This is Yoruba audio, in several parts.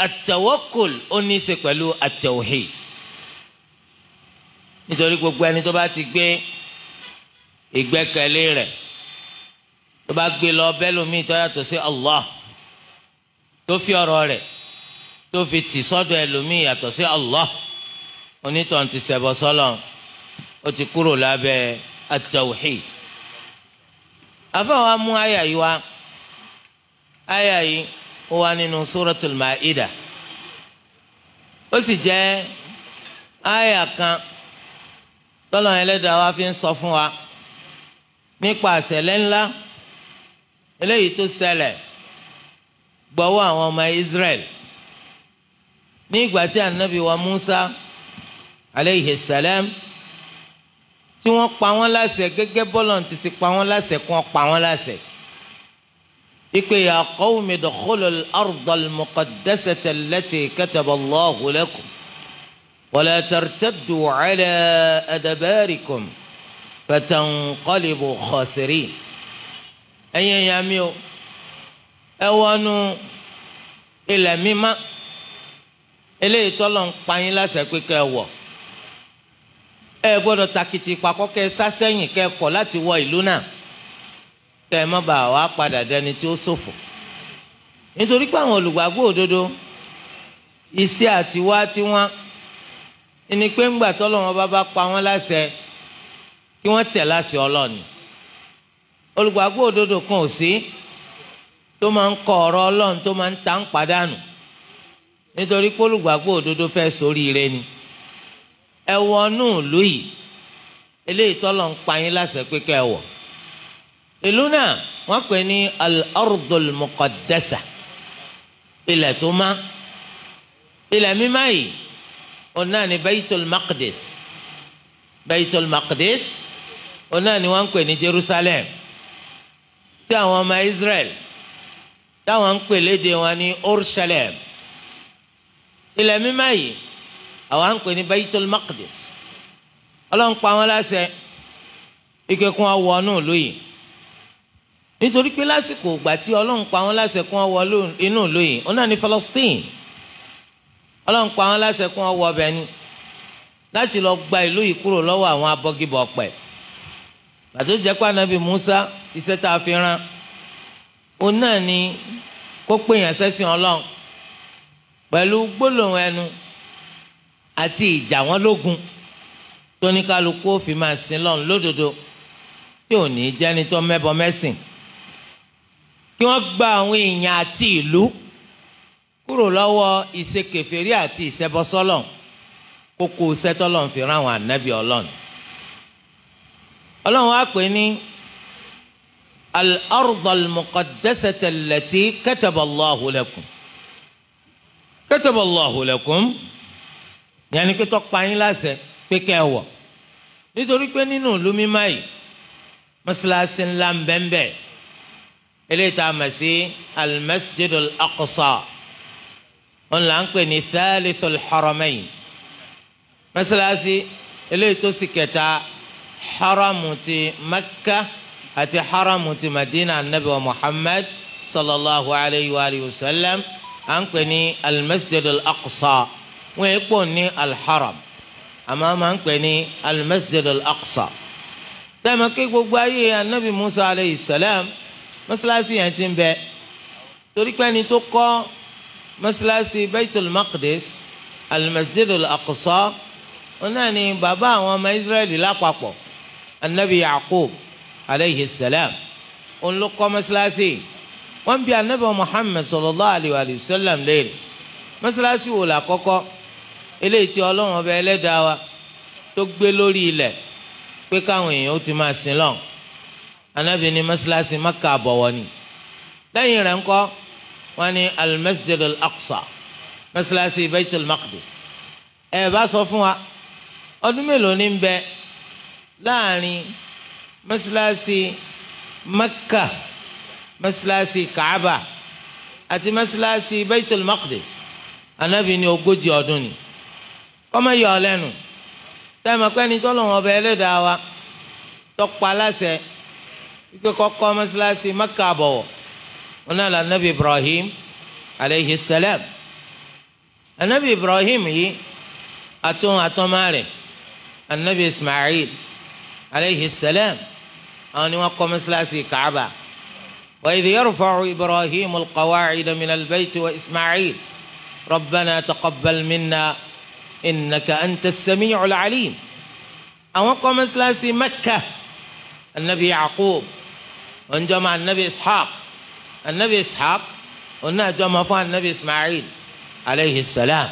at-tawakkul ó ní í ṣe pẹ̀lú at-tawhid nítorí gbogbo ẹni tó bá ti gbé ìgbẹ́kẹ̀lé rẹ̀ tó bá gbé lọ bẹ́lòmíì tó yàtọ̀ sí Allah tó fi ọ̀rọ̀ rẹ̀ tó fi tì sọ́dọ̀ ẹlòmíì yàtọ̀ sí Allah onítàn ti ṣẹbọ sọ́lọ̀ ó ti kúrò lábẹ́ at-tawhid afáwọn àyà yìí wá àyà yìí. ó wà nínú suratul Maida ó sì jẹ́ àyà kan tọ́lọ́ ẹlẹ́dàá wa fi ń sọ fún wa nípa àṣẹlẹ̀ ńlá eléyìí tó ṣẹlẹ̀ gbọ́wọ́ àwọn ọmọ Israel ní ìgbà tí anabi wa Musa aleyhi salam tí wọ́n pa wọ́n láṣẹ gẹ́gẹ́ bọ́lọ̀ ti sì pa wọ́n láṣẹ kí wọ́n pa wọ́n láṣẹ ikpe ya qawmi dukhulul ardal muqaddasata allati kataba allahu lakum wala tartaddu ala adabarikum fatanqalibu khasirin ẹ̀yin ẹ̀yà mi o ẹ wọnú ilẹ̀ mímá eléyìí tọ́lọ̀ ń pa pé kẹ́ ẹ wọ̀ ẹ gbọ́dọ̀ takìtì pakọ́ kẹ́ ẹ sá láti wọ ìlú náà kẹ́ ẹ má bàa wá padà dẹni tí ó ṣòfò nítorí pé àwọn olùgbàgbọ́ òdodo iṣẹ́ àtiwá tiwọn ni pé ńgbà tọ́lọ́wọ́n bá bá pa wọ́n láṣẹ kí wọ́n tẹ̀ láṣẹ ọlọ́ọ̀ni olùgbàgbọ́ òdodo kan ò sí tó máa ń kọ ọ̀rọ̀ ọlọ́run tó máa ń ta ń padànù nítorí pé olùgbàgbọ́ òdodo fẹ́ ṣoríire ni ẹ wọnú ìlú yìí eléyìí tọ́lọ́ ń pa yín láṣẹ pé kẹ́ ẹ wọ̀ ìlú náà wọ́n pè ní al-ardul muqaddasa ilẹ̀ tó má ilẹ̀ mímá yìí ọ̀nà ni baitul maqdis baitul maqdis ọ̀nà ni wọ́n pè ní jerusalem tí àwọn ọmọ israel táwọn ń pè léde wọn ní ursalem ilẹ̀ mímá yìí àwọn ń pè ní baitul maqdis ọlọ́run pa wọn láṣẹ ike kún ọwọ́ náà nítorí pé lásìkò ìgbà tí ọlọ́run pa wọn láṣẹ kí wọ́n wọ inú ìlú yìí ọ̀nà ní Palestine ọlọ́run pa wọn láṣẹ kí wọ́n wọ ọbẹ̀ ni láti lọ gba ìlú yìí kúrò lọ́wọ́ àwọn abọ́gibọ̀ ọ̀pẹ̀ pàtó jẹ́ anabi Musa iṣẹ́ tá a fi rán òun náà ni kó pè yàn sẹ́sìn ọlọ́run pẹ̀lú gbólóhùn ẹnu àti ìjà wọn lógun tóníkàlùkù ó fi máa sin lọ́run lódodo tí ò ní jẹ́ni tó mẹ́bọ mẹ́sìn kí wọ́n gba àwọn èèyàn àti ìlú kúrò lọ́wọ́ ìṣekèfèrí àti ìṣẹbọsọ́lọ̀ kókó sẹ́tọ́lọ̀ ń fi rán àwọn ànábì ọlọ́run ọlọ́run á pè ní al-ardhal muqaddasata allati kataba Allahu lakum kataba Allahu lakum yàní pé tọ́pa yín láṣẹ pé kẹ́ nítorí pé nínú ìlú mímá yìí mọ́ṣáláṣí ńlá ń bẹ́ẹ̀ bẹ́ẹ̀ eléyìí tá a mọ̀ sí al-Masjid al-Aqsa òun là ń pè ní Thalithul Haramayn mọ́sálásí eléyìí tó sì kẹta haramu ti Makka àti haramu ti Madina anabi wa Muhammad sallallahu alayhi wa alihi wa sallam à ń pè ní al al-Aqsa wọ́n yẹ ní al-Haram àmọ́ a ń pè ní al al-Aqsa sẹ́mi kí gbogbo ayé anabi Musa alayhi salam mọ́sálásí yẹn ti ń bẹ torí pé ẹni tó kọ́ mọ́sálásí Baitul Maqdis al-Masjid al-Aqsa ọ̀nà ni bàbá àwọn ọmọ Israẹli lápapọ̀ anabi Yaqub alayhi salam òun ló kọ́ mọ́sálásí wọ́n bi anabi Muhammad sallallahu alayhi wa sallam léèrè mọ́sálásí wo la eléyìí tí Ọlọ́run ọba ẹlẹ́dàá wa tó gbé lórí ilẹ̀ pé káwọn èèyàn ó ti máa sin lọ́hùn anabi ní mọ́sálásí maka àbọ̀wọ̀ ni lẹ́yìn rẹ̀ ńkọ́ wọ́n ní al-masjid al-aqsa mọ́sálásí baitul maqdis ẹ bá sọ fún wa ọdún mélòó ní bẹ láàrin mọ́sálásí maka mọ́sálásí kaaba àti mọ́sálásí baitul maqdis anabi ní ogójì ọdún ni kọ́mọ yọ ọ lẹ́nu sẹ́mi ọ̀pẹ́ni tọ́lọ́wọ́n ọba ẹlẹ́dàá wa ikpe kọ́kọ́ mọ́sálásí maka bọ̀wọ̀ wọn náà la nabi ibrahim aleyhi salam anabi ibrahim yìí atún atọ́mọ́rẹ̀ anabi ismail aleyhi salam àwọn ni wọn kọ́ mọ́sálásí kaaba wa idh yarfa'u ibrahim alqawaacida min albayti wa ismail rabbana taqabbal minna innaka anta as-sami'u al-alim àwọn kọ́ mọ́sálásí maka anabi yaqub. onjọmọ anabi ishaq anabi ishaq onajọmọ fún anabi ismail aleyhi salam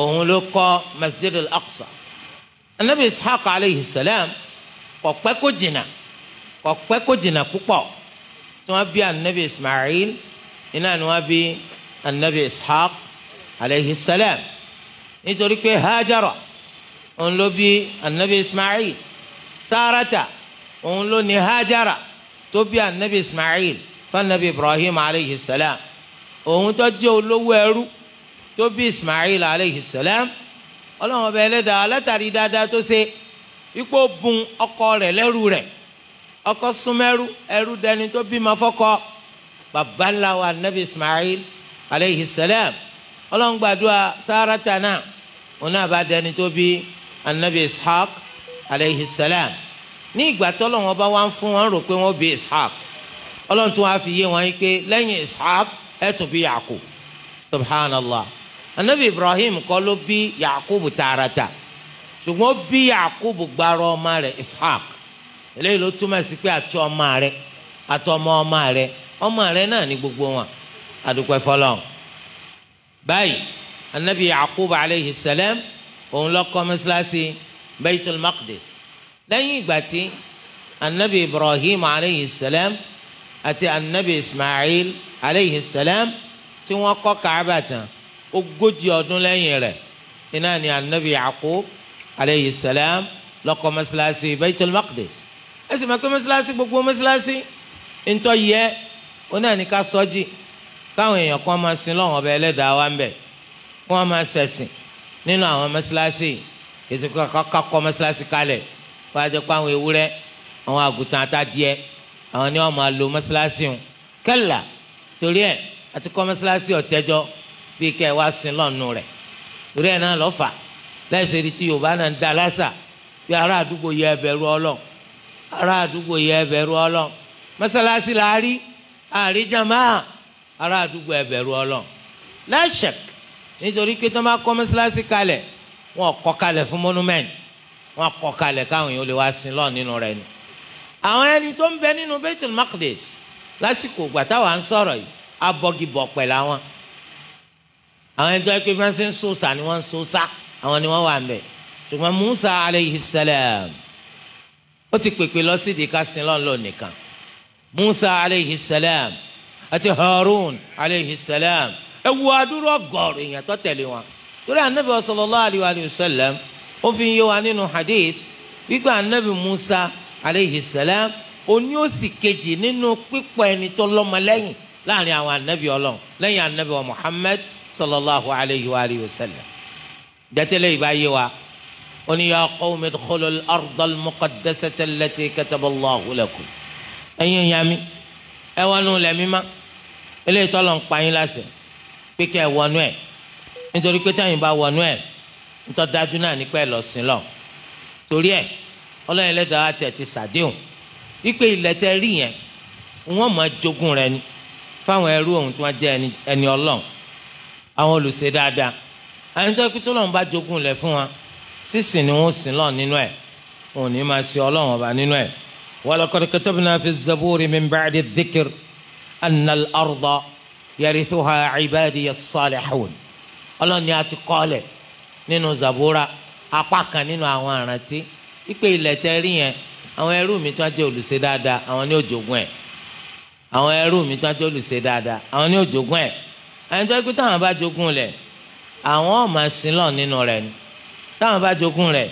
òun ló kọ́ masjid al-aqsa anabi ishaq aleyhi salam kò pẹ́ kó jìnnà kò pẹ́ kó jìnnà púpọ̀ tí wọ́n bí anabi ismail iná ni wọ́n bí anabi ishaq aleyhi salam nítorí pé hajara òun ló bí anabi ismail sarata òun ló ní hajara tó bí anabi ismail fanabi ibrahim aleyhi salam òun tó jẹ́ olówó ẹrú tó bí ismail aleyhi salam ọlọ́run ọba ẹlẹ́dàá látàrí dáadáa tó ṣe ipò bùn ọkọ rẹ̀ lẹ́rú rẹ̀ ọkọ súnmẹ́rú ẹrú dẹni tó bímọ fọ́kọ bàbá ńlá wa nabi ismail aleyhi salam ọlọ́run gbàdúrà sáratana òun náà bá dẹni tó bí anabi ishaq aleyhi salam ní ìgbà tọ́lọ́run ọba wa ń fún wọn rò pé wọ́n bí ishaq ọlọ́run tún wá fi yé wọn pé lẹ́yìn ishaq ẹ̀ tún bí yaakub subhanallah anabi ibrahim kọ́ ló bí yaakub tààràtà ṣùgbọ́n bí yaakub gbàrọ̀ ọmọ rẹ̀ ishaq eléyìí ló túmọ̀ sí pé àti ọmọ rẹ̀ àti ọmọ ọmọ rẹ̀ ọmọ rẹ̀ náà ní gbogbo wọn àdúpẹ́ fọlọ́n báyìí anabi yaakub aleyhi salam òun ló kọ́ mọ́sálásí baitul maqdis lẹ́yìn ìgbà tí anabi ibrahim aleyhi salam àti anabi ismail aleyhi salam tí wọ́n kọ́ kaaba tán ogójì ọdún lẹ́yìn rẹ̀ iná ni anabi yaqub aleyhi salam ló kọ́ mọ́sálásí baitul maqdis ẹ sì máa pé mọ́sálásí gbogbo mọ́sálásí ntọ́ yẹ ó náà ní ká sọ́jì káwọn èèyàn kan máa sin lọ́wọ́n ọba ẹlẹ́dàá wa ń bẹ̀ kí máa ṣẹ̀sìn nínú àwọn mọ́sálásí èsì kọ́ kọ́ mọ́sálásí kalẹ̀ wọ́n á jẹ́ pé àwọn ewúrẹ́ àwọn àgùntàn àtàdìẹ àwọn ni wọ́n máa lo mọ́ṣáláṣí wọn kẹ́là torí ẹ̀ àti kọ́ mọ́ṣáláṣí ọ̀tẹ́jọ́ bí kẹ́ ẹ wá sin lọ́ọ̀nù rẹ̀ torí ẹ̀ náà lọ́fà lẹ́sẹ̀ rí tí yorùbá náà ń da lásà bí ará àdúgbò yẹ ẹ bẹ̀rù ọlọ́run ará àdúgbò yẹ ẹ bẹ̀rù ọlọ́run mọ́ṣáláṣí là á rí àrí jamaa àdúgbò ẹ bẹ̀rù ọlọ́run láṣẹk nítorí pé tó máa kọ́ mọ́ṣáláṣí kalẹ̀ wọn kọ́ kalẹ̀ fún mọ́númẹ́ǹtì wọ́n kọ́ kalẹ̀ káwọn èèyàn lè wá sin lọ́ọ̀ nínú rẹ̀ ni. àwọn ẹni tó ń bẹ nínú Baitul Maqdis lásìkò ìgbà táwa ń sọ̀rọ̀ yìí abọ́gibọ̀ pẹ̀lú àwọn. àwọn ẹni tó yẹ pé bí wọ́n ṣe ń sòsà ni wọ́n ń sòsà àwọn ni wọ́n wà ń bẹ̀. ṣùgbọ́n Musa alayhi salam ó ti pèpè lọ sí ìdí ká sin lọ́ọ̀ lọ́ọ̀ nìkan. Musa alayhi salam àti Harun alayhi salam ẹ wo adúrò gọ̀ọ̀rọ̀ èèyàn tó tẹ̀lé wọn. torí Ànábì sallallahu alayhi wa sallam ó fi yé wa nínú hadith gbígbà anabi musa aleyhi salam oní òsì kejì nínú pípọ̀ ẹni tó lọ́mọ lẹ́yìn láàrin àwọn anabi ọlọ́run lẹ́yìn anabi wa muhammad sallallahu alayhi wa alihi wa sallam jẹ́tẹ́lẹ̀ ìbá yé wa oní ya qawmi dkhulul ardal muqaddasata allati kataballahu lakum ẹ̀yin yami ẹ wọnú ma eléyìí tọ́lọ̀ ń pa yín láṣẹ pé kẹ́ ẹ wọnú ẹ̀ nítorí pé táyìn bá wọnú ẹ̀ nítorí dájú náà nípa ẹ̀ lọ sí lọ torí ẹ̀ ọlọ́run ẹlẹ́dàá wa tiẹ̀ ti ṣàdéhùn wípé ilẹ̀ tẹ rí yẹn wọ́n máa jogún rẹ̀ ni fáwọn ẹrú ohun tí wọ́n jẹ́ ẹni ọlọ́run àwọn olùṣe dáadáa àyíntọ́ ikú tó lọ́n bá jogún lẹ̀ fún wa sísìn ni wọ́n sìn lọ́n nínú ẹ̀ òun ní máa ṣe ọlọ́run ọba nínú ẹ̀ walaqad katabna fi zaburi min ba'di dhikr anna al-arda yarithuha ibadiya as-salihun ọlọ́run ni a ti kọ́ ọ nínú zabura apá kan nínú àwọn àrántí ipe ilẹ̀ tẹ́ rí yẹn àwọn ẹrú mi tó á jẹ́ olùṣe dáadáa àwọn ní òjògùn ẹ̀ àwọn ẹrú mi tó á jẹ́ olùṣe dáadáa àwọn ní òjògùn ẹ̀ ẹni tó kúta àwọn bá jogún lẹ̀ àwọn ò máa sin lọ nínú rẹ̀ ni táwọn bá jogún rẹ̀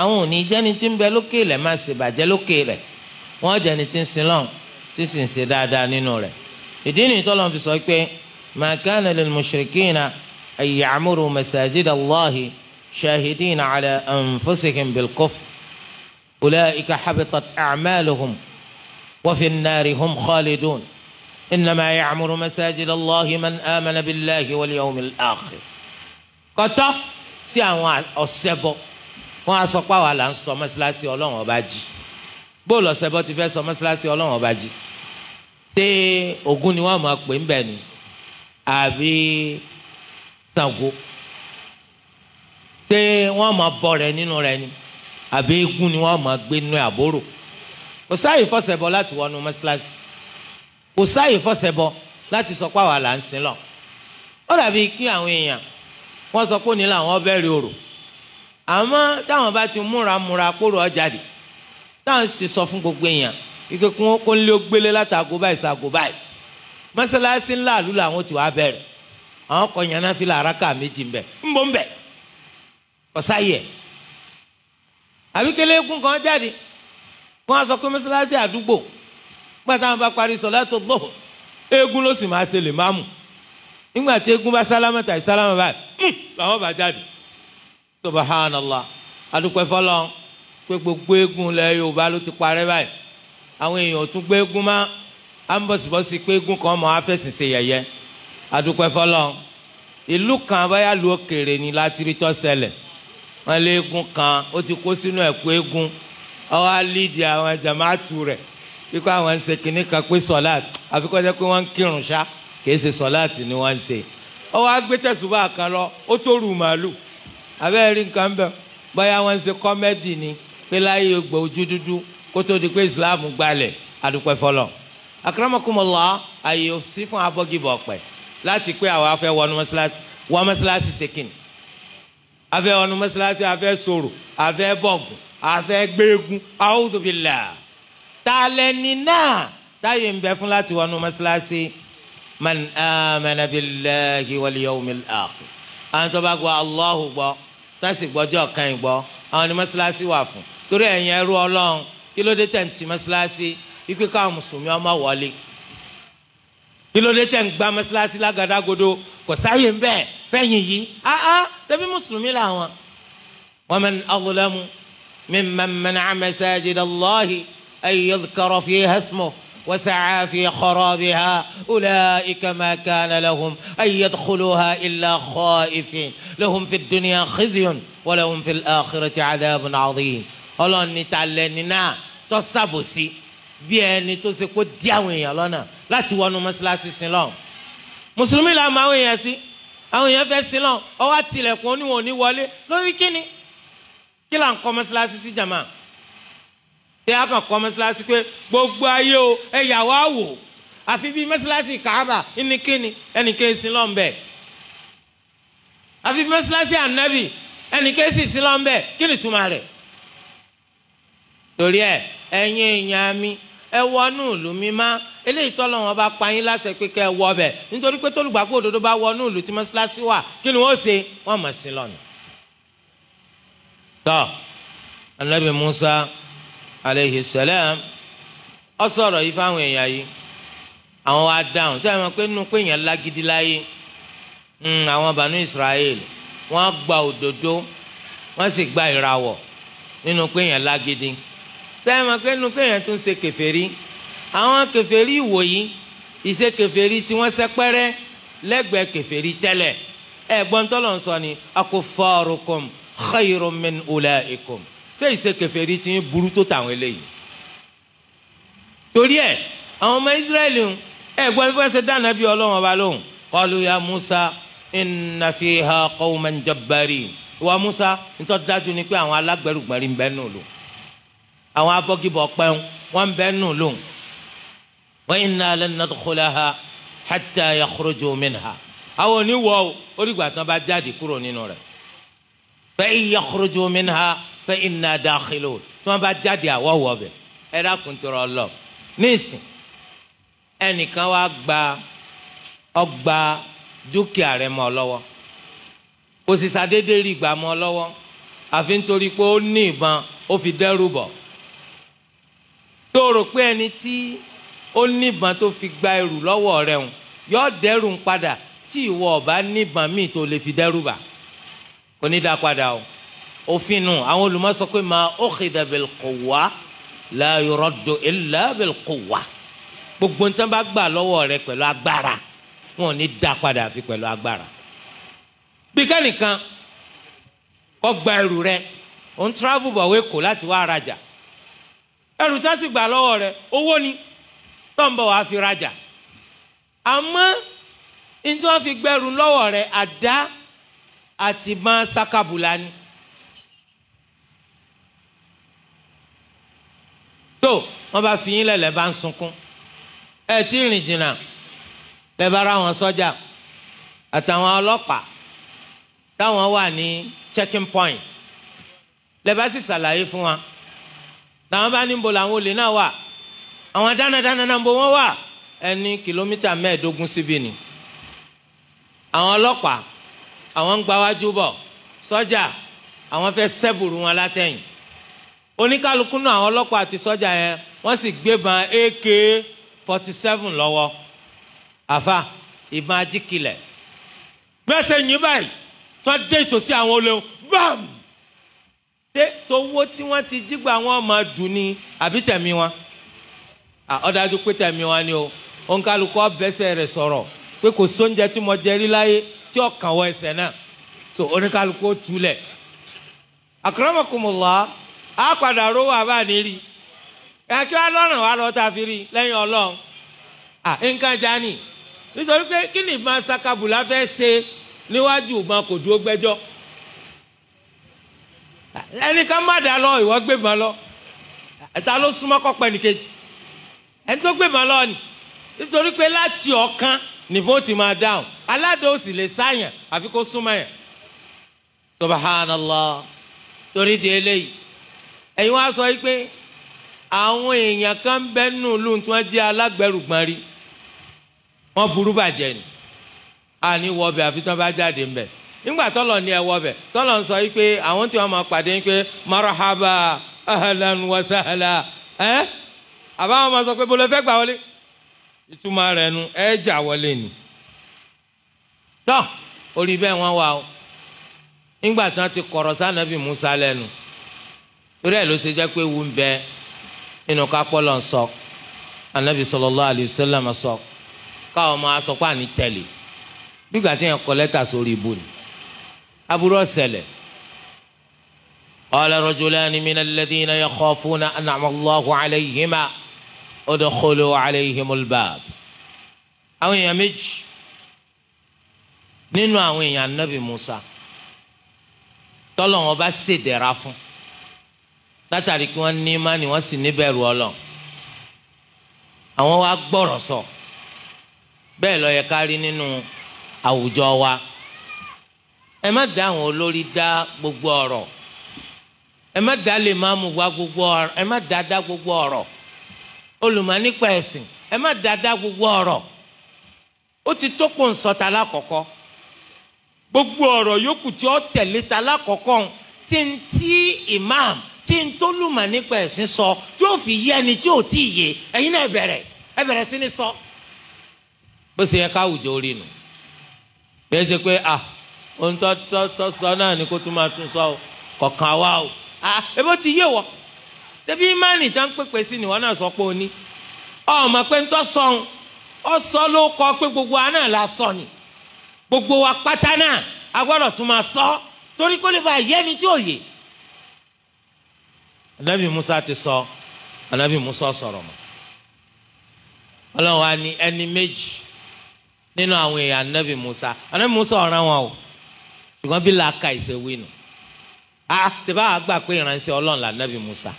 àwọn ò ní jẹ́ni tí ń bẹ lókè rẹ̀ máa ṣèbàjẹ́ lókè rẹ̀ wọ́n jẹ́ni tí ń sin lọ tí sì ń ṣe dáadáa nínú rẹ̀ ìdí nìyí tó lọ́n fi sọ pé ma kana lil أن يعمروا مساجد الله شاهدين على أنفسهم بالكفر أولئك حبطت أعمالهم وفي النار هم خالدون إنما يعمر مساجد الله من آمن بالله واليوم الآخر kọtọ sí àwọn ọ̀sẹ̀bọ wọn á sọ pé àwa là ń sọ mọ́ṣáláṣí ọlọ́run ọba jì bóòlù ọ̀sẹ̀bọ ti fẹ́ sọ mọ́ṣáláṣí ọlọ́run ọba jì ṣé Ògún ni wọ́n máa pè ń bẹ̀ ni àbí Ṣàngó ṣé wọ́n máa bọ rẹ nínú rẹ ni àbí eégún ni wọ́n máa gbé nínú àbórò kò sáàyè fọsẹbọ láti wọnú mọ́ṣáláṣí kò sáàyè fọsẹbọ láti sọ pé àwa là ń sin lọ ó dàbí kí àwọn èèyàn wọ́n sọ pé òní làwọn bẹ̀rẹ̀ òrò àmọ́ táwọn bá ti múra múra kóró ọjàdì táwọn sì ti sọ fún gbogbo èèyàn ike kó ń lé gbélé látàgó báyìí sàgó báyìí mọ́ṣáláṣí ńlá àlùlà àwọn ti wá bẹ̀rẹ̀ àwọn kọ yẹn náà fi là araka méjì ń bẹ ń bọ ń bẹ kan jáde kó sọ àdúgbò gbàtà wọn bá parí sọ láti gbọ́ eégún ló sì máa ṣe lè máàmù nígbà tí bá sálámà sálámà báyìí hmm, làwọn bá jáde adúpẹ́ fọlọ́ pé gbogbo lẹ Yorùbá ló ti parẹ́ báyìí àwọn èèyàn tún gbé adúpẹ́ fọlọ́ ìlú kan báyà lu òkèèrè ni láti rí tọ́sẹ̀lẹ̀ wọn lé eégún kan ó ti kó sínú ẹ̀kú eégún ọwọ́ alídìí àwọn jàmáàtù rẹ̀ kíkọ àwọn ń ṣe kínní kan pé sọláàt àfikọ́ jẹ́ pé wọ́n ń kírun ṣá kì í ṣe ni wọ́n ń ṣe ọwọ́ agbẹ́tẹ̀sùbà kan lọ ó tó rù màálù abẹ́rẹ́ rí nǹkan bẹ́ẹ̀ báyà wọ́n ń ṣe kọ́mẹ́dì ni pé láyé gbò ojú dúdú kó tó di pé Islam gbalẹ̀ adúpẹ́ fọlọ́ akramakumullah àyè òsì fún abọ́gibọ̀ pẹ̀ láti pé àwa fẹ́ wọnú mọ́ṣáláṣí wọ́n mọ́ṣáláṣí ṣe kìnnì afẹ́ wọnú mọ́ṣáláṣí afẹ́ sọ̀rọ̀ afẹ́ bọ̀gùn afẹ́ gbẹ́gun àwùjọbìlà talẹ́ni náà táyé ń bẹ fún láti wọnú mọ́ṣáláṣí man amana billahi wal yawmil akhir àwọn Allahu gbọ́ tásì gbọ́jọ́ kan gbọ́ àwọn ni mọ́ṣáláṣí wà fún torí ẹ̀yin ẹrú Ọlọ́run kí ló tẹ̀ ń ti mọ́ṣáláṣí ikú káwọn mùsùlùmí ọmọ wọlé kí ló dé tẹ̀ ń gba mọ́sálásí godo kò sáyè nbe feyin yi ah ah se bi muslimi la won wa man azlamu mimman man'a masajid allah ay yudhkara fiha ismu wa sa'a fi kharabiha ulaika ma kana lahum an yadkhuluha illa khaifin lahum fi dunya khizyun wa lahum fil akhirati adhabun adhim. ọlọ́ni ta lẹ́ni náà tó ṣàbòsí bí ẹni tó ṣe kó dí àwọn èèyàn lọ́nà láti wọnú mọ́ṣáláṣí sin mùsùlùmí la máa ń yẹn sí àwọn èèyàn fẹ́ sin lọ ọwọ́ àtìlẹ̀kùn oníwọ̀n òní wọlé lórí kíni kí là ń kọ́ mọ́ṣáláṣí sí jàmá ṣé a kàn kọ́ mọ́ṣáláṣí pé gbogbo ayé o ẹ yà wá wò àfi bí mọ́ṣáláṣí kàábà ní kíni ẹnìkan sin lọ bẹ́ẹ̀ àfi bí mọ́ṣáláṣí ànábì ẹnìkan sì sin lọ bẹ́ẹ̀ kíni túmọ̀ rẹ̀ torí ẹ ẹ̀yin èèyàn ẹ wọnú ìlú mímá eléyìí tọ́lọ́ wọn bá pa yín láṣẹ pé kẹ́ ẹ wọ ọbẹ̀ nítorí pé tólùgbàgbọ́ òdodo bá wọnú ìlú tí mọ́ṣáláṣí wà kí ni wọ́n ṣe wọ́n mọ̀ sí lọ́nà. tọ́ anabi musa aleyhi salam ọ sọ̀rọ̀ yìí fáwọn èèyàn yìí àwọn wa dáhùn sẹ́yìn wọn pé nínú pé èèyàn lágídí hmm, àwọn bànú israel wọ́n gba òdodo wọ́n sì gba ìràwọ̀ nínú pé èèyàn lágídí sẹ́yìn máa pé nínú kéèyàn tún ṣe kèfèrí àwọn kèfèrí ìwòyí ìṣe kèfèrí tí wọ́n sẹ́pẹ́rẹ́ lẹ́gbẹ̀ẹ́ kèfèrí tẹ́lẹ̀ ẹ̀ gbọ́n tọ́lọ̀ ń sọ ni akufarukum khayrun min ulaikum ṣé ìṣe kèfèrí tí ń burú tó tàwọn eléyìí. torí ẹ àwọn ọmọ Ísírẹ́lì ẹ gbọ́n bí wọ́n ṣe dáná bí Ọlọ́run ọba lóhùn qalu Musa inna fiha qawman wa Musa ń tọ́ dájú ni pé àwọn abọ́gibọ̀ pẹ́ẹ́n wọ́n ń bẹ́ nù lóhùn wa inna lan nadkhulaha hatta yakhruju minha àwọn oníwọ̀ orígbà tán bá jáde kúrò nínú rẹ̀ fa in yakhruju minha fa inna dakhilun tí wọ́n bá jáde àwọ̀ wọ̀ bẹ̀ ẹ̀ dákun tó rọ lọ nísìn ẹnìkan wá gba ọgbà dúkìá rẹ̀ mọ́ lọ́wọ́ kò rí gbà mọ́ lọ́wọ́ àfi nítorí pé ó ní ìbọn ó fi dẹ́rù bọ̀ tó o rò pé ẹni tí ó níbọn tó fi gba ẹrù lọ́wọ́ rẹ̀ ń yọ dẹ́rù ń padà tí ìwọ ọba níbọn míì tó lè fi dẹ́rù bà kò ní dá padà o òfin nù àwọn olùmọ̀ sọ pé ma ukhidha bil quwwa la yuraddu illa bil quwwa gbogbo nǹkan bá gbà lọ́wọ́ rẹ̀ pẹ̀lú agbára wọn ò ní dá padà àfi pẹ̀lú agbára bí kẹ́nìkan kó gba ẹrù rẹ̀ òun travel bọ̀ wé kò láti wá arajà ẹrù tá sì gbà lọ́wọ́ rẹ̀ owó ni tọ́ǹbọ̀ wàá fi rajà àmọ́ ní tí wọ́n fi gbẹrù lọ́wọ́ rẹ̀ àdá àti máa sakabùlà ni. tó wọ́n bá fi yín lẹ̀lẹ̀ bá ń sunkún ẹ tí rìn jìnnà lẹ́ bá ra sọ́jà àtàwọn ọlọ́pàá táwọn wà ní checking point lẹ́ sì ṣàlàyé fún wa làwọn bá níbo làwọn olè náà wà àwọn dánadáná náà bo wọn wà ẹni kìlómítà mẹ́ẹ̀ẹ́dógún síbi ni àwọn ọlọ́pàá àwọn ń gbáwájú bọ̀ sọ́jà àwọn fẹ́ sẹ́bùrù wọn látẹ̀yìn oníkálukú náà àwọn ọlọ́pàá àti sọ́jà yẹn wọ́n sì gbébọn AK forty seven lọ́wọ́ àfa ìbọn ajíkilẹ̀ gbẹ́sẹ̀ yín báyìí tó dé ìtòsí àwọn olóhùn báàmù ṣé tówó tí wọ́n ti jígbà wọn máa dùn ni àbí tẹ̀mí wọn ọ̀dájú pé tẹ̀mí wọn ni o ònkálukọ́ bẹ́sẹ̀ rẹ̀ sọ̀rọ̀ pé kò sóúnjẹ tí mo jẹ rí láyé tí ọkàn wọ ẹsẹ̀ náà so oníkálukọ́ túlẹ̀ akramakumullah á padà rówó àbáni rí kí wọ́n lọ́nà wá lọ́ọ́ ta fi rí lẹ́yìn ọlọ́run à nǹkan jani nítorí pé kí ni ìbọn sakabula fẹ́ ṣe níwájú ìbọn kò dúró gbẹ́jọ́ ẹnìkan má dà lọ ìwọ gbé ìbọn lọ ẹ̀ta ló súnmọ́ kọ́pẹ́ nìkejì ẹni tó gbé ìbọn lọ ni nítorí pé láti ọ̀kan nìbọn ti máa dáhùn aládùn òsì lè sáyàn àfi kó súnmọ́ yẹn subhanallah torí di eléyìí ẹ̀yin wá sọ pé àwọn èèyàn kan ń bẹ́ nù lù tí wọ́n jẹ́ alágbẹ̀rùgbọ́n rí wọ́n burú bàjẹ́ ni àní wọ́ọ̀bẹ̀ àfi tí wọ́n bá jáde ń bẹ̀ nígbà tọ́lọ̀ ní ẹwọ bẹ tọ́lọ̀ ń sọ ikpe pé àwọn tí pàdé marahaba ahlan wa sahla àbáwọn máa sọ pé bolo fẹ́ gbà wọlé ìtumọ̀ rẹ̀ nu ẹ̀ wọlé ni. tọ́ orí bẹ́ẹ̀ wà Musa lẹnu ṣe pé ń bẹ inú ká anabi sọ káwọn sọ pé àní bí yẹn kọ aburú ọ̀sẹ̀lẹ̀. قال رجلان من الذين يخافون أنعم الله عليهما ادخلوا عليهم الباب àwọn èèyàn méjì nínú àwọn èèyàn anabi Musa tọ́lọ́wọ́n bá ṣèdẹ̀ra fún látàrí kí wọ́n ní má ni wọ́n sì níbẹ̀rù Ọlọ́run àwọn wa gbọ́rọ̀ sọ bẹ́ẹ̀ ló yẹ ká nínú àwùjọ wa. So ẹ má dá àwọn olórí dá gbogbo ọ̀rọ̀ ẹ lè máa mú wá gbogbo ọ̀rọ̀ ẹ dá gbogbo ọ̀rọ̀ olùmọ̀ ẹ̀sìn ẹ dá gbogbo ọ̀rọ̀ ó ti tó kó gbogbo ọ̀rọ̀ yòókù tí ó tẹ̀lé ta lákọ̀ọ́kọ́ tí imam tí ń tólùmọ̀ ẹ̀sìn sọ tí ó fi yé ẹni tí ò tí ì yé ẹ̀yin náà bẹ̀rẹ̀ bẹ̀rẹ̀ sí ohun tó tó sọ náà ni kó tún máa tún sọ kọ̀ọ̀kan wa o ebó ah, ti yé wọ ṣebí imáàni tá ń pèpè sí nìwọ náà sọ pé o ní ọmọ pé ń tọ́ sọ̀n ọ ló kọ pé gbogbo wa náà la sọ ni gbogbo wa pátá náà a gbọ́dọ̀ tún máa sọ torí kó lè ba yẹni tí ò yè. anabi musa ti sọ anabi musa sọ̀rọ̀ mọ́ ọlọ́run wa ni ẹni méjì nínú àwọn èèyàn anabi musa anabi musa ọ̀ràn wọn o ṣùgbọ́n bí làákà ìṣèwé nù a ṣe bá a gbà pé ìránṣẹ́ ọlọ́run là nàbì Musa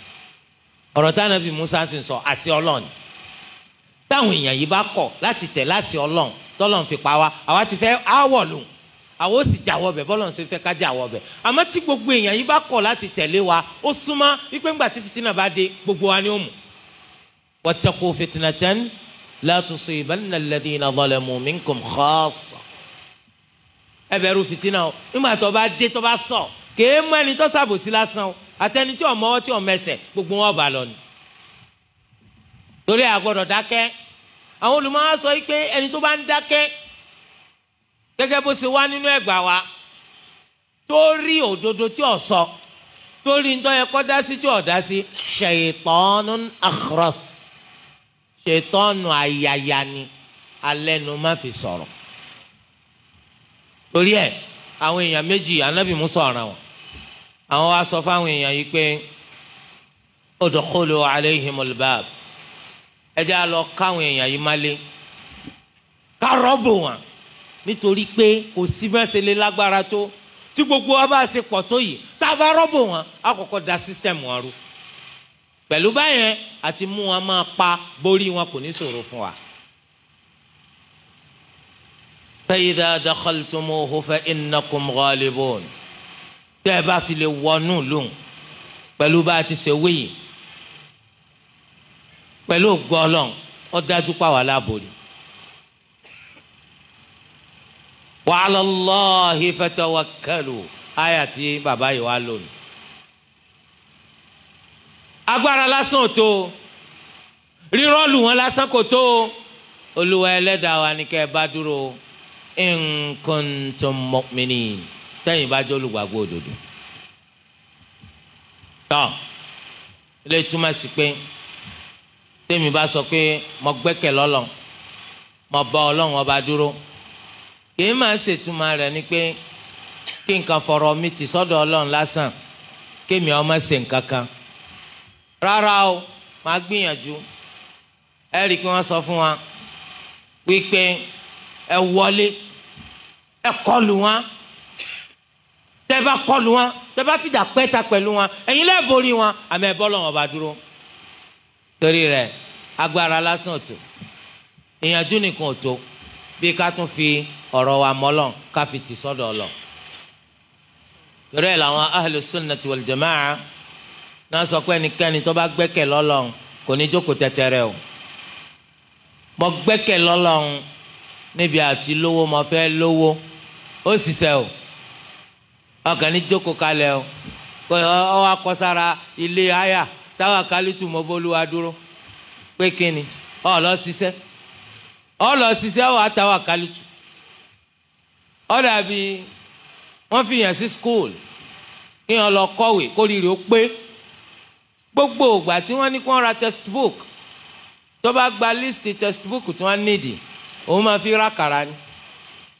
ọ̀rọ̀ tá nàbì Musa sì ń sọ àṣẹ ọlọ́run táwọn èèyàn yìí bá kọ̀ láti tẹ̀ láṣẹ ọlọ́run tọ́lọ́run fi pa wá àwa ti fẹ́ áwọ̀ lòun àwọn ò sì jàwọ́ bẹ̀ bọ́lọ́run ṣe fẹ́ ká jàwọ́ bẹ̀ àmọ́ tí gbogbo èèyàn yìí bá kọ̀ láti tẹ̀lé wa ó súnmọ́ wípé ńgbà tí fitinà bá dé gbogbo wa ni ó mú. wattaqu fitnatan la tusibanna alladhina zalamu minkum khassa ẹ bẹ̀rù fìtínà o nígbà tó bá dé tó bá sọ kèé mú ẹni tó ṣàbòsí lásán o àtẹni tí ọmọ ọwọ́ tí ọmọ ẹsẹ̀ gbogbo wọn bá lọ ni. torí àgbọ̀dọ̀ dákẹ́ àwọn olùmọ̀ọ́ sọ pé ẹni tó bá ń dákẹ́ gẹ́gẹ́ bó ṣe wá nínú ẹgbà wa tó rí òdodo tí ò sọ tó rí nítorí ẹ dá sí tí ò dá sí ṣètọ́nù akhras ṣètọ́nù àyàyà ni alẹ́ nu má fi sọ̀rọ̀ torí ẹ àwọn èèyàn méjì anabi musa ọ̀ràn wọn àwọn wa sọ fáwọn èèyàn yìí pé udkhulu alayhimul bab ẹ jẹ́ á lọ káwọn èèyàn yìí má lé ká wọn nítorí pé kò sí mẹ́sẹ̀ lágbára tó tí gbogbo wa bá ṣe pọ̀ tó yìí tá a bá rọ́bù wọn á kọ́kọ́ da system wọn rú pẹ̀lú báyẹn àti mú wọn máa pa borí wọn kò ní ṣòro fún wa. فإذا دخلتموه فإنكم غالبون tẹ́ ẹ bá fi lè wọnú lóhùn pẹ̀lú bá a ti ṣe wí pẹ̀lú ògbọ́ ọlọ́run ó dájú pa wà láàbòrì. wa 'ala Allahi fatawakkalu àyà tí bàbá yìí wá lónìí. agbára lásán ò tó rírọ́ọ̀lù wọn lásán kò tó olúwa ẹlẹ́dàá wa ni kẹ́ ẹ bá dúró o in kuntum mu'minin tẹ́yìn bá jẹ́ olùgbàgbọ́ òdodo. tọ́ ilé túmọ̀ sí pé tẹ́mi bá sọ pé mo gbẹ́kẹ̀ lọ́lọ́ mo bá ọlọ́run ọba dúró kìí máa ṣètúmọ̀ rẹ̀ ni pé kí nǹkan fọ̀rọ̀ mi ti sọ́dọ̀ ọlọ́run lásán kémi ọmọ ṣe nǹkan kan rárá o máa gbìyànjú ẹ rí i pé wọ́n sọ fún wa wípé ẹ wọlé ẹ kọlù wọn tẹ bá kọlù wọn tẹ bá fìjà pẹta pẹ̀lú wọn ẹ̀yin lẹ borí wọn àmì ẹ bọlọ wọn bá dúró torí rẹ̀ agbára lásán tó ìyànjú nìkan ò tó bí ká tún fi ọ̀rọ̀ wa mọlọ ká fi tì sọ́dọ̀ ọlọ torí ẹ̀ làwọn ahlu sunnati wal jamaa náà sọ pé ẹnikẹ́ni tó bá gbẹ́kẹ̀ lọ́lọ́run kò ní jókòó tẹtẹrẹ o mo gbẹ́kẹ̀ lọ́lọ́run níbi àti lówó mo fẹ́ lówó ó sì sẹ́ o ọkàn ní jókòó kalẹ̀ o ọ wá kọ́ sára ilé aya táwa kálítù mọ́ bólúwa dúró pé kíni ọ lọ ṣiṣẹ́ ọ lọ ṣiṣẹ́ wà táwa kálítù ọ dàbí wọ́n fi yàn sí school kí wọ́n lọ kọ́wé kórìírí ó pé gbogbo ìgbà tí wọ́n ní kí wọ́n ra textbook tó bá gba list textbook tí wọ́n nídìí òun máa fi rákàrà ni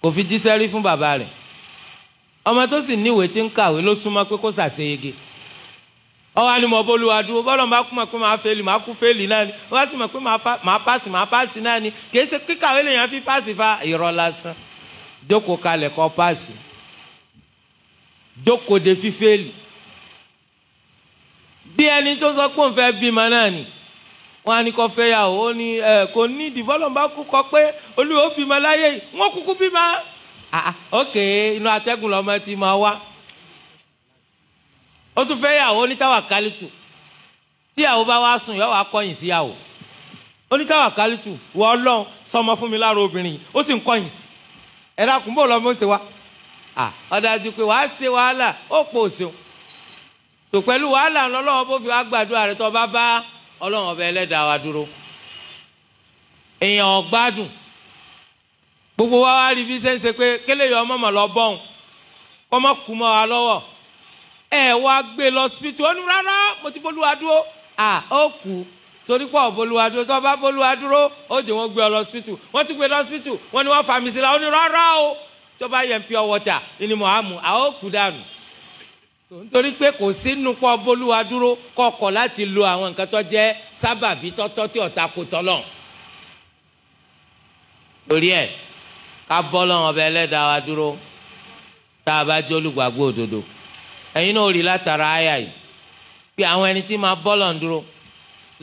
kò fi jíṣẹ́ rí fún bàbá rẹ̀ ọmọ tó sì níwèé tí ń kàwé ló súnmọ́ pé kó ṣàṣeyege ọwọ́ ni mo bóluwa dúró bọ́lọ̀ máa kú mọ̀ pé máa fẹ́lì máa kú fẹ́lì náà ni wọ́n sì mọ̀ pé máa pàṣì máa pàṣì náà ni kìí ṣe kíkàwé fi pàṣì fa irọ́ lásán jókòó kalẹ̀ kọ́ pàṣì jókòó de fi bí ẹni tó sọ pé òun fẹ́ bímọ náà wọn á ní kó fẹ́ yàwó ẹ kò ní ìdìbọ́lọ̀ bá pé olúwa bímọ láyé wọn kúkú bímọ òkè ah, ah, inú atẹ́gùn lọ́mọ ti máa wá ó tún fẹ́ yàwó onítàwà kálítù tíyàwó bá wá sùn yọ wá síyàwó onítàwà kálítù wọ ọlọ́run sọmọ fún mi obìnrin ó sì ń sí ẹ dákun wàhálà ó pò wàhálà ńlọ́lọ́wọ́ bó fi ọlọ́run ọba ẹlẹ́dàá wa dúró èèyàn ọ̀gbádùn gbogbo wa wá rí bí ṣe ń ṣe pé kélé yọ ọmọ mọ̀ lọ bọ́hùn ọmọ kù mọ́ wa lọ́wọ́ ẹ wá gbé lọ síbítù ọ̀nù rárá mo ti bolúwa dúró à ó kù torí pọ̀ bolúwa dúró tó bá bolúwa dúró ó jẹ́ wọ́n gbé ọ lọ síbítù wọ́n ti gbé lọ síbítù wọ́n ní wọ́n fàmì sí la ó rárá o tó bá yẹ pure water ni mo á mu à ó kù dànù nítorí pé kò sínú pọ́ bólúwa dúró kọ̀kọ̀ láti lo àwọn nǹkan tó jẹ́ sábàbí tọ́tọ́ tí ọ̀tá kò tọ́lọ̀ torí ẹ̀ ká bọ́ lọ́wọ́ ọbẹ̀ ẹlẹ́dàá wa dúró tá a bá jẹ́ olùgbàgbọ́ òdodo ẹ̀yin náà rí látara àyà yìí pé àwọn ẹni tí máa bọ́ lọ́n dúró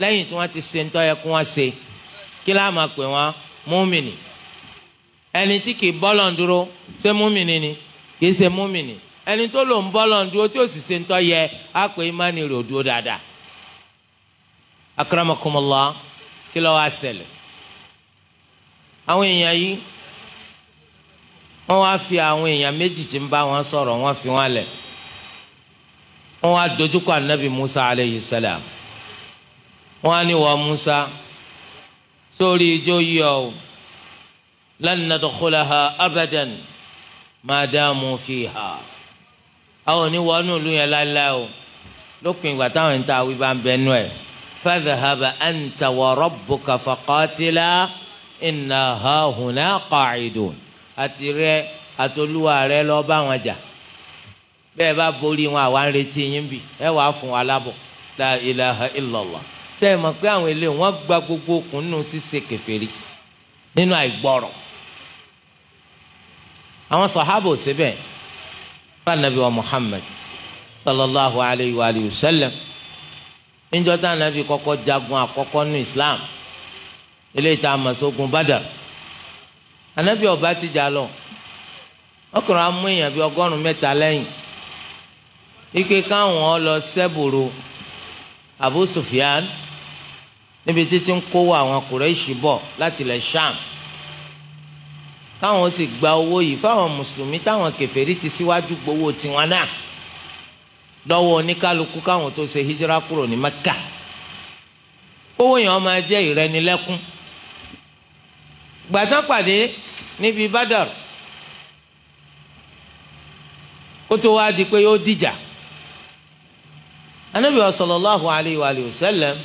lẹ́yìn tí wọ́n ti ṣe ńtọ́ yẹ kó wọ́n ṣe kí láà máa pè wọ́n múmìnì ẹni tí kì í bọ́ lọ́n dúró ṣé múmìnì ni kì í ṣe múmìnì ẹni tó lò ń bọ́ lọ́n dúró tí ó sì ṣe ń tọ́ yẹ á pè é mánì rò dúró dáadáa. akramakumullah kí ló wá ṣẹlẹ̀ àwọn èèyàn yìí wọ́n wá fi àwọn èèyàn méjì tí ń bá wọn sọ̀rọ̀ wọ́n fi wọn lẹ̀ wọ́n wá dojúkọ anabi musa aleyhi salam wọ́n á ní wọ musa sórí ijó yìí ọ lan nadkhulaha abadan ma damu fiha àwọn oníwọ́nú ìlú yẹn láéláé o lópin ìgbà táwọn ń ta awí bá ń bẹ nú ẹ̀ fadhhaba anta wa rabbuka faqatila inna hahuna qa'idun àti rẹ àtolúwa rẹ lọ bá wọn jà bẹ́ẹ̀ bá borí wọn àwa ń retí yín bì ẹ wàá fún wa lábọ̀ la ilaha illallah ṣe mọ̀ pé àwọn eléyìí wọ́n gba gbogbo okùn nínú ṣíṣe kèfèrí nínú àìgbọ́rọ̀ àwọn sàhábà ò ṣe fanabi wa muhammad sallallahu alayhi wa alayhi wa sallam níjọ́ tá anabi kọ́kọ́ jagun àkọ́kọ́ ní islam ilé ìta amasogun badar anabi ọba ti jà lọ ọkùnrin amú èèyàn bíi ọgọ́rùn mẹ́ta lẹ́yìn ike káwọn ọlọ sẹ́bùrù abu sufyan níbi títí ń kówó àwọn Kùrẹ́ṣì bọ̀ láti ilẹ̀ sham káwọn sì gba owó yìí fáwọn mùsùlùmí táwọn kèfèrí ti síwájú gbowó tiwọn náà lọ́wọ́ oníkálukú káwọn tó ṣe hijira kúrò ní Mẹ́kà owó yẹn ó máa jẹ́ ìrẹnilẹ́kún gbàtàn pàdé níbi Badar ó tó wá di pé yóò dìjà anabi sallallahu alayhi wa sallam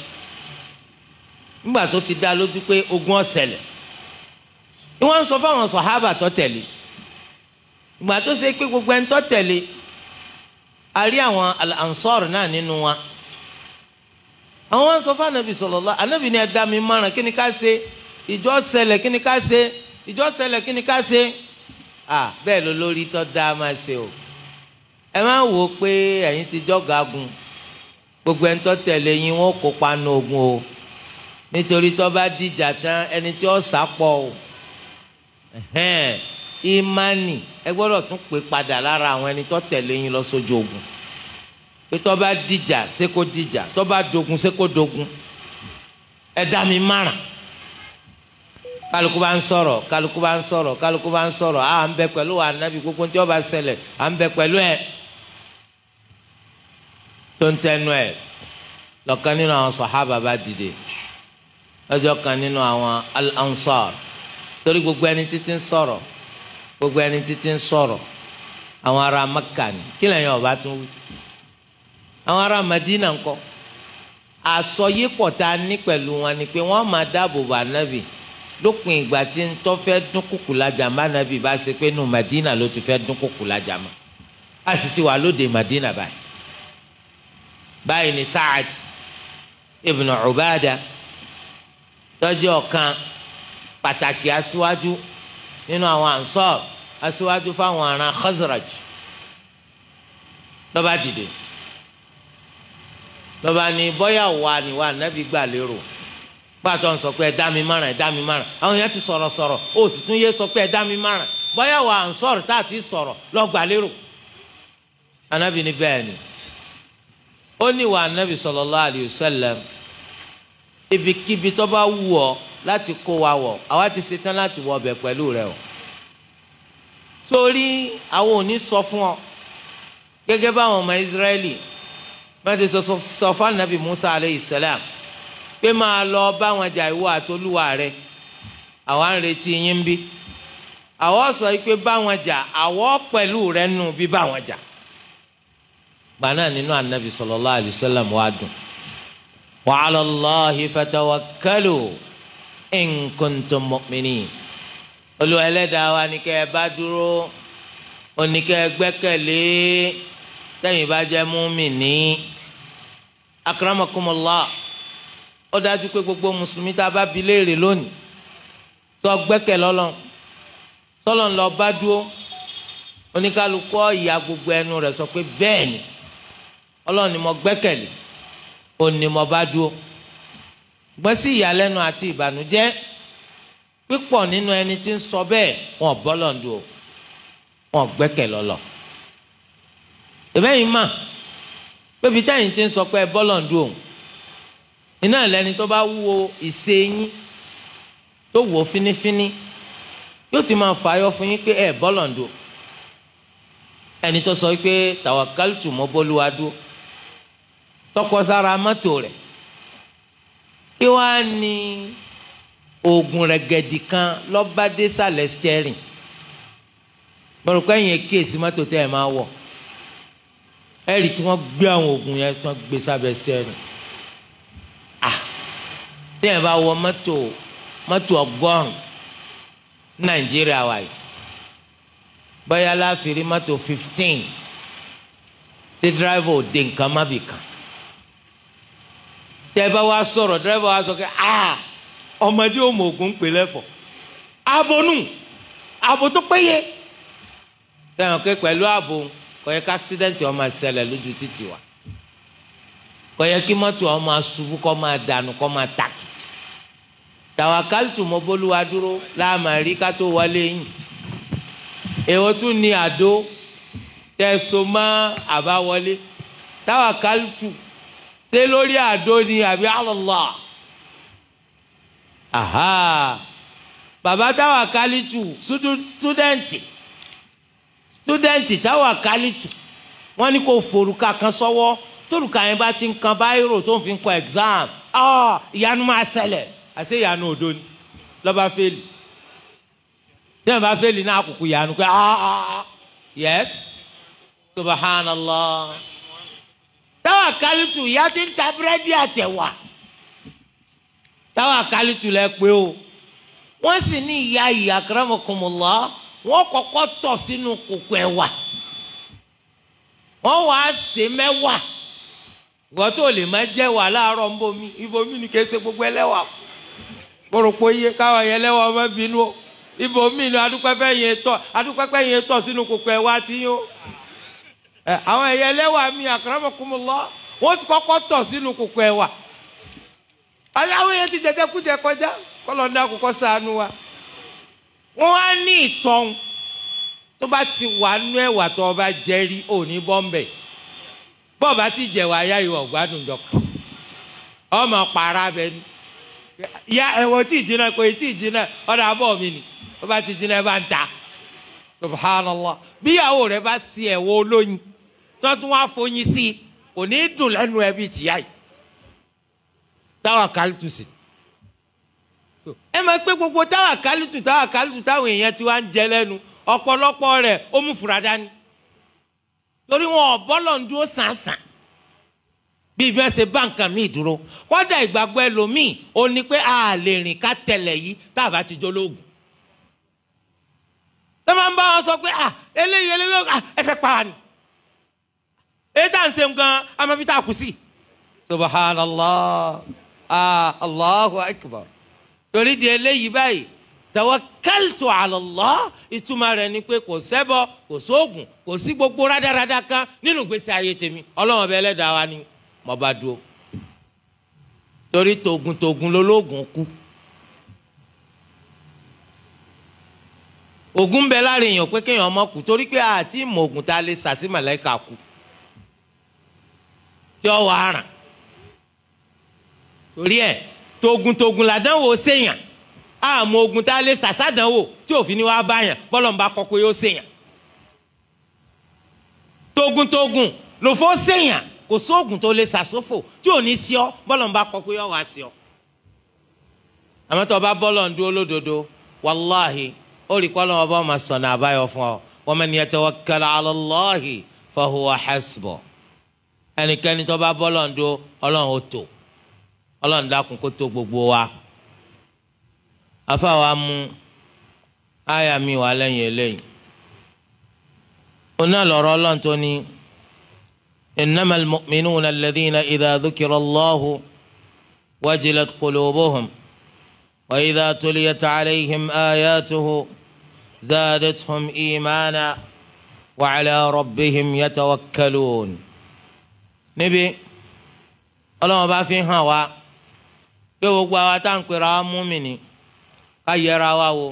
ńgbà tó ti dá lójú pé ogún ó ṣẹlẹ̀ ni wọ́n ń sọ fáwọn sọ̀hábà tó tẹ̀lé ìgbà tó ṣe pé gbogbo ẹni tó tẹ̀lé a rí àwọn ansọ́ọ̀rù náà nínú wa àwọn wọn sọ fún anabi sallallahu anabi ni ẹ dá mi mọ̀ràn kí ni ká ṣe ìjọ ṣẹlẹ̀ kí ni ká ṣe ìjọ ṣẹlẹ̀ kí ni ká ṣe à bẹ́ẹ̀ ló lórí tó dá máa ṣe o ẹ máa wò ó pé ẹ̀yin ti jọ́gàgùn gbogbo ẹni tó tẹ̀lé yín wọ́n kópa nù ogun o nítorí tó bá dìjà tán ẹni tí ó sá o. imani ẹ gbọ́dọ̀ tún pè padà lára àwọn ẹni tó tẹ̀lé yín lọ sójú ogun pé tó bá dìjà ṣé kó dìjà tó bá dogun ṣé kó dogun ẹ mi márùn kálukú bá ń sọ̀rọ̀ kálukú bá ń sọ̀rọ̀ kálukú bá ń sọ̀rọ̀ à ń bẹ pẹ̀lú ànábì gbogbo tí ó bá ṣẹlẹ̀ à ń bẹ kan nínú àwọn al torí gbogbo ẹni títí ń sọ̀rọ̀ gbogbo ẹni títí ń sọ̀rọ̀ àwọn ará Mẹ́kà ni kí lẹ́yìn ọba tún wí àwọn ará Madina ńkọ́ àsọyépọ̀ tá a ní pẹ̀lú wọn ni pé wọ́n máa dáàbò bá nábì lópin ìgbà tí ń tọ́ fẹ́ dún kùkù lajà má nábì bá ṣe pé nù Madina ló ti fẹ́ dún kùkù lajà mọ́ a sì ti wà lóde Madina báyìí báyìí ni Saad ibn Ubada tọ́jú ọ̀kan pàtàkì aṣíwájú nínú àwọn ansar aṣíwájú fáwọn aràn khazraj ló bá dìde ló bá ní bóyá wà ní wà nábì gbà lérò pàtó ń sọ pé ẹ dá mi márùn ẹ dá mi márùn àwọn yẹn ti sọ̀rọ̀ sọ̀rọ̀ ó sì tún yé sọ pé ẹ dá mi márùn bóyá wà ansar tá a ti sọ̀rọ̀ ló lérò anábì ní bẹ́ẹ̀ ni ó ní wà nábì sallallahu alayhi wa sallam ibikíbi tó bá wù ọ́ láti kó wa wọ̀ àwa ti ṣetán láti wọ ọbẹ̀ pẹ̀lú rẹ o torí àwọn ò ní sọ fún ọ gẹ́gẹ́ báwọn ọmọ Israẹli wọ́n ti sọ fún anabi Musa aleyhi salam pé máa lọ báwọn jà ìwọ àtolúwa rẹ àwa ń retí yín bí àwa sọ pé báwọn jà àwa pẹ̀lú rẹ nù bí báwọn jà gbaná nínú anabi sallallahu alaihi wasallam wàá dùn wa ala Allahi fatawakkalu in kuntum mu'minin Olúwa ẹlẹ́dàá wa ni kẹ́ ẹ bá dúró ó ní kẹ́ ẹ gbẹ́kẹ̀lé tẹ́yìn bá jẹ́ mùmíní akramakumullah ó dájú pé gbogbo mùsùlùmí tá a bá bi léèrè lónìí tó gbẹ́kẹ̀lé Ọlọ́run tọ́lọ̀ ń lọ bá dúró oníkálukú ọ̀yà gbogbo ẹnu rẹ̀ sọ pé bẹ́ẹ̀ ni ni mo gbẹ́kẹ̀lé òun mo bá dúró gbọ́n sí ìyàlẹ́nu àti ìbànújẹ́ pípọ̀ nínú ẹni tí ń sọ bẹ́ẹ̀ wọn bọ́lọ̀ ń dùn o wọn gbẹ́kẹ̀ lọ́lọ́ ìbẹ́yìn mà pébi táyìn ti ń sọ pé bọ́lọ̀ ń dùn o iná ìlẹ́ni tó bá wo ìṣe yín tó wò fínífíní yóò ti máa fààyọ fún yín pé ẹ bọ́lọ̀ ń ẹni tó sọ pé tàwákáltù mọ́ bọ́lúwa dùn tọkọ sára mọ́tò rẹ̀ kí wàá ní oògùn rẹ̀gẹ̀dì kan lọ́ba dé sàlẹ̀ steering gbọ́dọ̀ pé ẹ̀yìn kíyèsí mọ́tò tẹ́ ẹ̀ máa wọ̀ ẹ̀rì tí wọ́n gbé àwọn oògùn yẹn tí wọ́n gbé sábẹ́ steering ah tẹ́ ẹ̀ bá wọ mọ́tò mọ́tò ọgọ́rùn nàìjíríà wa yìí bóyá láfi rí mọ́tò fifteen tí dírìvà ò de nǹkan má bì kan tẹ́ wa wá sọ̀rọ̀ dẹ́rẹ́bà wá sọ pé a ọmọdé ò mọ̀ ògùn pè lẹ́fọ̀ abo nù abo tó péye fẹ́ràn pé pẹ̀lú abo kò yẹ accident ó máa ṣẹlẹ̀ lójú títì wa kò yẹ kí mọ́tò ó máa ṣubú kó máa dànù kó máa tàkìtì tàwákàlùtù mọ́ bólúwa dúró láàmà rí ká tó wọlé yìí èwo tún ni àdó tẹ̀sọ́ mọ́ àbáwọlé tàwákàlùtù ṣé lórí àdó ni àbí Allah aha bàbá táwa kálítù ṣúdẹ́ǹtì ṣúdẹ́ǹtì táwa kálítù wọ́n ní kó forúkà kan sọ́wọ́ tórùkà yẹn bá ti ń kan báyìrò tó fi kọ exam ọ ah, ìyanu máa ṣẹlẹ̀ àṣé ìyanu òdo lọ́ba fẹ́lì tẹ́lẹ̀ bá fẹ́lì náà àkùkù ah ah, ah ah yes táwa kálítù ìyá ti ń ta búrẹ́dì àtẹ̀wà táwa kálítù lẹ pé o wọ́n sì ní ìyá ìyá kẹrẹ́mọkùnmọ́lá wọ́n kọ́kọ́ tọ̀ sínú kòkò ẹ̀wà wọ́n wàá sè mẹ́wàá wọ́n tó lè má jẹ́ wà láàárọ̀ nbomi ibomi ni kìí ṣe gbogbo ẹlẹ́wà kórópó yé káwọn yẹn lẹ́wà ọmọ bínú ibomi ni adúpẹ́pẹ́ yẹn tọ̀ adúpẹ́pẹ́ yẹn tọ̀ sínú kòkò ẹ̀wà tiyó àwọn ẹ̀yẹ ẹlẹ́wà mi akramakumullah wọ́n ti kọ́kọ́ tọ̀ sínú kòkò ẹ̀wà aláwọ̀ yẹn ti jẹjẹ kújẹ kọjá kọ́lọ́ ní àkókò sànú wa wọ́n á ní ìtọ́n tó bá ti wà nú ẹ̀wà tó bá jẹ rí òní bọ́m̀bẹ̀ bọ́ọ̀bá ti jẹ̀wà ayá ìwà ọ̀gbádùn jọkàn ọmọ pàrà bẹ ni ya ẹ̀wọ̀ tí ìjìnà kò tí ìjìnà ọ̀dà bọ̀ mi ni bọ́ọ̀bá ti jìnà ẹ bá ń ta subhanallah bíyàwó rẹ bá si ẹ̀wọ̀ olóyin tọ́tún wá fọyín sí i kò ní í dùn lẹ́nu ẹbí tìyá yìí táwa kálítù sí. ẹ máa pé gbogbo táwa kálítù táwa kálítù táwọn èèyàn ti wá ń jẹ lẹ́nu ọ̀pọ̀lọpọ̀ rẹ̀ ó mú fura dání torí wọn ọ̀bọ́lọ̀ ń dúró sàǹsàn bí bẹ́ẹ̀ ṣe bá míì dúró kọ́dà ìgbàgbọ́ ẹlòmíì ó ní pé a lè rìn ká tẹ̀lẹ̀ yìí tá a bá ti jólóògùn. tó máa ń bá wọn sọ pé à eléyìí eléyìí ẹ fẹ́ pa wá ni ètò à ń sẹ́mu gan a fi tá a kù sí. subhanallah ah, allahu akbar torí di eléyìí báyìí tawakkaltu ala Allah ìtumọ̀ rẹ̀ ni pé kò sẹ́bọ kò sóògùn kò sí gbogbo rádaràda kan nínú gbèsè ayé tèmi ọlọ́run bẹ́ẹ̀ lẹ́dàá wa ni mo bá dúró torí tògùn tògùn lolóògùn kú ògùn bẹ láàrin èèyàn pé kéèyàn ọmọ kù torí pé àti ìmọ̀ ògùn tá a lè sà sí màláìka yọ wọ aràn torí ẹ togun-togun làdánwò ṣèyàn àmọ́ ogun tá a lè sàṣàdánwò tí òfin ni wàá báyàn bọ́lọ̀mùbá kọ pé ó ṣèyàn togun-togun lòfó ṣèyàn kò sóògùn tó lè sàṣòfò tí ò ní sí ọ bọ́lọ̀mùbá kọ pé ó wàá sí ọ. àmọ́ tó o bá bọ́lọ̀ dúró lódodo wàláhì ó rí pọ́lọ́ ọba ọmọ sọ̀nà àbáyọ fún ọ wa man yatawakkal ala Allahi fahuwa hasbuh ẹnikẹ́ni tó bá bọ́ lọ́ndó ọlọ́run ó tò ọlọ́run dákun kó tó gbogbo wa afáwa mú àyà mi wà lẹ́yìn eléyìí oná lọ́rọ́ ọlọ́run tó ní innamal mu'minuna alladhina idha dhukira Allahu wajilat qulubuhum wa idha tuliyat alayhim ayatuhu zadatuhum imana wa ala rabbihim yatawakkalun níbi ọlọ́wọ́n bá fi hàn wá pé gbogbo àwa tá à ń pera wa múmìnì ká yẹra wa wò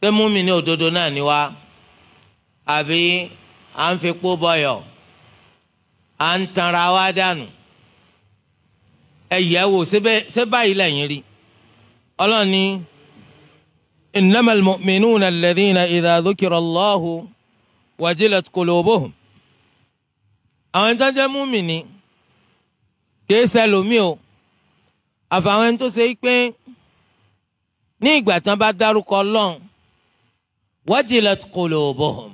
pé múmìnì òdodo náà ni wá àbí à ń fi pó bọyọ̀ à ń tanra wa dànù ẹ yẹ ṣé báyìí lẹ́yìn rí ọlọ́run ní innamal mu'minuna alladhina idha dhukira Allahu àwọn ẹni tó jẹ́ múmìnì kìí ṣẹlòmíì o àfàwọn ẹni tó ṣe pé ní ìgbà tán bá dárúkọ Ọlọ́run wajilat qulubuhum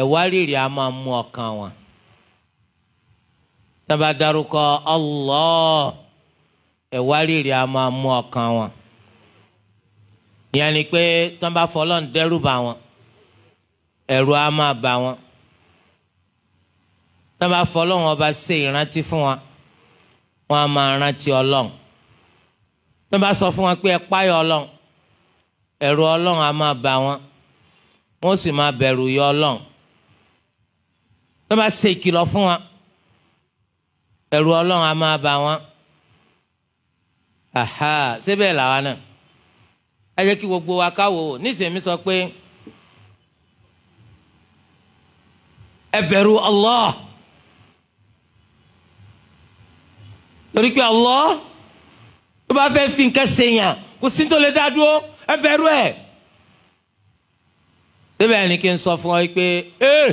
ẹ̀wá rírì á máa mú ọkàn wọn tán bá dárúkọ Allah ẹ̀wá rírì á máa mú ọkàn wọn ìyẹn ni pé tán bá fọlọ́n dẹ́rù bá wọn ẹ̀rù á máa bá wọn tó bá fọlọ́run ọba ṣe ìrántí fún wa wọn a máa rántí ọlọ́run tó bá sọ fún wa pé ẹ páyọ ọlọ́run ẹ̀rù ọlọ́run a máa bà wọ́n wọ́n sì máa bẹ̀rù yọ ọlọ́run tó bá ṣe ìkìlọ̀ fún wa ẹ̀rù ọlọ́run a máa bà wọ́n aha síbẹ̀ làwa náà ẹ jẹ́ kí gbogbo wa káwò nísìnyí sọ pé ẹ bẹ̀rù Allah. torí pé Allah tó bá fẹ́ fi nǹkan ṣèyàn kò sí tó lè dá dúró ẹ bẹ̀rù ẹ̀. síbẹ̀ ni kí n sọ fún ọ pé ẹ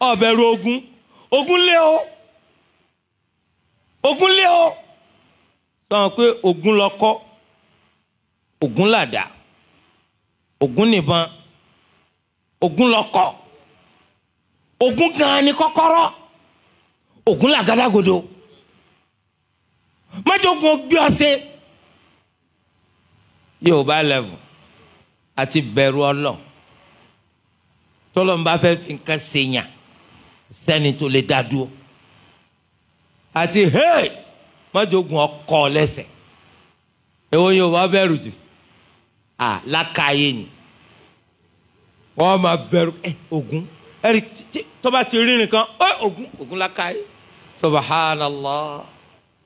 ọ bẹ̀rù ogun ogun lé o ogun lé o sọ̀rọ̀ pé ogun lọ́kọ́ ogun làdá ogun nìbọn ogun lọ́kọ̀ ogun gan-an ni kọ́kọ́rọ́ ogun làgádágodo mọ́jọ́gun gbé ọ̀sẹ̀ yóò bá lẹ́vù àti bẹ̀rù ọlọ́ọ̀ tọ́lọ́mùbá fẹ́ fi nǹkan ṣèyàn sẹ́ni tó lè dá dúró àti hey mọ́jọ́gun ọkọ lẹ́sẹ̀ èwo yóò bá bẹ̀rù jù à lákàáyé ni wọ́n ma bẹ̀rù ẹ̀ ogun ẹ̀rí tọ́ba ti rìnrìn kan ẹ̀ ogun ogun lákàáyé subhanallah.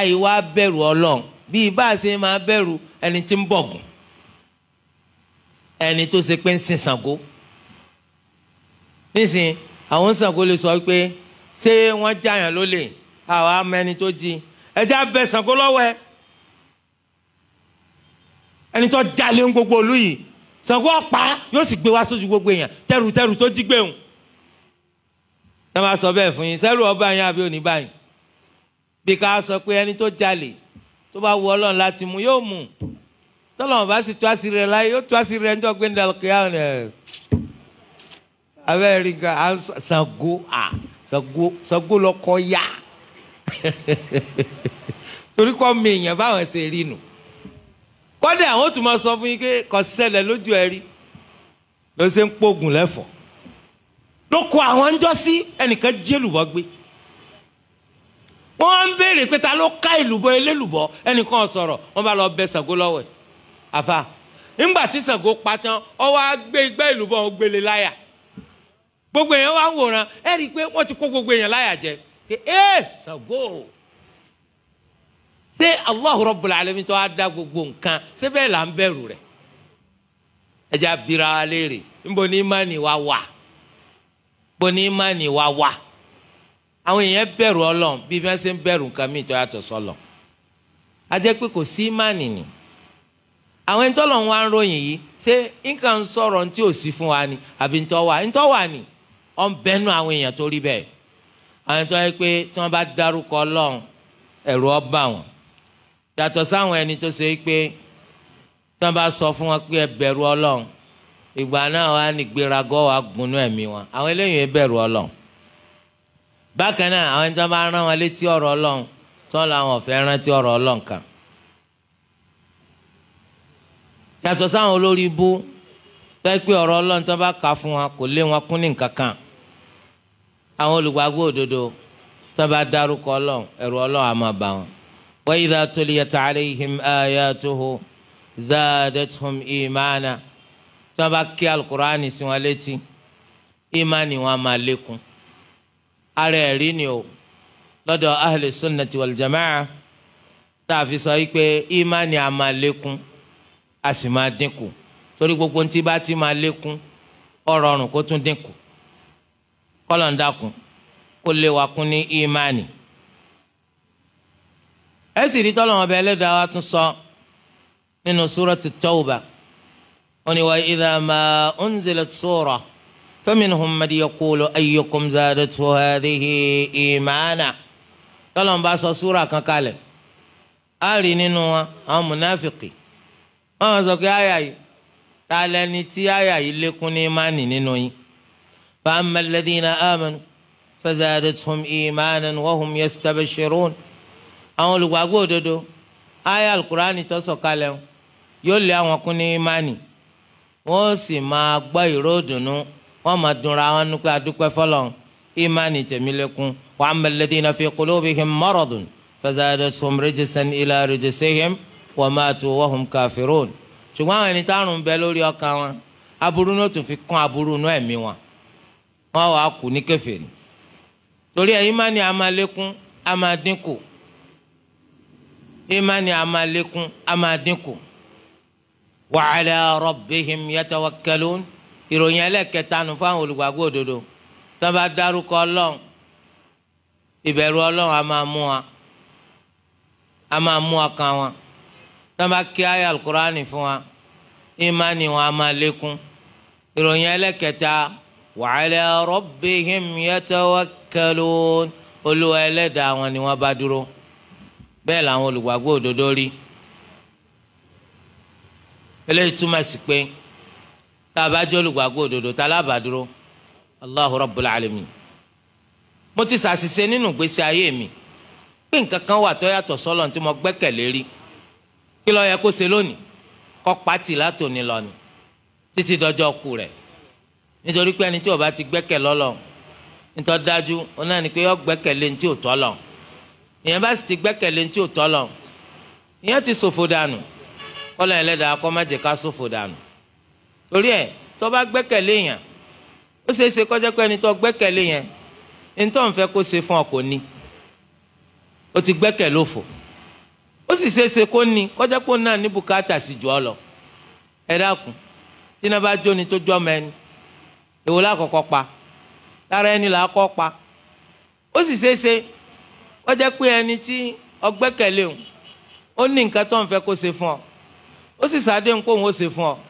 àìwá bẹ̀rù ọlọ́run bí bá a ṣe máa bẹ̀rù ẹni tí ń bọ̀gùn ẹni tó ṣe pé ń sin Ṣàngó nísìn àwọn Ṣàngó lè sọ pé ṣé wọ́n jàyàn lólè àwọn amẹni tó jí ẹjẹ́ abẹ Ṣàngó lọ́wọ́ ẹ ẹni tó jalè ń gbogbo olú yìí Ṣàngó ọ̀pá yóò sì gbé wá sójú gbogbo èèyàn tẹrù tẹrù tó jí gbéhùn. ẹ máa sọ bẹ́ẹ̀ fún yín sẹ́rù ọba yín àbí òní báyìí bí ká sọ pé ẹni tó jalè tó bá wù Ọlọ́run láti mú yóò mú tọ́lọ́run bá sì tú àṣírí rẹ̀ láyé yóò tú àṣírí rẹ̀ níjọ́ gbẹ̀ndà kìíyàn ẹ̀ abẹ́rẹ́gà Ṣàngó à Ṣàngó Ṣàngó lọ́kọ́ yá torí kọ́ mi èèyàn báwọn ṣe rí nu kọ́dé àwọn tó máa sọ fún yín pé kò ṣẹlẹ̀ lójú ẹ rí ló ṣe ń pògùn lẹ́fọ̀ọ́ ló àwọn ń jọ sí ẹnìkan jẹ́lùbọ́ gbé. wọ́n wá ń béèrè pé ta ló ká ìlúbọ elélùbọ ẹnìkan sọ̀rọ̀ wọ́n bá lọ bẹ Ṣàngó lọ́wẹ̀ àfa ńgbà tí Ṣàngó pa tán ọ wá gbé igbá ìlúbọ ọ gbélé láyà gbogbo èèyàn wá ń wòran ẹ rí i pé wọ́n ti kó gbogbo èèyàn láyà jẹ pé ẹ Ṣàngó ṣé Allahu Rabbul Alamin tó á dá gbogbo nǹkan ṣé bẹ́ẹ̀ là ń bẹ̀rù rẹ̀ ẹja bira léèrè níbo ní imáni wa wà níbo ní imáni wa wà. àwọn èèyàn bẹ̀rù ọlọ́run bí wọ́n ṣe ń bẹ̀rù nǹkan míì tó yàtọ̀ sọlọ a jẹ́ pé kò sí ìmánì ni àwọn ẹni tọ́lọ̀ ń wá ń ròyìn yìí ṣé nǹkan ń sọ̀rọ̀ tí ò sí fún wa ni àbí ń tọ́ wà ń tọ́ wà ni ọ̀ ń bẹ́nu àwọn èèyàn tó rí bẹ́ẹ̀ àwọn tó yẹ pé tí wọ́n bá dárúkọ ọlọ́run ẹ̀rù ó bà yàtọ̀ sáwọn ẹni tó ṣe pé tí wọ́n bá sọ fún wọn pé ẹ bẹ̀rù ìgbà náà wà ní gbéraga wà gúnnú ẹ̀mí wọn àwọn eléyìí bẹ̀rù ọlọ́run bákan náà àwọn ẹni tó bá rán wọn létí ọ̀rọ̀ Ọlọ́run tó làwọn ọ̀fẹ́ rántí ọ̀rọ̀ Ọlọ́run kan. yàtọ̀ sáwọn olórí ibú tó pé ọ̀rọ̀ Ọlọ́run tó bá kà fún wọn kò lé wọn kún ní nǹkan kan. àwọn olùgbàgbọ́ òdodo tó bá dárúkọ Ọlọ́run ẹ̀rù Ọlọ́run á máa bà wọn. wa idha tuliyat alayhim ayatuhu zaadathum imana tó bá kí alukur'ani sí wọn létí ìmánì wọn máa lékún ara ẹ̀rí ni o lọ́dọ̀ ahli sunnati wal jamaa tá a fi sọ yìí pé ìmánì a máa lékún a sì máa dínkù torí gbogbo ntí bá ti máa lékún ọ̀rọ̀ ọ̀rùn kó tún dínkù kọ́lọ̀ndàkùn kó lé wa kún ní ìmánì. ẹ sì rí tọ́lọ́mọ bẹ́ẹ̀ lẹ́dàá wa tún sọ nínú suratu Tawbah ó ní wa idha ma unzilat surah. فمنهم من يقول أيكم زادته هذه إيمانا tọ́lọ́n bá sọ súra kan kalẹ̀ á rí nínú wọn àwọn mùnáfìkì wọn sọ pé àyà yìí ta lẹni tí àyà yìí lékún ní ìmánì nínú yín فأما الذين آمنوا فزادتهم إيمانا وهم يستبشرون àwọn olùgbàgbọ́ òdodo àyà alukurani tó sọ kalẹ̀ yóò lé àwọn kún ní ìmánì wọ́n sì máa gbọ́ ìró ìdùnnú wọ́n máa dunra wọn nukú adúpẹ́ fọlọ́n ìmánì tẹ̀mí lẹ́kún wa amma alladhina fi qulubihim maradun fazadathum rijsan ila rijsihim wa matu wa hum kafirun. ṣùgbọ́n àwọn ẹni tárùn bẹ lórí ọkàn wọn aburú náà tún fi kún aburú náà ẹ̀mí wọn wọn wàá kú ní kèfèrí. torí ẹ̀ ìmánì a máa lékún a máa dínkù ìmánì a máa lékún ìròyìn ẹlẹ́kẹta nu fáwọn olùgbàgbọ́ òdodo tí wọ́n bá dárúkọ ọlọ́run ìbẹ̀rù ọlọ́run a máa mú wa a máa mú ọkàn wa tí wọ́n bá kí ayé alukurani fún wa ìmánì wọn a máa lékún ìròyìn ẹlẹ́kẹta wa ala rabbihim yatawakkalun olúwa ẹlẹ́dàá wọn ni wọ́n bá dúró bẹ́ẹ̀ làwọn olùgbàgbọ́ òdodo rí eléyìí túmọ̀ sí pé tá a bá jẹ́ olùgbàgbọ́ òdodo tá a lábàá allahu rabbul alamin mo ti ṣàṣìṣe nínú ìgbésí ayé mi pé nǹkan kan wà tó yàtọ̀ sọ́lọ́run tí mo gbẹ́kẹ̀lé rí kí ló yẹ kó ṣe lónìí kó pàtì látòní lọ ni títí dọjọ́ ku rẹ̀ nítorí pé ẹni tí ó bá ti gbẹ́kẹ̀ lọ́lọ́ nítọ́ dájú ó náà ní pé ó gbẹ́kẹ̀lé ní ò tọ́ ìyẹn bá sì ti gbẹ́kẹ̀lé ní ò tọ́ ìyẹn ti ṣòfò dànù kọ́lọ́ ẹlẹ́dàá kó má jẹ́ ká ṣòfò dànù torí ẹ̀ tó bá gbẹ́kẹ̀lé yẹn ó ṣeé ṣe kọjá pé ẹni tó gbẹ́kẹ̀lé yẹn ẹni tó ń fẹ́ kó ṣe fún ọ kò ní o ti gbẹ́kẹ̀ lófo ó sì ṣeé ṣe kó ní kọjá pé òun náà ní bùkátà sì jù ọ lọ ẹ dákun tí iná bá jóni tó jọ́ mọ ẹni èwo lákọ̀ọ́kọ́ pa lára ẹni là pa ó sì ṣeé ṣe kọjá pé ẹni tí ọ gbẹ́kẹ̀lé òun ó ní nǹkan tó ń fẹ́ kó ṣe fún ọ ó sì ṣàdéhùn pé òun ó ṣe fún ọ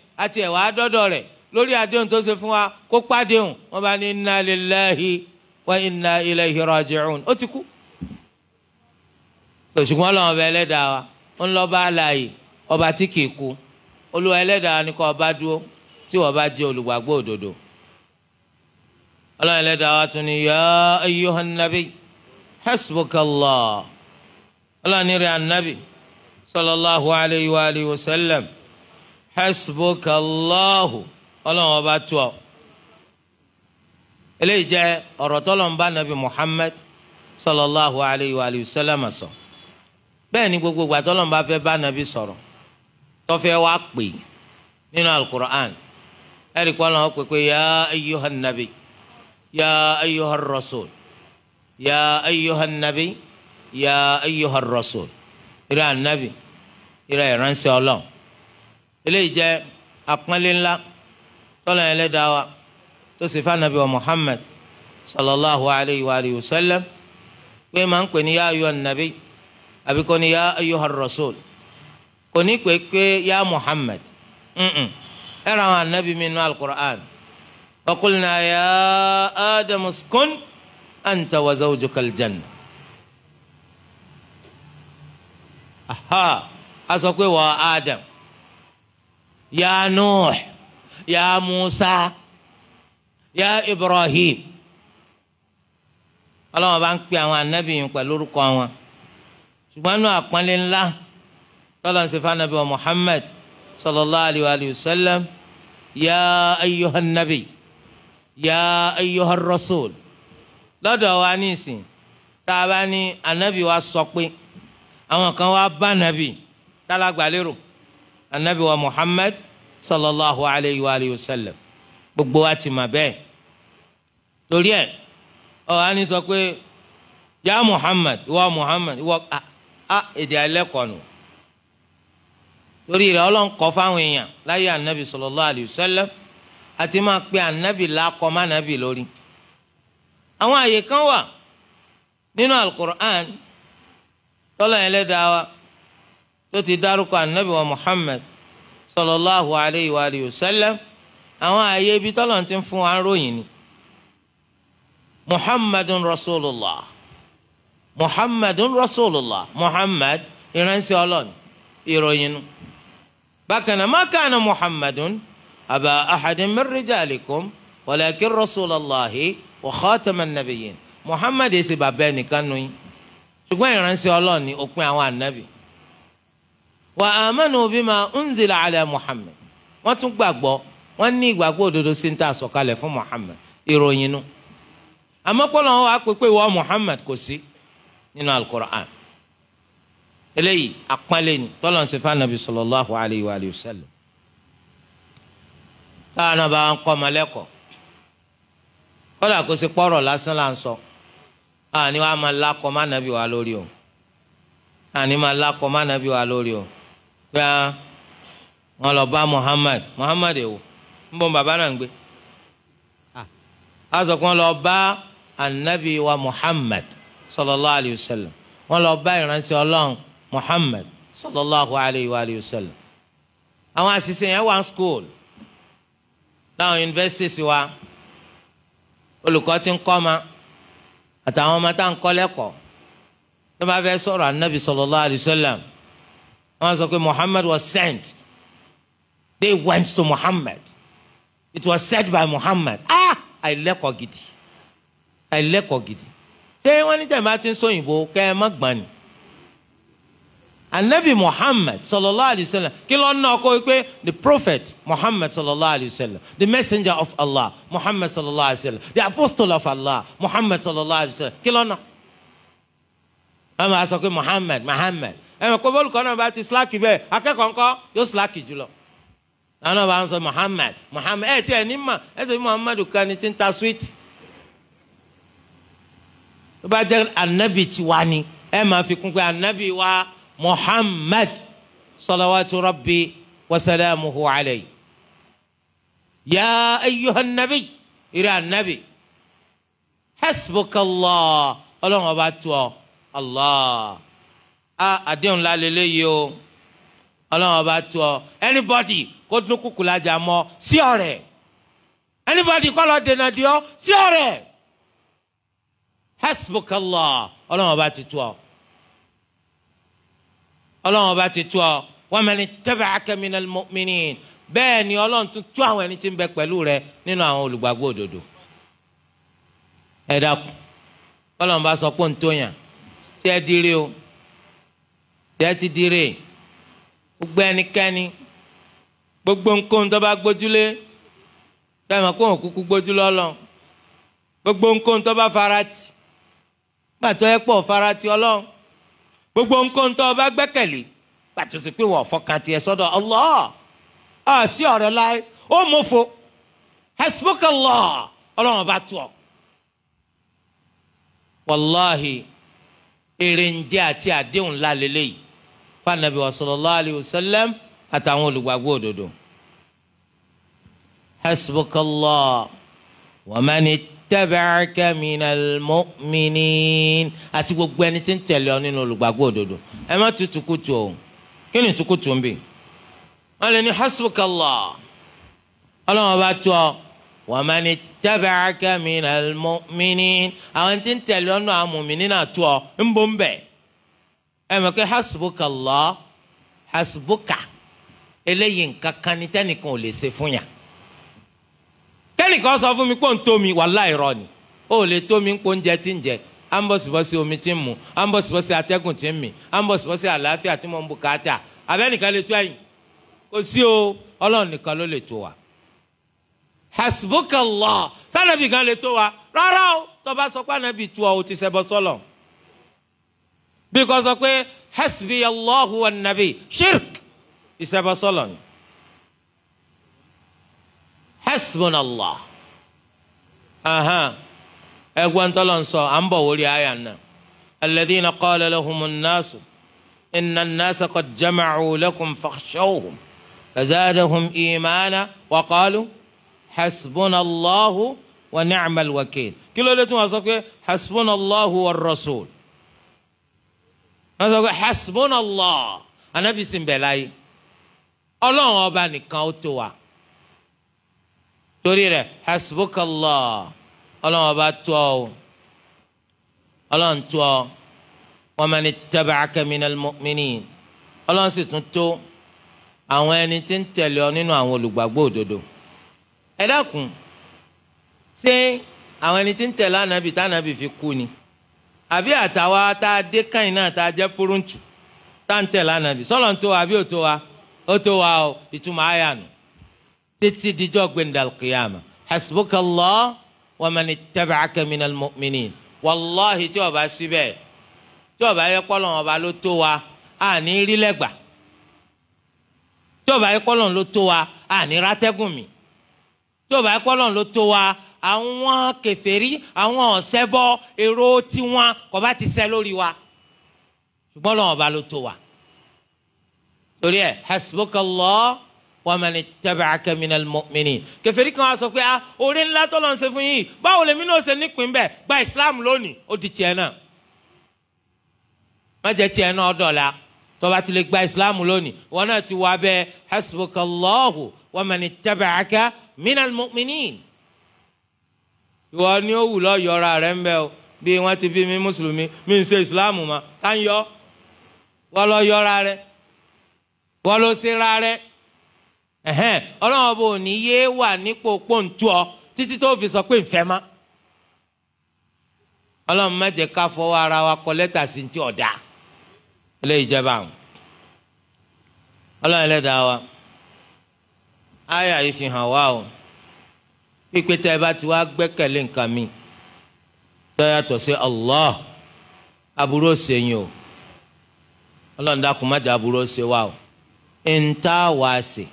àti ẹ̀wà àdọ́dọ̀ rẹ̀ lórí àdéhùn tó ṣe fún wa kó pàdéhùn wọn bá ní inna lillahi wa inna ilayhi raji'un ó ti kú. ṣùgbọ́n ọlọ́run ọba ẹlẹ́dàá wa ń lọ bá láàyè ọba tí kì í kú olúwa ẹlẹ́dàá ni kó ọba dúró tí wọ́n bá jẹ́ olùgbàgbọ́ òdodo. ọlọ́run ẹlẹ́dàá wa tún ní ya ayyuhan nabi hasbukallah ọlọ́run ní rẹ̀ ànábì sallallahu alayhi wa sallam hasbukallahu ọlọ́run ọba tó ọ. eléyìí jẹ́ ọ̀rọ̀ tọ́lọ́run bá nàbí Muhammad sallallahu alayhi wa sallam sọ. bẹ́ẹ̀ ni gbogbo ìgbà tọ́lọ́run bá fẹ́ bá nàbí sọ̀rọ̀ tọ́fẹ́ wá pè nínú alukur'an ẹ̀rí kọ́ lọ́wọ́ pé pé ya ayyuhan nabi ya ayyuhar rasul ya ayyuhan nabi ya ayyuhar rasul ìrẹ́ ànábì ìrẹ́ ìránṣẹ́ ọlọ́run eléyìí jẹ́ àpọ́nlé ńlá tọ́lá yẹn lẹ́dàá wa tó sì fún anabi wa muhammad sallallahu alayhi wa alihi wa sallam pé máa ń pè ní ya ayyuhan nabi àbí kò ní ya ayyuhar rasul kò ní pè pé ya muhammad ẹ̀rọ àwọn anabi mi nù alukur'an wa qulna ya adamu uskun anta wa zawjuka aljanna. aha a sọ pé wà á adam ya nuh ya musa ya ibrahim ọlọ́wọ́n bá ń pe àwọn anabi yìí pẹ̀lú orúkọ wọn ṣùgbọ́n nínú àpọ́nlé ńlá tọ́lọ́ ṣe fún anabi wa muhammad sallallahu alayhi wa alayhi wa sallam ya ayyuhan nabi ya ayyuhan rasul lọ́dọ̀ wa ní ìsìn tá a bá ní anabi wa sọ pé àwọn kan wá bá anabi tálágbà lérò anabi wa muhammad sallallahu alayhi wa alayhi wa sallam gbogbo wa ti mà bẹ́ẹ̀ torí ẹ̀ ọ̀ á ní sọ pé ya muhammad wa muhammad wa a èdè alẹ́kọ̀ọ́ nù torí rẹ̀ ọlọ́run kọ́ fáwọn èèyàn láyé anabi sallallahu alayhi wa sallam àti máa pe anabi lakọ́ má anabi lórí àwọn àyè kan wà nínú alukur'an tọ́lá yẹn lẹ́dàá wa tó ti dárúkọ anabi wa muhammad sallallahu alayhi wa alihi wa sallam àwọn ààyè ibi tọ́lọ̀ ti ń fún wa ròyìn ni muhammadun rasulullah muhammadun rasulullah muhammad ìránṣẹ́ ọlọ́ni ìròyìn nu bákan náà ma kana muhammadun aba ahadin min rijalikum walakin rasulallahi wa khataman nabiyyin muhammad bàbá ẹnìkan nù yín ṣùgbọ́n ìránṣẹ́ ọlọ́ni òpin àwọn ànábì wa amanu bima unzila ala muhammed wọ́n tún gbàgbọ́ wọ́n ní ìgbàgbọ́ òdodo sí ń tà sọ̀kalẹ̀ fún muhammed ìròyìn nu àmọ́ pọ́lọ́ wọn pépé wọ́ muhammed kò sí nínú alukur'an eléyìí àpọ́nlé ni sallallahu alayhi wa sallam táwọn bá ń kọ́ ọmọ lẹ́kọ̀ọ́ kọ́dà kó ṣe lásán là ń sọ o o. pé wọn lọ bá Muhammad Muhammad èwo ń bọ̀ bàbá náà ń gbé ah. a sọ pé wọn lọ bá anabi wa Muhammad sallallahu alayhi wa sallam wọn lọ bá ìránṣẹ́ Ọlọ́run Muhammad sallallahu alayhi wa alayhi wa sallam àwọn àṣìṣe yẹn wà ní school láwọn universities wa olùkọ́ ti ń kọ́ ma àtàwọn ọmọ tá à ń kọ́ lẹ́kọ̀ọ́ tó bá fẹ́ sọ̀rọ̀ anabi sallallahu alayhi wa sallam. wọ́n sọ pé Muhammad was sent they went to Muhammad it was said by Muhammad ah àìlẹ́kọ̀ọ́ gidi àìlẹ́kọ̀ọ́ gidi ṣé wọ́n ní tẹ̀m̀bá ti ń sóyìnbó kẹ́ ẹ má gbọ́n ni anabi Muhammad sallallahu alayhi wa sallam kí ló ń the prophet Muhammad sallallahu alayhi wa sallam the messenger of Allah Muhammad sallallahu alayhi wa sallam the apostle of Allah Muhammad sallallahu alayhi wa sallam kí ló ń ná. sọ pé Muhammad Muhammad ẹ̀mọ̀ pé bọ́ọ̀lùkọ́ náà bá ti síláàkì bẹ́ẹ̀ akẹ́kọ̀ọ́ ńkọ́ yóò síláàkì jùlọ. àwọn náà bá ń sọ Muhammad Muhammad ẹ̀ tí ẹ̀ ní mà ẹ̀ sọ Muhammad kan ni ti ń ta sweet. tó bá jẹ́ anabi ti wá ni ẹ̀ máa fi kún pé anabi wa Muhammad salawatu rabbi wa salamuhu alayhi. ya ayyuhan nabi ìrẹ́ anabi hasbukallah ọlọ́run ọba tó ọ allah a àdéhùn ńlá lélẹ́yìí o ọlọ́run ọba tó ọ anybody kó dún kúkú lájà mọ́ sí ọ̀rẹ́ anybody kọ́ lọ dènà di ọ sí ọ̀rẹ́ hasbukallah ọlọ́run ọba ti tó ọ ọlọ́run ọba ti tó ọ wa man ittaba'aka minal mu'minin bẹ́ẹ̀ ni ọlọ́run tún tú àwọn ẹni tí ń bẹ pẹ̀lú rẹ nínú àwọn olùgbàgbọ́ òdodo ẹ dákun ọlọ́run bá sọ pé ń tó yàn tí ẹ dirí o tẹ́tí dire gbogbo ẹnikẹ́ni gbogbo nǹkan tó bá gbójúlé táwọn kò hàn kúkú gbójúlé ọlọ gbogbo nǹkan tó bá farati gbàtọ́ ẹ pọ̀ farati ọlọ gbogbo nǹkan tó bá gbẹ́kẹ̀lé gbàtọ́ sí pé wọ́n fọkàn tiẹ̀ sọ́dọ̀ Allah ọ̀ sí ọ̀rẹ́ láyé ó mú fo hasbukallah ọlọ́run bá tu ọ. wàláhi èrè ń jẹ́ àti àdéhùn ńlá lélẹ́yìí fanabi wa sallallahu alayhi wa sallam àtàwọn olùgbàgbọ́ òdodo. hasbukallah wa mani tabaaka minal mu'minin àti gbogbo ẹni tí ń tẹ̀lé ọ nínú olùgbàgbọ́ òdodo ẹ má tutù kutù o kí ni tukutu ń bì wọn lè ní hasbukallah ọlọ́wọ́n bá tó ọ wa mani tabaaka àwọn tí ń tẹ̀lé ọ nínú àwọn mu'minin náà ń bọ́ ń bẹ̀ ẹ mọ̀ hasbuka Allah hasbuka eléyìí nǹkan kan ní tẹ́nìkan ò lè ṣe fún yàn tẹ́nìkan sọ fún mi pé ó ń tó mi wàláì rọ ni ó lè tó mi ń pò ń jẹ tí ń jẹ à ń bọ̀sibọ́sí omi tí ń mu à ń bọ̀sibọ́sí atẹ́gùn tí ń mì à ń bọ̀sibọ́sí àlàáfíà tí mo ń bùkátà abẹ́nìkan lè tó ẹ̀yìn kò sí o ọlọ́run nìkan ló lè tó wa hasbuka Allah sanabi gan lè tó wa rárá o tó bá sọ pé anabi tó o ti ṣẹbọ sọlọ́n because of sọ pé hasbi allahu wa nabi shirk ìṣẹbọsọlọ ni hasbun allah aha tọlọ ń sọ à ń bọ wọlé àyà náà alladhina qala lahumu nnasu inna nnasa qad jama'u lakum fakhshawhum fazadahum imana wa qalu hasbun allahu wa ni'mal wakil kí ló dé tí wọn sọ pé hasbun allahu wọ́n sọ pé hasbunallah anabi sì ń bẹ láyé ọlọ́run ọba nìkan ó tó wa torí rẹ̀ hasbukallah ọlọ́run ọba tó ọ ọlọ́run tó ọ wa man ittaba'aka minal mu'minin ọlọ́run sì tún tó àwọn ẹni tí ń tẹ̀lé ọ nínú àwọn olùgbàgbọ́ òdodo ẹ dákun ṣé àwọn ẹni tí ń tẹ̀lé ànábì tá ànábì fi kú ni àbí àtàwa tá a dé káyìn náà tá a jẹ́ púrúǹtù tá ń tẹ̀lé ànábì sọ́lọ̀ ń tó wa àbí ò tó wa ó tó wa o ìtumọ̀ àyà nù títí dijọ́ gbẹ̀ndà kìyàmà hasbuka Allah wa man ittaba'aka minal mu'minin tí ó síbẹ̀ tí ó bá yẹ ọba ló tó wa àní rí lẹ́gbà tí ó bá yẹ ló tó wa àní rátẹ́gùn mi tí ó bá yẹ ló tó wa àwọn kèfèrí àwọn ọ̀sẹ́bọ èrò tiwọn kò bá ti ṣẹ lórí wa ṣùgbọ́n lọ́wọ́ ọba ló tó wa torí ẹ hasbukallah wa man ittaba'aka minal mu'minin kèfèrí kan á sọ pé ah oore ńlá tó lọ ń ṣe fún yìí báwo lèmi náà ṣe nípìn bẹ́ẹ̀ gba islam lónìí ó di tiẹ̀ náà má jẹ́ tiẹ̀ náà dọ̀la tó ti lè gba islam lónìí wọn náà ti wá bẹ́ẹ̀ hasbukallahu wa man ittaba'aka minal ìwọ ni ó wù lọ yọra rẹ ń o bí wọ́n ti bí mi mùsùlùmí mi ń ṣe ìsìláàmù ta n yọ wọn lọ yọra rẹ wọn ra rẹ ẹhẹn ọlọ́run bò wa yéé wà nípò ọ títí tó fi sọ pé ń fẹ́ ma ọlọ́run má ká fọwọ́ ara wa kọ lẹ́tà sí wa áyà yìí fi wá o. pípé ẹ bá ti wá gbẹ́kẹ̀lé nǹkan mi tó sí Allah aburú o ọlọ́run dákun má jẹ́ aburú òsè wa o ntá wa sè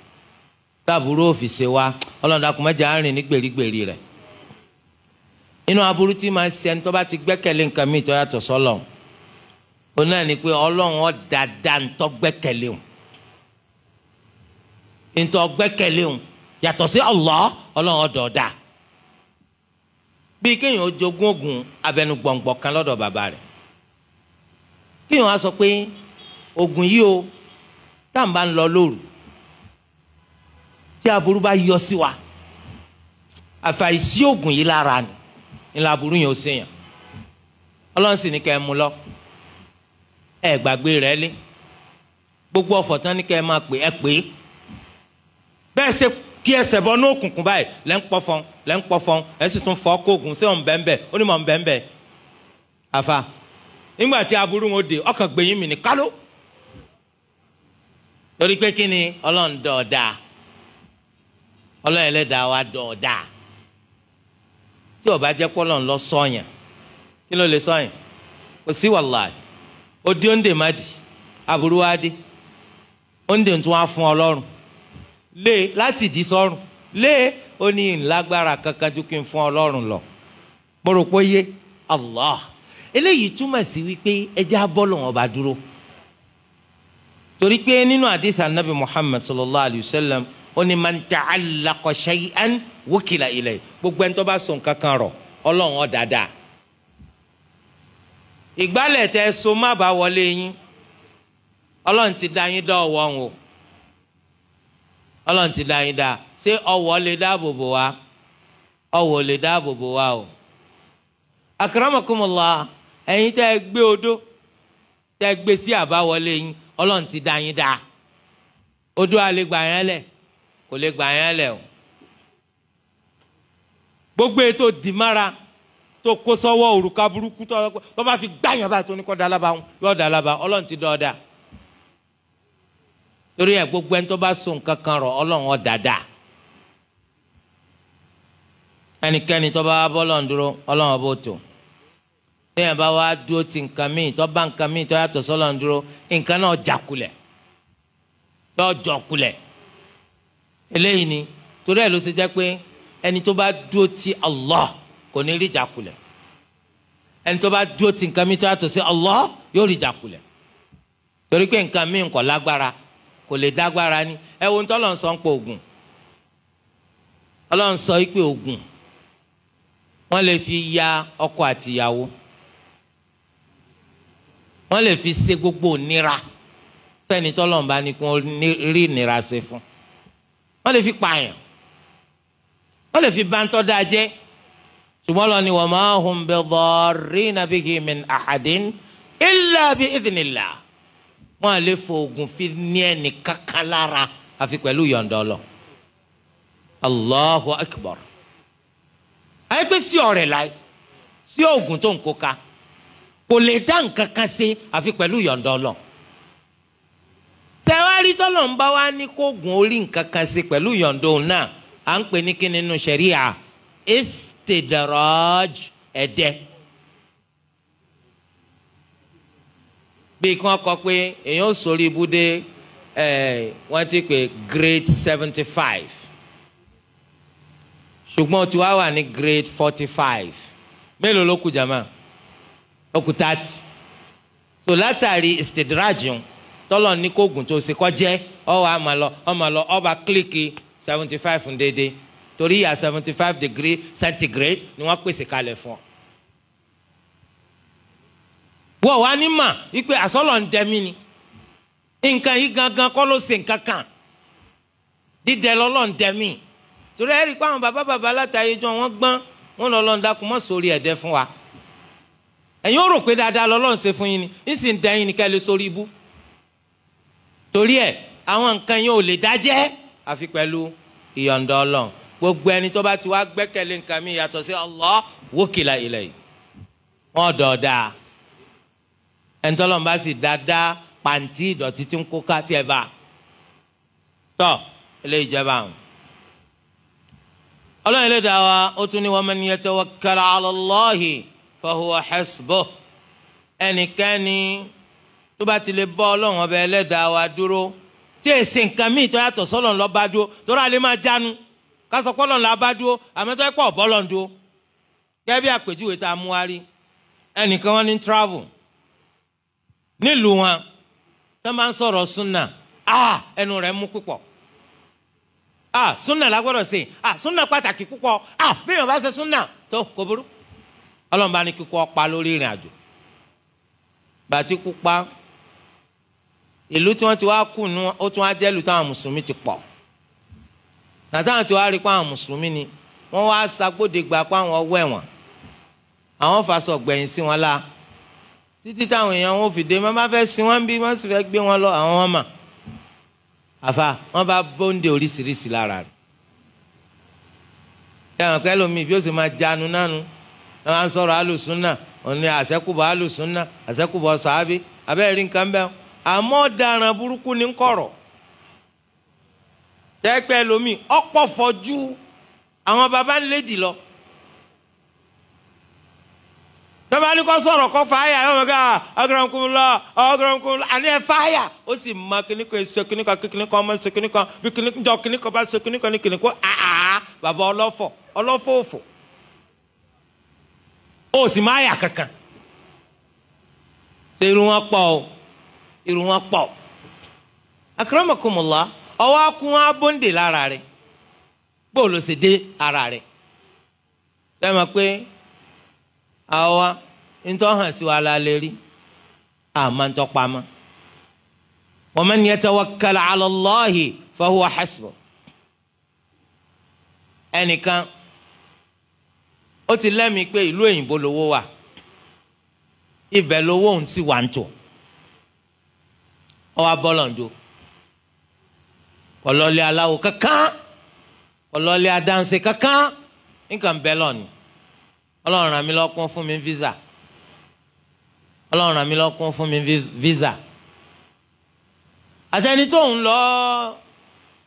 táburú òfìsè wa ọlọ́run dákun má jẹ́ arìn ní gbèrígbèrí rẹ̀ inú aburú tí máa ṣe ẹni tó bá ti gbẹ́kẹ̀lé nǹkan mi yàtọ̀ sí Allah ọlọ́run ọ̀dọ̀ dà bí kéèyàn ó jogún ogun abẹnú gbọ̀ngbọ̀n kan lọ́dọ̀ bàbá rẹ̀ kéèyàn á sọ pé ogun yìí o tá à ń bá ń lọ lóru tí aburú bá yọ sí wa àfàìsí ogun yìí lára ni ńlá aburú yẹn ó ṣèyàn ọlọ́run sì ní kẹ́ ẹ mú lọ ẹ gbàgbé rẹ lé gbogbo ọ̀fọ̀ tán ní kẹ́ ẹ máa pè é pè é bẹ́ẹ̀ ṣe kí ẹsẹ̀ bọ́ ní òkùnkùn báyìí lẹ́ ń pọ́fọ́n lẹ́ ń pọ́fọ́n ẹ sì tún fọ́ kóògùn sí òun bẹ́ẹ̀ bẹ́ẹ̀ ó ní mọ̀ ń bẹ́ẹ̀ bẹ́ẹ̀ àfa nígbà tí aburú wọn dé ọkàn gbẹ̀yìn mi ní kálọ́ torí pé kí ni ọlọ́run dọ̀ọ̀dà ọlọ́run ẹlẹ́dàá wa dọ̀ọ̀dà tí ó bá o pọ́lọ́run lọ sọ̀yàn kí ló lè sọ̀yàn kò sí wàláì ó dé ó ń Le, láti dì sọ́rùn lé ó ní ìlágbára kankan ju kí n fún ọlọ́run lọ mo rò pé yé allah eléyìí túmọ̀ sí wípé ẹja bọ́ọ̀lù wọn bá dúró torí pé nínú àdìsá nabi muhammad sallallahu alayhi wa sallam ó ní man ta'allaqa shay'an wukila ilayhi gbogbo ẹni tó bá so nǹkan kan rọ̀ ọlọ́run ọ̀ dáadáa ìgbálẹ̀ tẹ so má bá wọlé yín ọlọ́run ti dá yín dọ́ọ̀wọ́ wọn o ọlọ́run ti da yín dá ṣé ọwọ́ lè dáàbò bò wá ọwọ́ lè dáàbò bò wá o. akramakumullah ẹ̀yin tẹ́ ẹ gbé odó tẹ́ ẹ gbé sí àbáwọlé yín ọlọ́run ti dá yín dá odó a yẹn lẹ̀ kò lè gbà yẹn lẹ̀ o. gbogbo ètò dìmára tó kó sọ́wọ́ òrùka burúkú tó bá fi gbá yẹn báyìí tó ní kọ́ da alábàáhùn yóò da alábàáhùn ọlọ́run ti dá ọ dáa. torí ẹ gbogbo ẹni tó bá so nǹkan kan rọ ọlọ́run dáadáa tó bá bọ́lọ̀ dúró ọlọ́run ọba tó téèyàn bá wá dúró ti nǹkan míì tó bá nǹkan míì tó yàtọ̀ sọ dúró nǹkan náà jàkulẹ̀ yóò eléyìí ni torí ẹ ló ti pé ẹni bá dúró ti kò ní rí rí torí pé kò lè dágbára ni ẹ wo nítorí Ọlọ́run sọ ń pọ̀ ògùn Ọlọ́run sọ pé ògùn wọ́n lè fi ya ọkọ àtìyàwó wọ́n lè fi ṣe gbogbo ònira fẹ́ni tọ́lọ́run bá ní kí wọ́n rí ìnira ṣe fún wọ́n lè fi pààyàn wọ́n lè fi bántọ́ dáa jẹ́ ṣùgbọ́n lọ ni wa ma hum bi dharrina bihi min ahadin illa bi idhnillah. wọn à lè fo oògùn fi ní ẹnì kankan lára àfi pẹ̀lú yọ̀ǹda ọlọ allahu akbar ayé pé sí ọ̀rẹ́ láì sí oògùn tó ń kó ka kò lè dá nǹkan kan ṣe àfi pẹ̀lú yọ̀ǹda ọlọ tẹwárí tọ́lọ̀ ń bá wa ní kóògùn orí nǹkan kan ṣe pẹ̀lú yọ̀ǹda òun náà à ń pè ní kí nínú ṣẹ̀ríà istidraj ẹ̀dẹ́. E bí kí wọ́n kọ pé èèyàn ò ibùdó ẹ̀ wọ́n ti pè grade seventy five ṣùgbọ́n tí wàá wà ní grade forty five mélòó ló kù jàmá ó kù thirty tó látàrí istidrajun tọ́lọ̀ ní kóògùn tó ṣe kọ́jẹ́ ọ̀wọ́ àmà lọ ọmọ lọ ọba kílíkì seventy five ń déédéé torí ìyá seventy five degree centigrade ni wọ́n pèsè kalẹ̀ fún ọ wọ́n wá ní mà wípé àsọ̀lọ̀ ń dẹ mí ni nǹkan yìí gangan kọ́ ló ṣe nǹkan kan dídẹ lọ́lọ́ ń dẹ mí torí ẹ̀rí pé àwọn bàbá bàbá látàyè jọ wọ́n gbọ́n wọ́n lọ́ lọ́n dákun mọ́ sórí ẹ̀dẹ́ fún wa ẹ̀yin ó rò pé dáadáa lọ́lọ́ ń ṣe fún yín ni ń sì ń dẹ yín ni ká lè sórí ibú torí ẹ̀ àwọn nǹkan yẹn ò lè dájẹ́ àfi pẹ̀lú ìyọ̀ǹda ọlọ́run gbogbo ẹni tó bá ti wá gbẹ́kẹ̀lé nǹkan mi yàtọ̀ sí Allah wókìlà ilẹ̀ yìí wọ́n dọ̀ọ́dáa ẹnitọ́lọ́n bá sì dáadáa pàǹtí ìdọ̀tí tí ń kó ká tiẹ̀ bá tọ́ ilé ìjọba àwọn. ọlọ́run ilé dà wá ó tún ní wa man yatawakkal ala Allahi fahuwa hasbuh ẹnikẹ́ni tó bá ti lè bọ́ ọlọ́run ọba ẹlẹ́dàá wa dúró tí èsì nǹkan míì tó yàtọ̀ sọ́lọ́n lọ́ọ́ bá dúró lè máa jánu kásọ pọ́ lọ́nà abá dúró àmọ́ tó yẹ pọ̀ bí àpèjúwe tá a mú wá rí ẹnìkan wọn ní travel nílùú wọn tó máa ń sọ̀rọ̀ súnà ah ẹnu rẹ̀ mú púpọ̀ ah súnà la gbọ́dọ̀ ṣe ah súnà pàtàkì púpọ̀ ah bí èèyàn bá ṣe súnà tó kò burú ọlọ́run bá ní kíkú ọ̀pá lórí ìrìn àjò bàtí kú pa ìlú tí wọ́n ti wá kù nù ó tún á jẹ́ ìlú táwọn mùsùlùmí ti pọ̀ nàtàwọn tí wàá rí pa àwọn mùsùlùmí ni wọ́n wá sagbódegbà pa àwọn ọwọ́ ẹ̀wọ̀n àwọn fàṣọ gbẹ̀yìn sí wọn la títí táwọn èèyàn wọn fi dé wọn bá fẹ́ sin wọn bí wọ́n sì fẹ́ gbé wọn lọ àwọn wọn mà àfa wọn bá bóńdè oríṣiríṣi lára rẹ̀ ẹ̀hàn kẹ́ lómi bí ó sì máa jánu nánu ẹ̀ wọ́n á sọ̀rọ̀ alùsùnà òní àṣẹ́kùbọ̀ alùsùnà àṣẹ́kùbọ̀ sàábì abẹ́rẹ́ rí nǹkan bẹ́ẹ̀ àmọ́ ọ̀daràn burúkú ní kọ̀rọ̀ tẹ́pẹ́ lómi ọ̀pọ̀ fọ́jú àwọn baba lọ. tọ́balí kọ́ sọ̀rọ̀ kọ́ fàáyà yóò gbà ah, ọ̀gọ̀rọ̀kùnlọ ọ̀gọ̀rọ̀kùnlọ àní ẹ̀ fàáyà ó sì mọ kíníkan èso kíníkan kíníkan ọmọ èso kíníkan bí kíníkan jọ kíníkan bá so kíníkan ní kíníkan àá bàbá ọlọ́fọ̀ ọlọ́fọ̀ òfò ó sì má yà kankan irun wọn pọ̀ o irun wọn pọ̀ akramakumullah ọwọ́ akun abóńdè lára rẹ̀ bóòlù Awa ntọ́ hàn sí wa lè rí àmọ́ ntọ́ pamọ́ ala Allahi fa huwa hasbuh ẹnìkan ó ti lẹ́mìí pé ìlú òyìnbó lówó ibẹ̀ òun sì wà ń tò aláwo kankan ọlọ́run ràn mí lọ́kún fún mi visa ọlọ́run ràn mí lọ́kún fún mi visa àtẹni tó ń lọ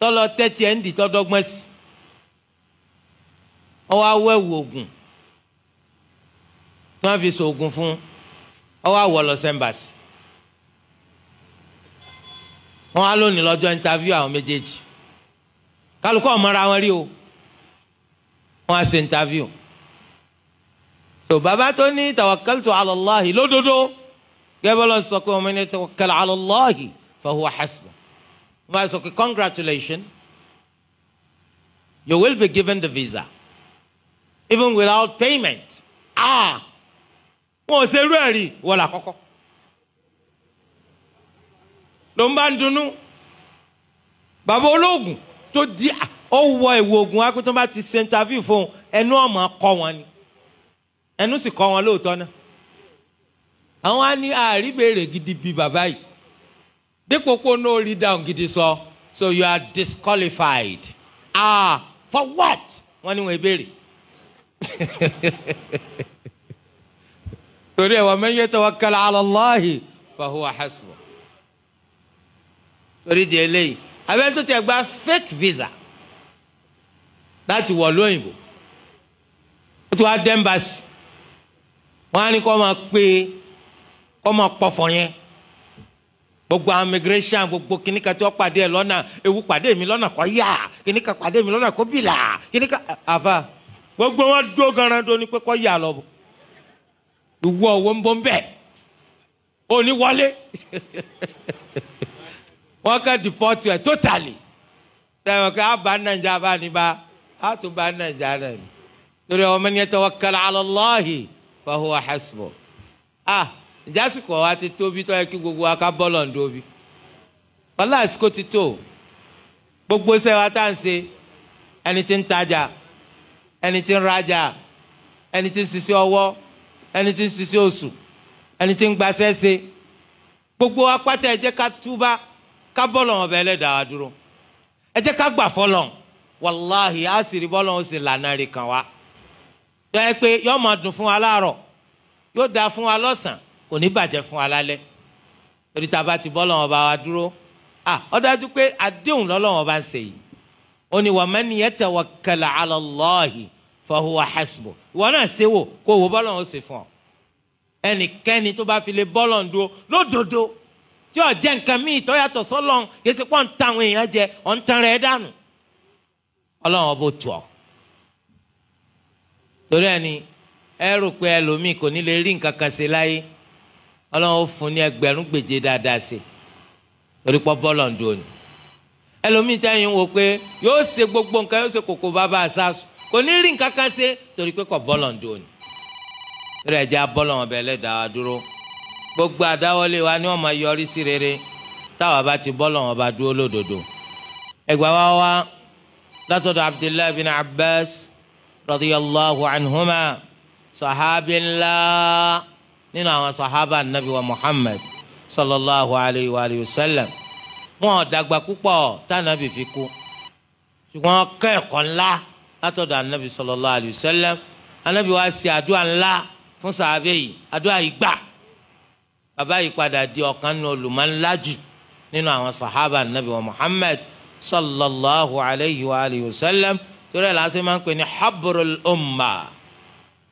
tọlọ tẹ́tí ẹ̀ ń di tọ́dọ́gbọ́n sí ọwọ́ awọ ẹ̀wù oògùn tí wọ́n fi so oògùn fún ọwọ́ awọ lọ sẹ́ńbàsì wọ́n á lónìí lọ́jọ́ interview àwọn méjèèjì kálukọ́ ọ̀mọ́ra wọn rí o wọ́n á ṣe interview tó bàbá tó ní tawakkaltu ala Allahi lódodo gẹ́bọ́lọ́ sọ pé man yatawakkal ala Allahi fahuwa hasbuh wọ́n bá sọ pé congratulations you will be given the visa even without payment ah wọn ò ṣerú ẹ̀ rí wọ́n là kọ́kọ́ ló ń bá ń dunnú bàbá olóògùn tó di ọwọ́ ìwògùn akutun bá ti ṣe interview fún ẹnu ọmọ akọ wọn ni ẹnu sì kọ́ wọn lóòótọ́ náà àwọn á ní àríbèrè gidi bíi bàbá yìí dípò kó no rí dáhùn gidi sọ so you are disqualified ah for what wọ́n ní wọn ìbéèrè torí ẹ̀ wa man yatawakkal ala Allahi fa huwa hasbuh torí di eléyìí abẹ́rẹ́ tó ti gba fake visa láti wọ̀ lóyìnbó ó ti wá dẹ́mbàsì. wọn á ní ma máa pé ma máa pọ̀fọ̀ yẹn gbogbo immigration gbogbo kìnnìkà tí wọ́n pàdé ẹ̀ lọ́nà ewu pàdé mi lọ́nà kọ́ yà kìnnìkà pàdé mi lọ́nà kó bìlà kìnnìkà àfà gbogbo wọn dó ganan do ni pé kọ́ yà lọ bọ̀ ìwọ owó ń bọ́ ń bẹ̀ òní wọlé wọ́n kẹ́ ẹ̀ sẹ́wọ̀n kẹ́ nàìjà bá ní bá nàìjà náà torí ọmọ ní fahuwa hasbọ ah ìjásìkò wa ti tó bí tó yẹ kí gbogbo wa ká bọ́lọ̀ ń dóbi ọlá àsìkò ti tó gbogbo iṣẹ́ wa tá à ń ṣe ẹni tí ń tajà ẹni tí ń rajà ẹni tí ń ṣiṣẹ́ ọwọ́ ẹni tí ń ṣiṣẹ́ oṣù ẹni tí ń gbaṣẹ́ ṣe gbogbo wa pátá ẹ jẹ́ ká túbá ká bọ́lọ̀ wọn ẹlẹ́dàá wa dúró ẹ jẹ́ ká gbà fọlọ́n wàláhì á sì rí bọ́lọ̀ ó tó yẹ pé yóò máa dùn fún wa láàárọ̀ yóò dáa fún wa lọ́sàn kò ní bàjẹ́ fún wa lálẹ́ torí tá a bá ti bọ́ lọ́wọ́ bá wa dúró à ó dájú pé àdéhùn lọ́lọ́wọ́ bá ń ṣe yìí ó ní wa man yatawakkal ala Allahi fa huwa hasbuh ìwọ náà ṣe wò kó wò bọ́lọ̀ ó ṣe fún ọ ẹnikẹ́ni tó bá fi lè bọ́lọ̀ ń dúró lódodo tí ò jẹ́ nǹkan míì tó yàtọ̀ sọ́lọ́n kì í ṣe pọ́n ta àwọn èèyàn jẹ ọ̀ ń tan rẹ̀ dànù ọlọ́run ọba ò ọ́ torí ẹni ẹ rò pé ẹlòmíì kò ní lè rí nǹkan kan ṣe láyé ọlọ́run ó fún ní ẹgbẹ̀rún gbèje dáadáa ṣe torí pọ́ bọ́ọ̀lù ọ̀dùn òní ẹlòmíì tẹ́yìn wò pé yóò ṣe gbogbo nǹkan yóò ṣe kòkó bàbá àṣàṣù kò ní rí nǹkan kan ṣe torí pé kò bọ́ọ̀lù ọ̀dùn òní torí ẹ̀jẹ̀ abọ́ọ̀lù ọ̀bẹ ẹlẹ́dàá dúró gbogbo àdáwọlé wa ni wọ́n máa yọrí sí rere táwa bin Abbas radiyallahu anhuma sahabi ńlá nínú àwọn sahaba anabi wa muhammad sallallahu alayhi wa alayhi wa sallam wọn dàgbà púpọ̀ tànàbì fi kú ṣùgbọ́n kẹ́ẹ̀kọ́ ńlá látọ̀dọ̀ anabi sallallahu alayhi wa sallam anabi wa ṣe àdúrà ńlá fún sàábẹ yìí àdúrà yìí gbà bàbá yìí padà di ọ̀kan nínú olùmọ̀ńlá jù nínú àwọn sahaba anabi wa muhammad sallallahu alayhi wa alayhi wa sallam torí ẹ̀ lásán máa ń pè ní habrul umma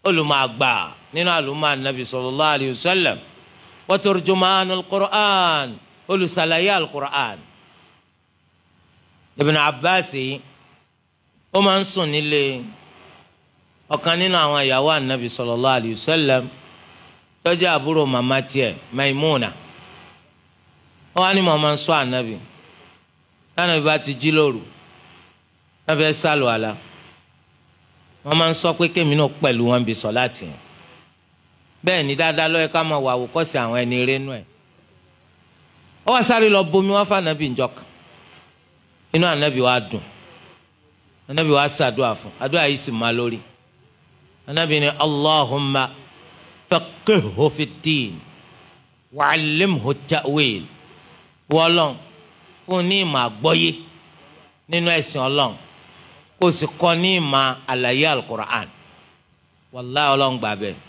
olùmọ̀àgbà nínú àlùmọ̀ anabi sallallahu alayhi wa sallam wa turjuman al-Qur'an olùsàlàyé al-Qur'an Ibn Abbas ó máa ń sùn nílé ọ̀kan nínú àwọn ìyàwó anabi sallallahu alayhi wa sallam àbúrò màmá tiẹ̀ Maimuna ó wá ní màmá ń sọ anabi tánàbí bá ti jí lóru wọ́n fẹ́ sálọ àlà wọ́n máa ń sọ pé kémi náà pẹ̀lú wọn bí sọ láti yàn bẹ́ẹ̀ ni dáadáa lọ́yẹ ká máa wà àwòkọ́sí àwọn ẹni rénú ẹ̀ ó wá sáré lọ bomi wá fànàbì njọkàn inú ànábì wa dùn ànábì wa ṣàdúrà fún àdúrà yìí sì máa lórí ànábì ni allahumma faqihhu fid-din wa'allimhu ta'wil wọ́lọ́n fún ní ìmọ̀ àgbọ́yé nínú ẹ̀sìn ọlọ́run kó o sì kọ́ ní ìmọ̀ àlàyé alukur'an wàlá ọlọ́run gbà bẹ́ẹ̀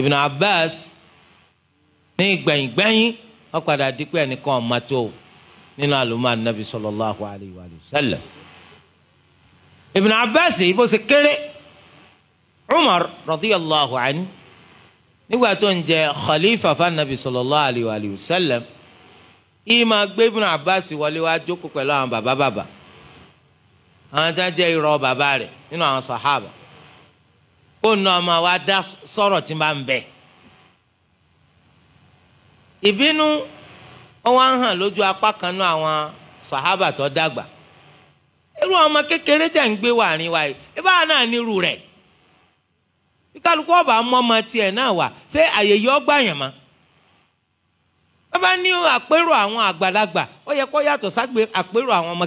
Ibn Abbas ní ìgbẹ̀yìn gbẹ̀yìn wọ́n padà dípẹ́ ẹnìkan ọ̀ma tó nínú àlùmọ́ anabi sallallahu alayhi wa sallam Ibn Abbas ibo sì kéré Umar radiyallahu anhu nígbà tó ń jẹ khalifa fanabi sallallahu alayhi wa sallam ìmọ̀ gbé Ibn Abbas wọlé wá jókòó pẹ̀lú àwọn bàbá bàbá. àwọn tí wọ́n jẹ́ irọ́ bàbá nínú àwọn sàhábà kó nà ọmọ wa dá sọ̀rọ̀ tí máa ń bẹ̀. ìbínú ọwọ́ ń hàn lójú apá kan náà àwọn sàhábà tó dàgbà irú ọmọ kékeré tẹ̀ ń gbé wa yìí náà nírú rẹ̀ kálukú ọba tiẹ̀ náà wà ṣé àyè ọgbà yẹn mọ́ bàbá ní àpérò àwọn àgbàlagbà ó yẹ kó yàtọ̀ ọmọ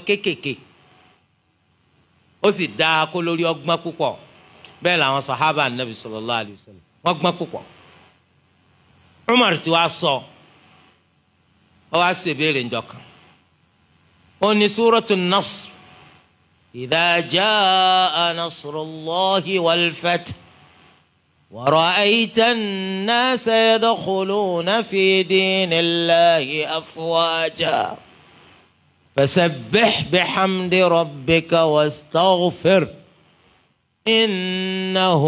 ó sì dáa kó lórí ọgbọ́n púpọ̀ bẹ́ẹ̀ làwọn sàhábà nàbì sallallahu alayhi wa sallam wọ́n gbọ́n púpọ̀ Umar tí wàá sọ ọ wá ṣèbéèrè njọkan ó ní súrọ́tù nasr idha jaa nasrullahi wal fath wa ra'ayta an-nasa yadkhuluna fi dinillahi afwaja. فسبح بحمد ربك واستغفر إنه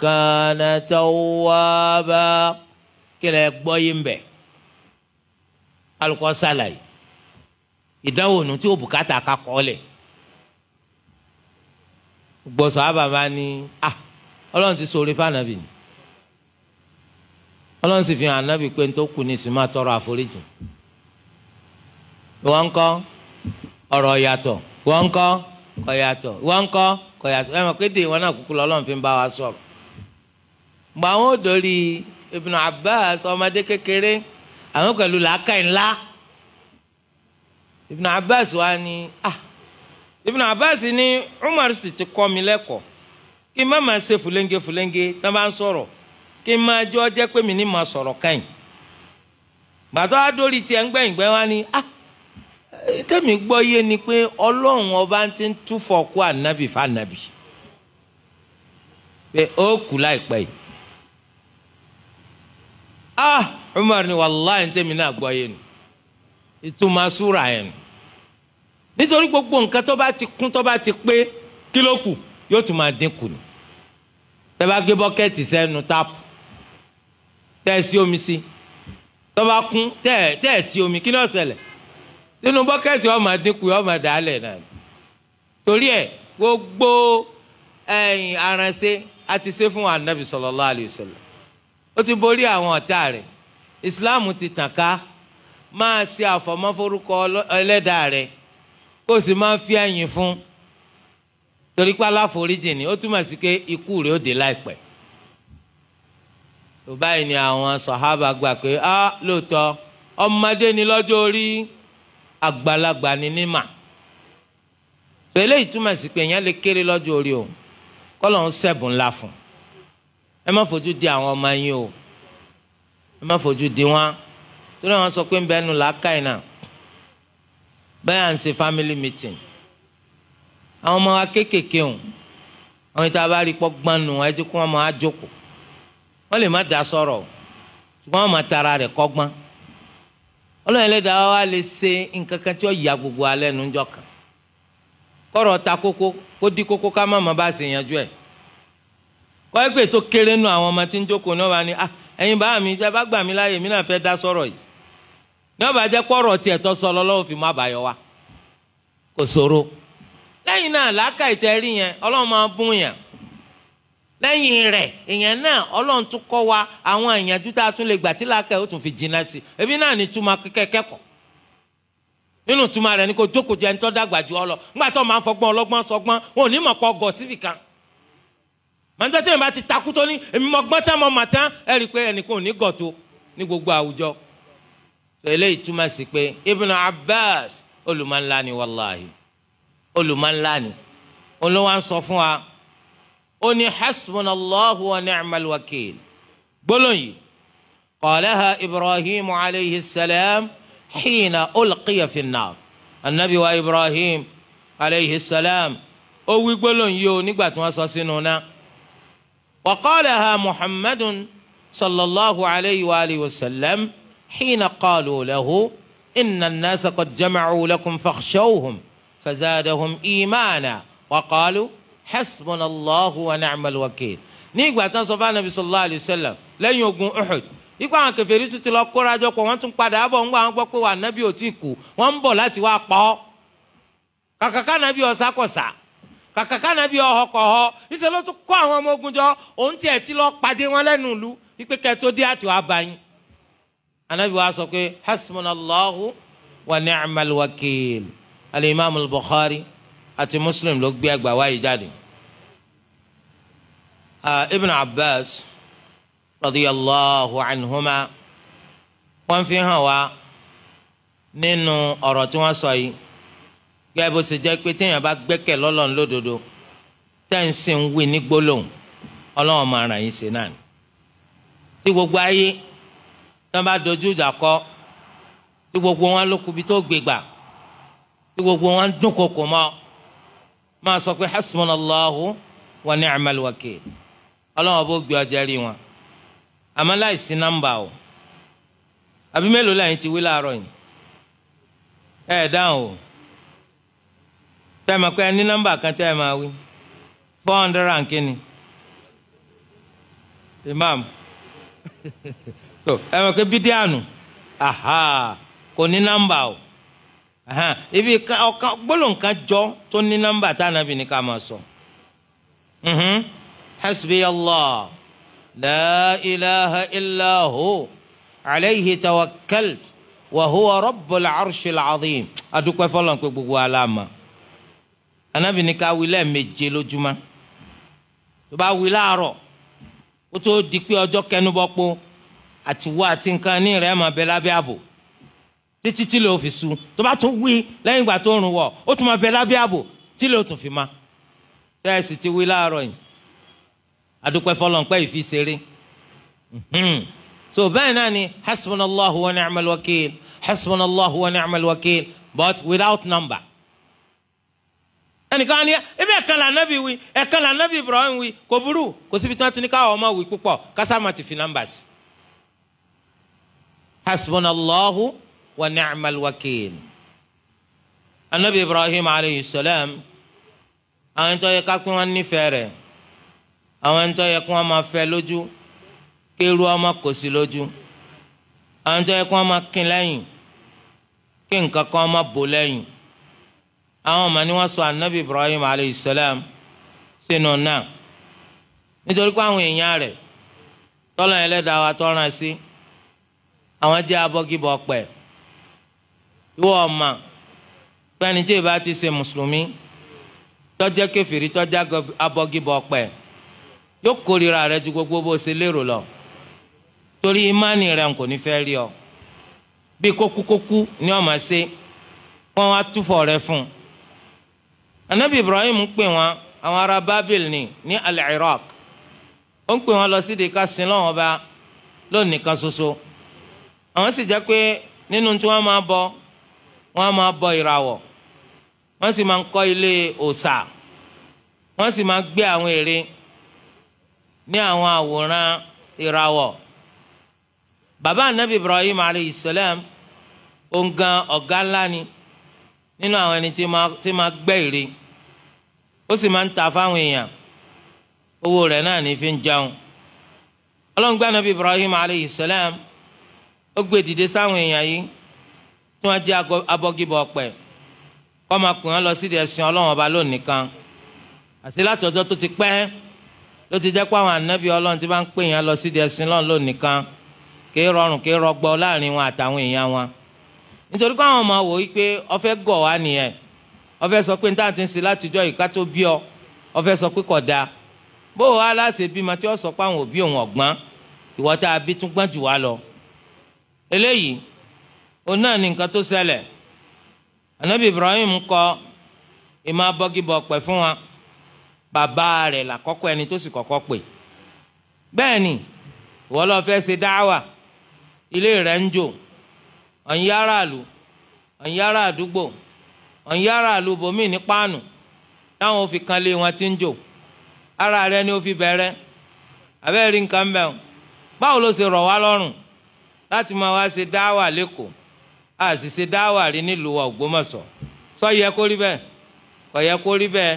كان توابا كلا يقبوين به alukọ sálàyé ìdánwò nù tí o bùkátà ká kọ́ lẹ̀ gbọ̀sọ̀ àbàbà ni ah ọlọ́run ti sọ̀rọ̀ fànàbì ni ọlọ́run sì fi hàn ànábì n tó kù ní ìsìn máa tọrọ àforíjì ìwọ ọ̀rọ̀ yàtọ̀ wọ́n kọ́ kọ́ yàtọ̀ wọ́n kọ́ kọ́ yàtọ̀ ẹ̀ mọ̀ pé dè wọn náà kúkú lọ́lọ́run fi ń bá wa sọ̀rọ̀ gbà wọn ò dórí Ibn Abbas ọmọdé kékeré àwọn pẹ̀lú làákàyè ńlá Ibn Abbas wa ni ah Ibn Abbas ni Umar sì ti kọ́ mi lẹ́kọ̀ọ́ kí n má máa ṣe fúlẹ́ńgé fúlẹ́ńgé tí wọ́n bá ń sọ̀rọ̀ kí n máa jọ jẹ́ pé mi ní máa sọ̀rọ̀ kẹ́yìn bàtọ́ adórí tiẹ̀ ń gbẹ̀yìn gbẹ́ wá ni ah tẹ́mi gbọ́ yé ni pé ọlọ́run ọba ti ń túfọ̀ kú ànábì fànábì pé ó kú láìpẹ́ yìí ah Umar ni wàláhì tẹ́mi náà gbọ́ yé ni ìtumọ̀ súra yẹn ni nítorí gbogbo nǹkan tó bá ti kún tó bá ti pé kí ló kù yóò tún máa dín kù ni tẹ́ bá gbé bọ́kẹ́tì sẹ́nu táàpù tẹ́ ẹ sí omi sí tó bá kún tẹ́ ẹ tí omi kí ni ó ṣẹlẹ̀ sínú bọ́kẹ́tì ọmọ àdínkù ọmọ dàálẹ̀ náà torí ẹ̀ gbogbo ẹ̀yìn aránṣẹ́ a ti ṣe fún anabi sallallahu alayhi wa sallam ó ti borí àwọn ọ̀tá rẹ̀ islam ti tàn ká máa ṣe àfọmọ́forúkọ ẹlẹ́dàá rẹ̀ kó o sì máa fi ẹ̀yìn fún torí pé aláforíjì ni ó túmọ̀ sí pé ikú rẹ̀ ó dé láìpẹ́ tó báyìí ni àwọn sàhábà gbà pé á ah, lóòótọ́ ọmọdé ni lọ́jọ́ orí àgbàlagbà ni nímà pẹ̀lẹ́ ìtumọ̀ sí pé èèyàn lè kéré lọ́jọ́ orí o kọ́lọ̀ ń sẹ̀bùn ńlá fún ẹ má fojú di àwọn ọmọ yín o ẹ má fojú di wọn torí wọn sọ pé ń bẹnu làákàyè náà bẹ́ẹ̀ à ń ṣe family meeting àwọn ọmọ wa kéékèèké o àwọn ìta bá rí pọ́ gbanu ẹ ti kó wọn máa jókòó wọ́n lè má da sọ̀rọ̀ o ṣùgbọ́n wọn máa tara rẹ̀ kọ́gbọ́n ọlọ́run ẹlẹ́dàá wa lè ṣe nkankan tí ó ya gbogbo alẹ́ nu ńjọ́ kan kọ́rọ̀ ta kókó kó dí kókó ká má má bá ṣe yanjú ẹ̀ kọ́ ẹ́ tó kéré nu àwọn ọmọ tí ń ní ah ẹ̀yin bá mi bá gbà mí láàyè mi náà fẹ́ dá sọ̀rọ̀ yìí ní ọba jẹ́ kọ́rọ̀ tiẹ̀ sọ lọ́wọ́ fi mú àbáyọ wa kò lẹ́yìn rẹ̀ èèyàn náà ọlọ́run tún kọ́ wa àwọn ìyànjú tá tún lè gbà tí làákà ó tún fi jìnnà sí ebi náà ní túmọ̀ kẹ́kẹ́kọ̀ọ́ nínú túmọ̀ rẹ̀ ni kò jókòó jẹ́ nítorí dàgbà ju ọ lọ nígbà tó máa ń fọgbọ́n ọlọ́gbọ́n sọgbọ́n wọn ò ní mọ̀ pọ̀ gọ̀ síbì kan màtí tẹ́lẹ̀ bá ti takú tó ní èmi mọ̀ gbọ́n tán mọ̀ mà tán ẹ rí i pé ẹnìkan ò ní gọ̀ tó ní gbogbo àwùjọ أني حسبنا الله ونعم الوكيل بلوي قالها إبراهيم عليه السلام حين ألقي في النار النبي وإبراهيم عليه السلام أو يقولون يو نقبات واساسينونا وقالها محمد صلى الله عليه وآله وسلم حين قالوا له إن الناس قد جمعوا لكم فاخشوهم فزادهم إيمانا وقالوا hasbunallahu wa ni'mal wakil ní ìgbà tán sọ fún anabi sallallahu alayhi wa sallam lẹ́yìn ogun uhud ikú àwọn kèfèrí tún ti lọ kóra jọ pọ̀ wọ́n tún padà bọ̀ ńgbà wọ́n gbọ́ pé wà nábì ò tí kú wọ́n ń bọ̀ láti wá pa ọ́ kàkàkà nábì ọ̀sà kọ̀sà kàkàkà nábì ọ̀họ̀ kọ̀họ̀ ìṣẹ́ ló tún kó àwọn ọmọ ogun jọ òun tiẹ̀ ti lọ pàdé wọn lẹ́nu ìlú wípé kẹ́ tó dé àti wàá bá yín wa sọ pé hasbunallahu wa ni'mal wakil alimami bukhari àti muslim ló gbé ẹgbàá wáyé jáde ibn abbas radiyallahu anhuma wọ́n fi hàn wá nínú ọ̀rọ̀ tí wọ́n sọ yìí gẹ́gẹ́ bó ṣe jẹ́ pé téèyàn bá gbẹ́kẹ̀ lọ́lọ́run lódodo tẹ́ǹsì ń wí ní gbólóhùn ọlọ́run máa ràn yín ṣe náà ni. tí gbogbo ayé tí wọ́n bá dojú ìjà kọ tí gbogbo wọn ló kubi tó tí gbogbo wọn máa sọ ọlọ́wọ́n bó gbé ọjà rí wọn àmọ́ láìsí nọ́mbà o àbí mélòó ti wí láàárọ̀ yìí ẹ dáhùn o tẹ́ pé ní nọ́mbà kan tẹ́ ẹ máa wí four hundred and kínní imam so ẹ mọ̀ pé aha kò ní nọ́mbà o ibi gbólóǹkan jọ tó ní nọ́mbà tá a nàbì ní ká sọ. Mm-hmm. حسبي الله لا إله إلا هو عليه توكلت وهو رب العرش العظيم adúpẹ́ fọlọ́n pé gbogbo aláàmà anábì ní ká wí lẹ́ẹ̀méje lójúmọ́ tó bá wí láàárọ̀ ó tó di pé ọjọ́ kẹnubọ́pọ̀ àtiwọ́ àti nǹkan ní rẹ̀ máa bẹ lábẹ́ ààbò títí tí lè fi sùn tó bá tún wí lẹ́yìn ìgbà tó rùn wọ̀ ó tún máa bẹ lábẹ́ ààbò tí lè tún fi ma tẹ́ẹ̀sì ti wí láàárọ̀ yìí adúpẹ́ fọlọ́npẹ́ ìfi ṣeré hmm. so bẹ́ẹ̀ náà ni hasbunallahu wa ni'mal wakil hasbunallahu wa ni'mal wakil but without number. ẹnìkan ni ebi ẹ̀kan la nabi wi ẹ̀kan la nabi ibrahim wi kò burú kò síbi tí wọ́n ti ní káwọn ọmọ wí púpọ̀ kásámà ti fi nọ́mbà sí. hasbunallahu wa ni'mal wakil. anabi ibrahim aleyhi salam àwọn tó yẹ wọn nífẹ̀ẹ́ rẹ̀ àwọn ẹni tó yẹ kó wọn máa fẹ́ lójú kéru ọmọ kò sí lójú àwọn tó yẹ kó wọn máa kín lẹ́yìn kí nǹkan kan máa bò lẹ́yìn àwọn ọmọ ni wọ́n sọ anabi ibrahim alayhi salam sínú náà nítorí pé àwọn èèyàn rẹ̀ tọ́lọ̀ ẹlẹ́dàá wa tọ́ran sí àwọn jẹ́ abọ́gibọ̀ pẹ̀ ìwọ ọ̀ma pẹ́ni tí ìbá ti ṣe mùsùlùmí tó jẹ́ kèfèrí abọ́gibọ̀ pẹ̀ yóò kórìíra rẹ ju gbogbo bó ṣe lérò lọ torí ìmánì rẹ kò ní fẹ́ rí ọ bí kókúkókú ni ọ máa ṣe wọn wá túfọ̀ rẹ fún un anabi ibrahim ń pè wọn àwọn ará babil ni ní al-iraq ó ń pè wọn lọ sí di ká sin lọ́wọ́n ba lónìkan ṣoṣo àwọn sì jẹ́ pé nínú tí wọ́n máa bọ wọ́n máa bọ ìràwọ̀ wọ́n sì máa ń kọ́ ilé òòṣà wọ́n sì máa gbé àwọn ère ní àwọn àwòrán ìràwọ̀ bàbá anabi ibrahim alayhi salam ongan ọ̀gá ńlá ni nínú àwọn ẹni tí máa gbẹ́ ère ó sì máa ń ta fáwọn èèyàn owó rẹ̀ náà ní fi ń jẹun ọlọ́ngbà anabi ibrahim alayhi salam ó gbé dìde sáwọn èèyàn yìí tí wọ́n jẹ́ abọ́gibọ̀ ọ̀pẹ̀ kọ́ máa pè wọ́n lọ sídìí ẹ̀sìn ọlọ́wọ́n ọba lónìí kan àti látọjọ́ tó ti pẹ́ ló ti jẹ́ pé àwọn ànábì ọlọ́run ti bá ń pè yẹn lọ sídìí ẹ̀sìn lọ́n lónìí kan kì í rọrùn kì í rọgbọ láàrin wọn àtàwọn èèyàn wọn nítorí pé àwọn ọmọ wò ó pé ọfẹ́ gọ̀ wá nìyẹn ọfẹ́ sọ pé níta ti ń sin látijọ́ ìka tó bí ọ ọfẹ́ sọ pé kọ̀ da bó o aláṣẹ bímọ tí ó sọ pé àwọn òbí òun ọ̀gbọ́n ìwọ tá a bí tún gbọ́n jù wá lọ eléyìí òun náà ní nǹkan tó ṣẹlẹ̀ ànábì Ibrahim kọ ìmọ̀ abọ́gibọ̀ pẹ̀ fún wa bàbá rẹ̀ làkọ́kọ́ ẹni tó sì kọ́kọ́ pè bẹ́ẹ̀ ni ìwọ lọ fẹ́ ṣe dáwà ilé rẹ̀ ń jò ọ̀nyí aráàlú ọ̀nyí ará àdúgbò ọ̀nyí aráàlú bòmíì ní páànù táwọn òfin kan lé wọn ti ń jò ara rẹ̀ ni ó fi bẹ̀rẹ̀ abẹ́ rí nǹkan bẹ́ẹ̀ o báwo ló ṣe rọ̀ wá lọ́rùn láti máa wá ṣe dáwà lẹ́kọ̀ọ́ a sì ṣe dáwà rí nílùú Ògbómọ̀ṣọ́ sọ yẹ kó rí bẹ́ẹ̀ kò yẹ kó rí bẹ́ẹ̀.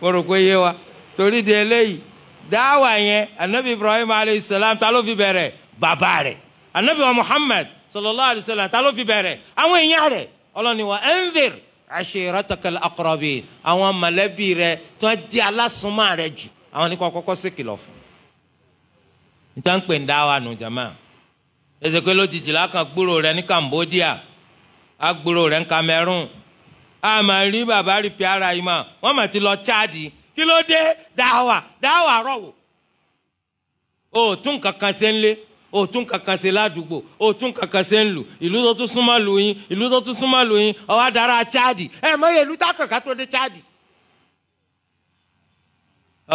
mo rò pé yé wa torí di eléyìí dáwà yẹn anabi ibrahim alayhi salam ta ló fi bẹ̀rẹ̀ bàbá rẹ̀ anabi wa muhammad sallallahu alayhi salam ta ló fi bẹ̀rẹ̀ àwọn èèyàn rẹ̀ ọlọ́ni wa anzir ashiratakal aqrabin àwọn mọ̀lẹ́bí rẹ̀ tó ń di alásùnmọ́ rẹ̀ jù àwọn ní kò kọ́kọ́ sí kìlọ̀ fún n ń pè ń dáwà nù jama ezeke lójijì lákàn gbúrò rẹ̀ ní cambodia agbúrò rẹ̀ ní cameroon a máa rí bàbá rìpì ara yìí mà wọ́n mà ti lọ chaadi kí ló dé dáhùwà dáhùwà rọ̀wò. o tún kankan ṣe ń lé o tún kankan ṣe ládùúgbò o tún kankan ṣe ń lù ìlú tó tún súnmọ́ lù ìlú tó tún súnmọ́ lù yín adara chaadi ẹ mọ iye ìlú tákàkà tó dé chaadi.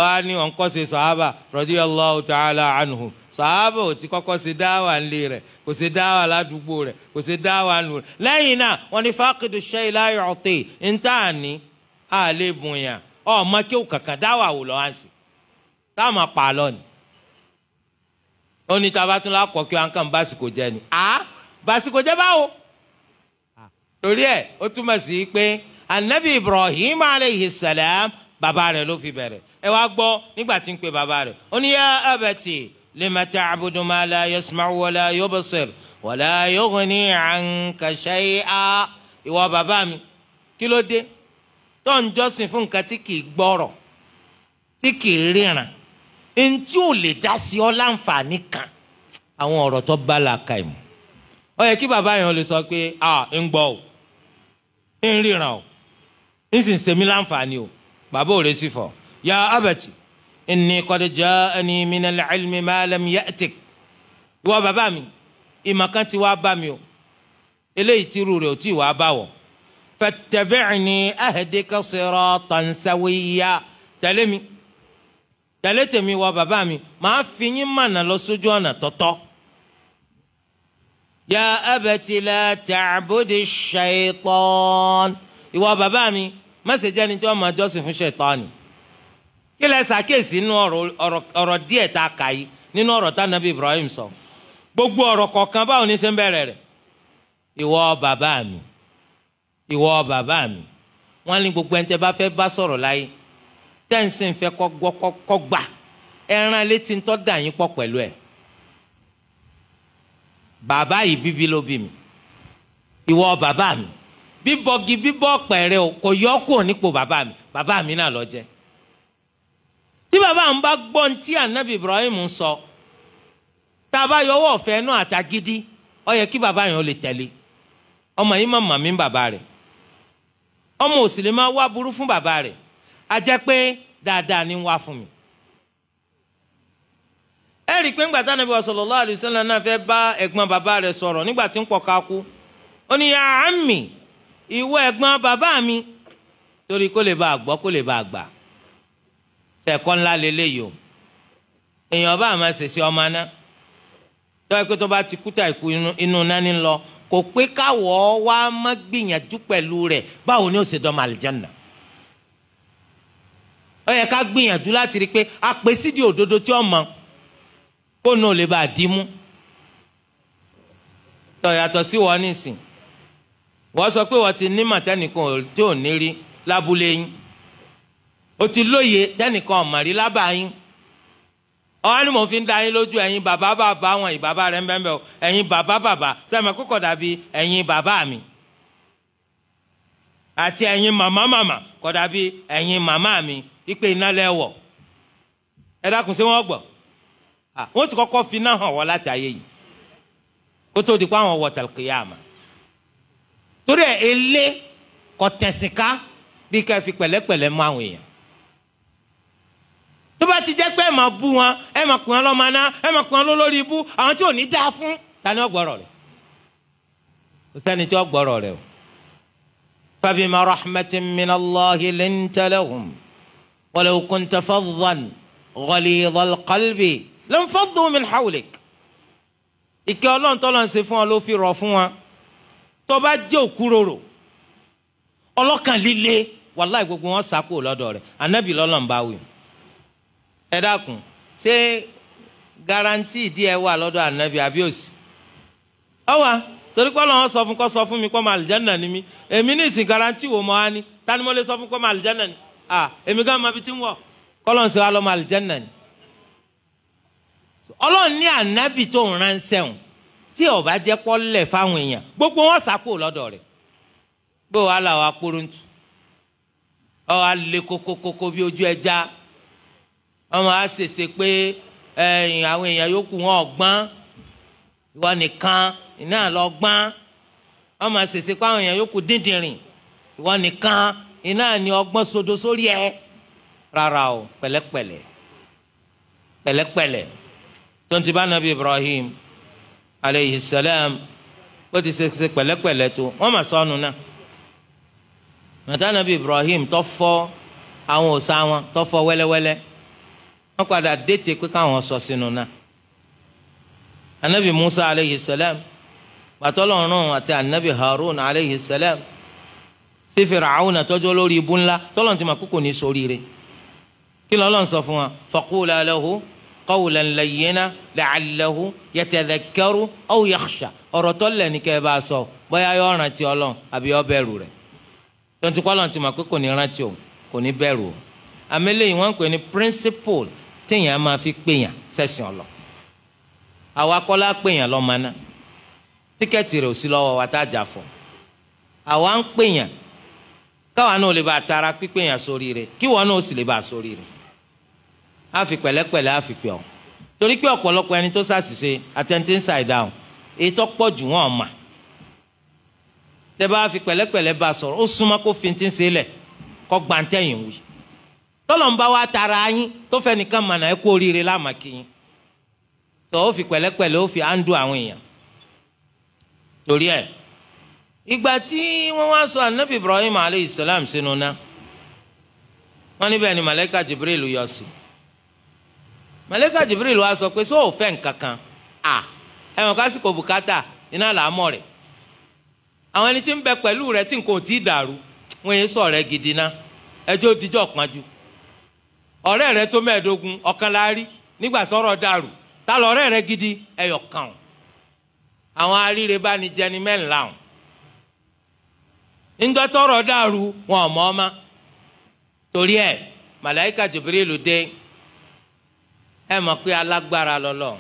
ọ̀hání wọn kọ́ ṣe sàhábà radiyallahu ta'ala anhum sàábà ò ti kọ́kọ́ ṣe dáwà ńlé rẹ̀ kò ṣe dáwà ládùúgbò rẹ̀ kò ṣe dáwà nù rẹ̀ lẹ́yìn náà wọ́n ní fákìdù ṣẹ́yìn láyọ̀ ọ̀tẹ̀ níta ní àlébùn yàn ọmọ kí ó kankan dáwà wò lọ́wọ́ àǹsì táwọn apàlọ́ ni ó ní tá a bá tún lákọ̀ọ́ kí wọn kàn básìkò jẹ ni à básìkò jẹ báwo torí ẹ̀ ó túmọ̀ sí pé anabi Ibrahim aleyhi salam bàbá rẹ̀ ló fi bẹ̀rẹ̀ ẹ wá gbọ́ nígbà tí ń pe bàbá rẹ̀ ó ní yá abẹ́tì lima ta'budu ma la yasma'u wa la yubsir wa la yughni 'anka shay'a ìwọ bàbá mi kí ló dé tó ń jọ́sìn fún nǹkan tí kì í gbọ́rọ̀ tí kì í ríran ntí ò lè dá sí ọ láǹfààní kan àwọn ọ̀rọ̀ tó bá làákà ìmù ó yẹ kí bàbá yẹn lè sọ pé à ń gbọ́ o ń ríran o ń sì ń ṣe láǹfààní o bàbá ò lè sí fọ ya abẹ́tì inni qad ja'ani minal ilmi ma lam ya'tik ìwọ bàbá mi ìmọ̀ kan ti wá bá mi o eléyìí tí irú rẹ̀ ò tí ì wá bá wọ̀ fattabi'ni ahdika siratan sawiyya tẹ̀lé mi tẹ̀lé tèmi wọ bàbá mi màá fi yín mànà lọ sójú ọ̀nà tọ́tọ́. ya abati la ta'budi shaytan ìwọ bàbá mi má ṣe jẹ́ni tí wọ́n máa jọ́sìn kí lẹ ṣàkíyèsí nínú ọ̀rọ̀ díẹ̀ tá a kà yìí nínú ọ̀rọ̀ tá nàbí Ibrahim sọ gbogbo ọ̀rọ̀ kọ̀ọ̀kan báwo ni ṣe ń bẹ̀rẹ̀ rẹ̀ ìwọ bàbá mi ìwọ bàbá mi wọ́n ní gbogbo ẹni tẹ́ bá fẹ́ bá sọ̀rọ̀ láyé tẹ́ǹsì ń fẹ́ kọ́ gbọ́ kọ́ gbà ẹran létí ń tọ́ dà yín pọ̀ pẹ̀lú ẹ̀ bàbá yìí bíbí ló bí mi ìwọ bàbá mi bíbọgi bíbọ ọ̀pẹ̀ rẹ kò yọ kúrò nípò bàbá mi bàbá mi náà ló jẹ́ tí bàbá ń bá gbọ́ tí anabi ibrahim sọ tá a bá yọwọ́ ọ̀fẹ́ náà àtàgídí yẹ kí bàbá yẹn ó lè tẹ̀lé ọmọ yìí má màmí bàbá rẹ̀ ọmọ òsì ma wá burú fún bàbá rẹ̀ a jẹ́ pé dáadáa ni fún mi. ẹ rí i pé ńgbà bá ẹ̀gbọ́n bàbá rẹ̀ sọ̀rọ̀ nígbà tí ń pọ̀ ká kú ó ní mi torí kó lè bá a gbọ́ kó ẹ̀kọ́ ńlá lélẹ́yìí o èèyàn bá àmọ́ ṣèṣe ọmọ náà tọ́wọ́ pé tó bá ti kúta ìkú inú nání lọ kò pé káwọ́ wá má gbìyànjú pẹ̀lú rẹ̀ báwo ni ó ṣe dọ́mọ àlìjáná ó yẹ ká gbìyànjú láti rí i pé àpèsídìí òdodo tí ó mọ kó náà lè bá a dì mú tọ́ yàtọ̀ sí wọn nísìn wọ́n sọ pé wọ́n ti ní màtẹ́nìkan tí ò ní rí lábúlé yín o ti lóye tẹnìkan ọ̀mọ̀rí lábàáyín ọ̀hán ni mò ń fi ń da yín lójú ẹ̀yin bàbá bàbá wọn ìbàbá rẹ̀ ń bẹ́ẹ̀ bẹ́ẹ̀ o ẹ̀yin bàbá bàbá sẹ́mi kókò dàbí ẹ̀yin bàbá mi àti ẹ̀yin màmá màmá kò dàbí ẹ̀yin màmá mi ìpè iná lẹ́wọ̀ ẹ dákun sí wọn gbọ́ wọ́n ti kọ́kọ́ fi náà hàn wọ́n láti ayé yìí kó tó di pé àwọn wọ̀ tàlùkìyàmà torí ẹ̀ elé kọ̀tẹ̀sìnká bí ká fi pẹ̀lẹ́pẹ̀lẹ́ mú àwọn èèyàn tó bá ti jẹ́ pé ẹ máa bú wọn ẹ máa pè wọn lọ́mọ aná ẹ máa pè wọn lólórí ibú àwọn tí ò ní dáa fún ta ni ọgbọ́rọ̀ rẹ̀ kò sẹ́ni tí ọgbọ́rọ̀ rẹ̀ o. فبما رحمة من الله لنت لهم ولو كنت فظا غليظ القلب لانفضوا من حولك ìkẹ́ ọlọ́run tọ́lọ́ ń ṣe fún ọ ló fi rọ̀ fún wa tó bá jẹ́ òkúròrò ọlọ́kàn líle wàláì gbogbo wọn sá kúrò lọ́dọ̀ rẹ̀ anábì lọ́lọ́run bá wí. ẹ dákun ṣé garanti díẹ̀ wà lọ́dọ̀ ànábì àbíòsì ọwà torí pé Ọlọ́run sọ fún kọ́ sọ fún mi kọ́ máa àlìjánà ni mí èmi ní ìsìn garanti wò mọ́ á tani mo lè sọ fún kọ́ máa àlìjánà ni à èmi gan ma fi ti ń wọ̀ kọ́lọ́n ṣe wá lọ́ máa àlìjánà ni Ọlọ́run ní ànábì tó ń ránṣẹ́ òun tí ó bá jẹ́ pọ́lẹ̀ fáwọn èèyàn gbogbo wọn sàkó lọ́dọ̀ rẹ̀ gbé wàhálà wa kúrúntù ọ alẹ́ kókókókó bí ojú ẹja ọmọ àṣẹṣe pé ẹyìn àwọn èèyàn yòókù wọn ọgbọ́n ìwọ nìkan iná lọ gbọ́n ọmọ àṣẹṣe pé àwọn èèyàn yòókù dídìrín ìwọ nìkan iná ni ọgbọ́n sodo sórí ẹ rárá o bá Ibrahim aleyhi salam ti tó wọn mà sọnù náà nàbí Ibrahim tó fọ́ àwọn wọn wọ́n padà dété pé káwọn sọ sínú náà anabi musa aleyhi salam gbàtọ́lọ́run àti anabi harun aleyhi salam sí fìràwọn àtọ́jọ́ lórí ibú ńlá tọ́lọ́n ti máa kúkú ní sóríire kí lọ́lọ́n sọ fún wa faqula lahu qawlan layyina la'allahu yatadhakkaru aw yakhsha ọ̀rọ̀ tọ́lẹ̀ ní kẹ́ ẹ bá sọ bóyá yọ rántí ọlọ́n àbí yọ bẹ̀rù rẹ̀ tonti kọ́lọ́n ti máa kúkú ní rántí o kò ní bẹ̀rù o àmì lẹ́yìn wọ́n ń ní principle téèyàn máa fi péyàn sẹ́sìn ọ̀lọ́ àwa kọ́lá péyàn lọ́mọ́ná tíkẹ́ẹ̀tì rẹ̀ ò sí lọ́wọ́ wa tá a jà fún àwa ń péyàn káwa náà lè bá a tara pípéyàn sórí rẹ̀ kí wọn náà sì lè bá a sórí rẹ̀ á fi pẹ̀lẹ́pẹ̀lẹ́ á fi pẹ̀ ọ́ torí pé ọ̀pọ̀lọpọ̀ ẹni tó ṣàṣìṣe àtẹ̀ntì ń ṣàìdá o èyí tó pọ̀ jù wọ́n mà tẹ́ bá fi pẹ̀lẹ́pẹ̀lẹ́ bá sọ̀rọ̀ ó súnmọ́ kó fi ti ń ṣe lẹ̀ kó gbàǹtẹ̀yìn wí tọ́lọ̀mùbá wa tara yín tó fẹ́ nìkan mọ̀nà ẹ kú oríire lámàkíyín tó o fi pẹ̀lẹ́pẹ̀lẹ́ o fi àǹdù àwọn èèyàn torí ẹ̀ ìgbà tí wọ́n wá sọ anabi ibrahim aleyhi salam sínú ná wọ́n níbẹ̀ ni malayika jibril yọ sí malayika jibril wa sọ pé sọ ò fẹ́ nǹkan kan à ẹ̀wọ̀n kásìkò bùkátà iná làámọ̀ rẹ̀ àwọn ẹni tí ń bẹ pẹ̀lú rẹ̀ tí nǹkan ò tí ì dàrú wọ́n yẹn sọ rẹ̀ gidi ná ẹjọ́ òdìjọ́ kanjú. ọ̀rẹ́ rẹ tó mẹ́ẹ̀ẹ́dógún ọ̀kan la rí nígbà tọ́rọ̀ dàrú ta lọ̀rẹ́ rẹ gidi ẹyọ o àwọn aríire bá ní jẹni mẹ́ńlá o ńjọ́ tọ́rọ̀ dàrú wọn ò ọ́ ma torí ẹ, màláìka Jibrilu dé ẹ mọ̀ pé alágbára lọ́lọ́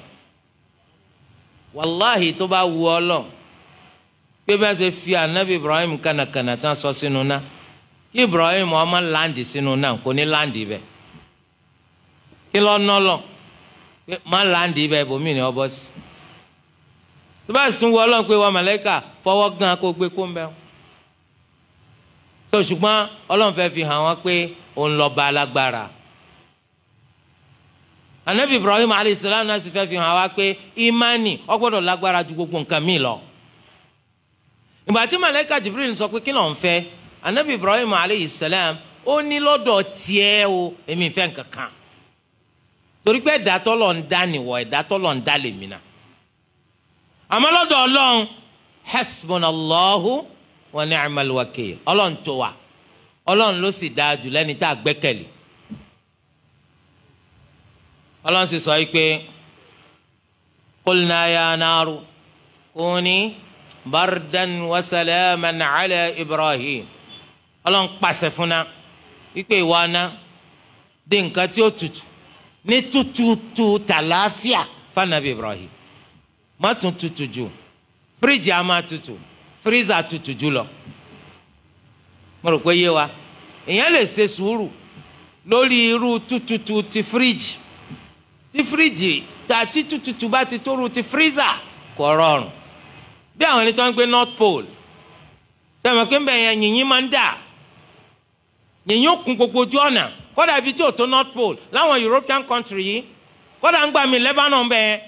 wàláhì tó bá wù ọ́ lọ pé bá ṣe fi anabi Ibrahim kànàkànà tán sọ sínú náà Ibrahim ọmọ láǹdì sínú náà kò ní láǹdì bẹ́ẹ̀. kí lọ ná lọ má láǹdì ibà ibòmíì ni ọbọ sí tó bá sì tún wọ ọlọ́run pé wọ́n mọ̀lẹ́kà fọwọ́ gan kó gbé kó ń bẹ́ẹ̀ tó ṣùgbọ́n ọlọ́run fẹ́ fi hàn wọ́n pé òun lọ ba alágbára anabi ibrahim alayisalaam náà sì fẹ́ fi hàn wá pé imani ó gbọ́dọ̀ lágbára ju gbogbo nǹkan míì lọ ìgbà tí mọ̀lẹ́kà jibril sọ pé kí ló ń fẹ́ anabi ibrahim alayisalaam ó ní lọ́dọ̀ tiẹ̀ o èmi fẹ́ nǹkan kan torí pé ẹ̀dá tọ́lọ̀ ń dá nìwọ ẹ̀dá tọ́lọ̀ ń dá lèmi náà àmọ́ lọ́dọ̀ ọlọ́run hasbunallahu wa ni'mal wakil ọlọ́run tó wa ọlọ́run ló sì dáa jù lẹ́ni tá a gbẹ́kẹ̀lé ọlọ́run sì sọ pé qulna ya naru kuni bardan wa salaman ibrahim ọlọ́run pàṣẹ fúnna wípé ìwọ aná dín nǹkan tí ó tutù ní tututu tàlàáfíà fanabi ibrahim Ma tún tutù jù fíríjì á máa tutù fíríza tutù jù lọ mo rò pé yé wa èèyàn lè ṣe sùúrù lórí irú tututu ti fíríjì ti fíríjì àti tututu bá ti tóru ti fíríza kò rọrùn bí àwọn ẹni tó ń gbé north pole sẹ́wọ̀n pé ń bẹ̀yẹn yìnyín máa ń dà yìnyín ó kún gbogbo ojú ọ̀nà kódà ibi tí ò tó north pole láwọn european country yìí kódà ń gbà mí lebanon bẹ́ẹ̀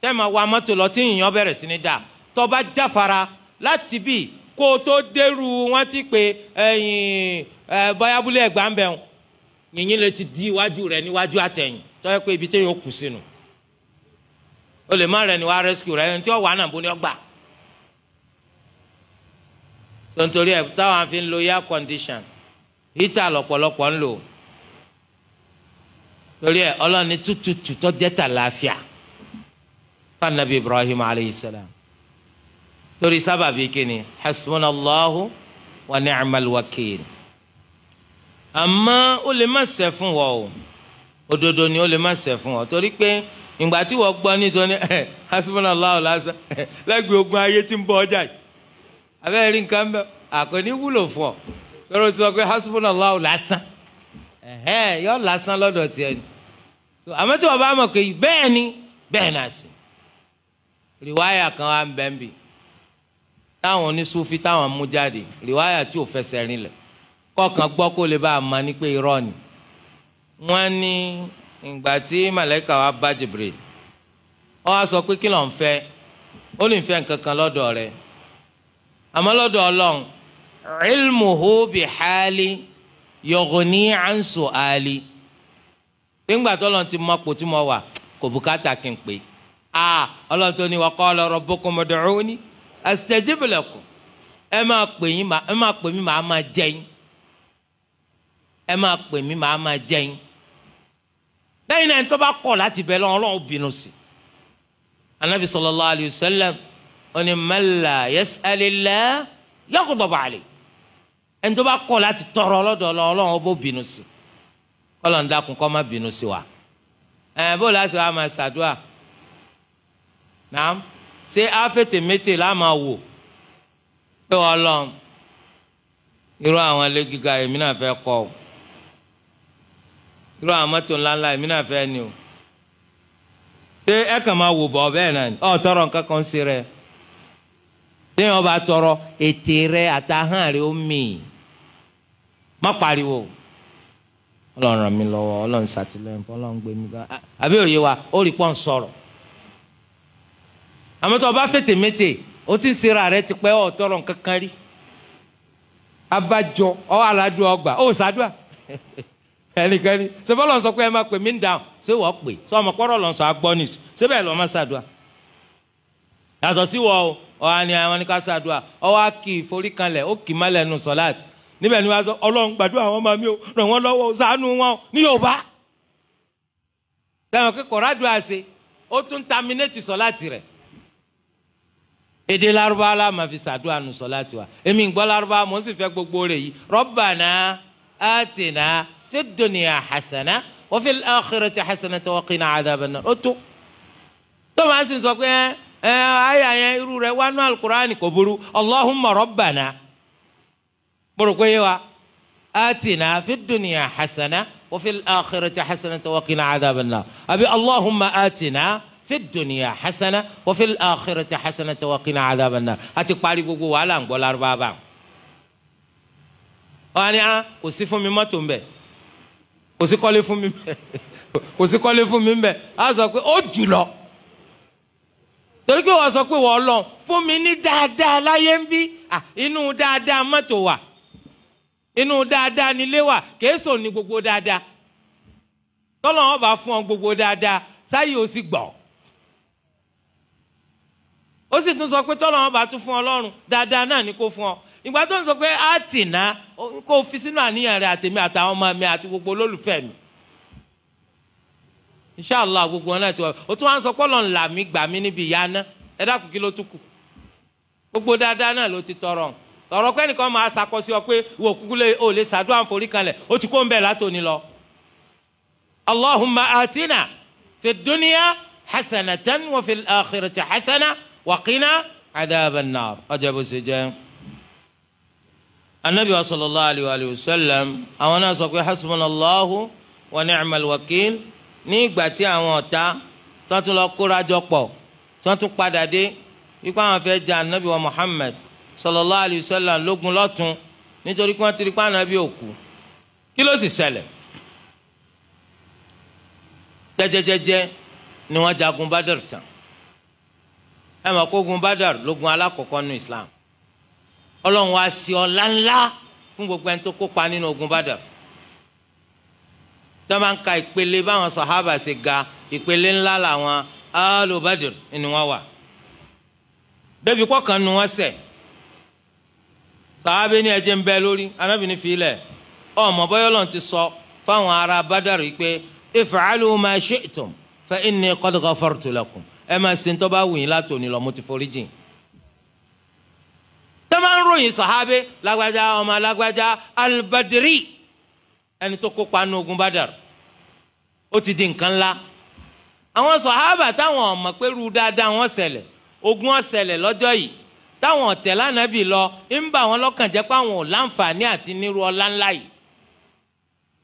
tẹ́ máa wa mọ́tò lọ tí yìnyín bẹ̀rẹ̀ sí ní dà tó bá jáfara láti bì kó o tó dérú wọn ti pé ẹyìn ẹ bọ́yábúlé ẹ̀gbá ń bẹ̀rù yìnyín lè ti di iwájú rẹ níwájú àtẹ̀yìn tó yẹ pé ibi tí yóò kù sínú o lè má rẹ ni wàá rescue rẹ ẹni tí wọ́n wà náà bó ni ọgbà tontori ẹ̀ táwọn fi ń lo air condition heater lọ́pọ̀lọpọ̀ ń lò. torí ẹ ọlọ́run ní tutu tó jẹ́ ibrahim alayhi salam torí sábàbí kíni hasbunallahu wa ni'mal wakil àmọ́ ó lè má ṣe fún wọ o òdodo ni o lè má ṣe fún ọ torí pé ìgbà tí wọ́n ni ẹ eh, hasbunallahu lásán lẹ́gbẹ̀ẹ́ ogun ayé tí ń bọ́ ọjà yìí abẹ́rẹ́ rí nǹkan bẹ́ẹ̀ àkọ́ni wúlò fún ọ lọ́rọ̀ tí wọ́n lásán yọ lásán lọ́dọ̀ tiẹ̀ ni. àmọ́ tí wọ́n bá mọ̀ pé bẹ́ẹ̀ ni bẹ́ẹ̀ náà sì rìwáyà kan wà ń bẹ́ ń bì táwọn oníṣúfi táwọn mú jáde rìwáyà tí ò fẹsẹ̀ rinlẹ̀ kọ̀ọ̀kan gbọ́ kó lè bá a mọ̀ ní pé irọ́ ni wọ́n ní ìgbà tí màlẹ́kà wa bá Jibril ó wá sọ pé kí ló ń fẹ́ ó lè fẹ́ nǹkan kan lọ́dọ̀ rẹ̀ àmọ́ lọ́dọ̀ Ọlọ́run ilmuhu bihali yughni an su'ali nígbà tó lọ́n ti mọ kò tí mo wà kò bùkátà kí n pè á ọlọ́run tó ní wa qala rabbukum ud'uni astajib lakum ẹ máa pè yín ẹ máa pè mí màá máa jẹ yín ẹ máa pè mí màá máa jẹ yín lẹ́yìn náà tó bá kọ̀ láti bẹ̀ ọlọ́run bínú sí anabi sallallahu alayhi wa sallam oní man la yas'alillah yaghdab alayh ẹni tó bá kọ̀ láti tọrọ ọlọ́dọ̀ ọlọ́run ọbọ̀ bínú sí Ọlọ́run dákun kó má bínú sí wa ẹ bó láti wá máa ṣàdúrà náà ṣé áfètèmétè la máa wò pé Ọlọ́run irú àwọn ilé gíga èmi náà fẹ́ kọ́ o irú àwọn mọ́tò ńláńlá èmi náà fẹ́ ni o ṣé ẹ kàn máa wò bọ̀ bẹ́ẹ̀ náà ọ̀ tọrọ nǹkan kan sí rẹ téèyàn bá tọrọ ètè rẹ àtàhàn rẹ ó mì má pariwo. ọlọ́run ràn mí lọ́wọ́ ọlọ́run ṣàtìlẹ́yìn fún ọlọ́run gbé mi gan àbí òye wa ó rí pọ́n sọ̀rọ̀ àmọ́ tó o bá fètè mété o ti ń sera rẹ ti pẹ́ ọ̀ tọrọ nǹkan kan rí abájọ ọ aládùn ọgbà ó sàdúà ẹnìkan ni sọfọ́ sọ pé ẹ máa pè mí ń dáhùn ṣé wọ́n pè sọ ọmọ kọ́rọ̀ lọ́n sọ agbọ́ nìṣ ṣé bẹ́ẹ̀ máa sàdúà yàtọ̀ sí wọ́n o ọ̀hání àwọn ni ká sàdúà ọwọ́ á kì í forí kanlẹ̀ ó kì í má lẹ́nu sọ́láàtì níbẹ̀ ni wọ́n sọ ọlọ́run gbàdúrà àwọn ọmọ mi ò ràn wọ́n lọ́wọ́ ṣàánú wọn ní yorùbá sẹ́wọ̀n kí kọ̀rádùn àṣe ó tún tàmínétì sọ́láàtì rẹ̀ èdè lárúbáwá la máa fi ṣàdúrà nù sọ́láàtì wa èmi ń gbọ́ lárúbáwá mò ń sì fẹ́ gbogbo rẹ̀ yìí rabbana atina fid dunya hasana wa fil akhirati hasana wa qina adhaban nar ó tó tó máa ń sọ pé ẹ ẹ àyà yẹn irú rẹ̀ wánú alukur'ani mo rò pé yé wa atina fi dunya hasana wa fil akhirati hasana wa qina adhaban nar àbí allahumma atina fi dunya hasana wa fil akhirati hasana wa qina adhaban nar àti parí gbogbo wàhálà ń gbọ́ lárúbáwá wọn ni ah kò sí fún mi mọ́tò ń bẹ̀ kò sí kọ́lé fún mi bẹ̀ kò sí kọ́lé fún mi bẹ̀ á sọ pé ó jù torí pé wọ́n sọ pé wọ́n lọ fún mi ní dáadáa láyé ń bí inú dáadáa mọ́tò wà inú dáadáa n'ilewa wà kéésò ni gbogbo dáadáa tọ́lọ́ wọn fún ọ gbogbo dáadáa sáyé ó sì gbọ́ ó sì tún sọ pé tọ́lọ́ tún fún ọlọ́run dáadáa náà ni fún ọ ìgbà tó ń sọ pé á tì kó fi sínú àníyàn rẹ àtàwọn ọmọ gbogbo olólùfẹ́ mi inshàlá gbogbo wọn náà ti wọ o tún wá ń sọ pé ọlọ́run là mí gbà mí níbi ìyá ẹ dákun kí gbogbo dáadáa náà ló ti tọrọ ọ̀rọ̀ pé ẹnìkan máa ṣàkóso ọ pé wò kúkú lè o lè ṣàdúrà forí kanlẹ̀ ó ti kó ń bẹ̀ látòní lọ. allahumma atina fi dunya hasanatan wa fi akhirati hasana wa qina adhaban nar ọjọ́ bó ṣe jẹ́. anabi wa sallallahu alayhi wa sallam àwọn náà sọ pé hasbunallahu wa ni'mal wakil ní ìgbà tí àwọn ọ̀tá tó tún lọ kóra jọ pọ̀ tó tún padà dé wípé àwọn fẹ́ jà anabi wa muhammad sallallahu alayhi wa sallam lógun lọ́tún nítorí kí wọ́n ti rí pa ànábì òkú kí ló sì ṣẹlẹ̀ jẹ́jẹ́jẹ́jẹ́ ni wọ́n jagun Badr tán ẹ mọ̀ kó gun lógun alákọ̀ọ́kọ́ nu Islam ọlọ́run wa sí ọlá ńlá fún gbogbo ẹni tó kópa nínú ogun Badr tó máa ń ka ìpele báwọn sàhábà ṣe ga ìpele ńlá làwọn alùbádìr ni wọ́n wà débi kọ́kan nu wọ́n sàábé ni ẹjẹ ń bẹ lórí anábìíní filẹ ọmọ bọyọlọ ti sọ fáwọn ará bádàrí pé if'alu ma shi'tum fa inni qad ghafartu lakum ẹ máa ṣe tó bá wù yín láti òní lọ mo ti forí jìn. tẹ́lẹ̀ ń ròyìn sàábé lágbájá ọmọ lágbájá albadiri ẹni tó kópa ní ogun bádàr ó ti di nǹkan ńlá àwọn sàhábà táwọn ọmọ pẹ̀lú dáadáa wọn ṣẹlẹ̀ ogun ó lọ́jọ́ yìí táwọn ọ̀tẹ̀ lánàbì lọ ń bà wọ́n lọ́kàn jẹ́ pé àwọn ò láǹfààní àti nírú ọlá ńlá yìí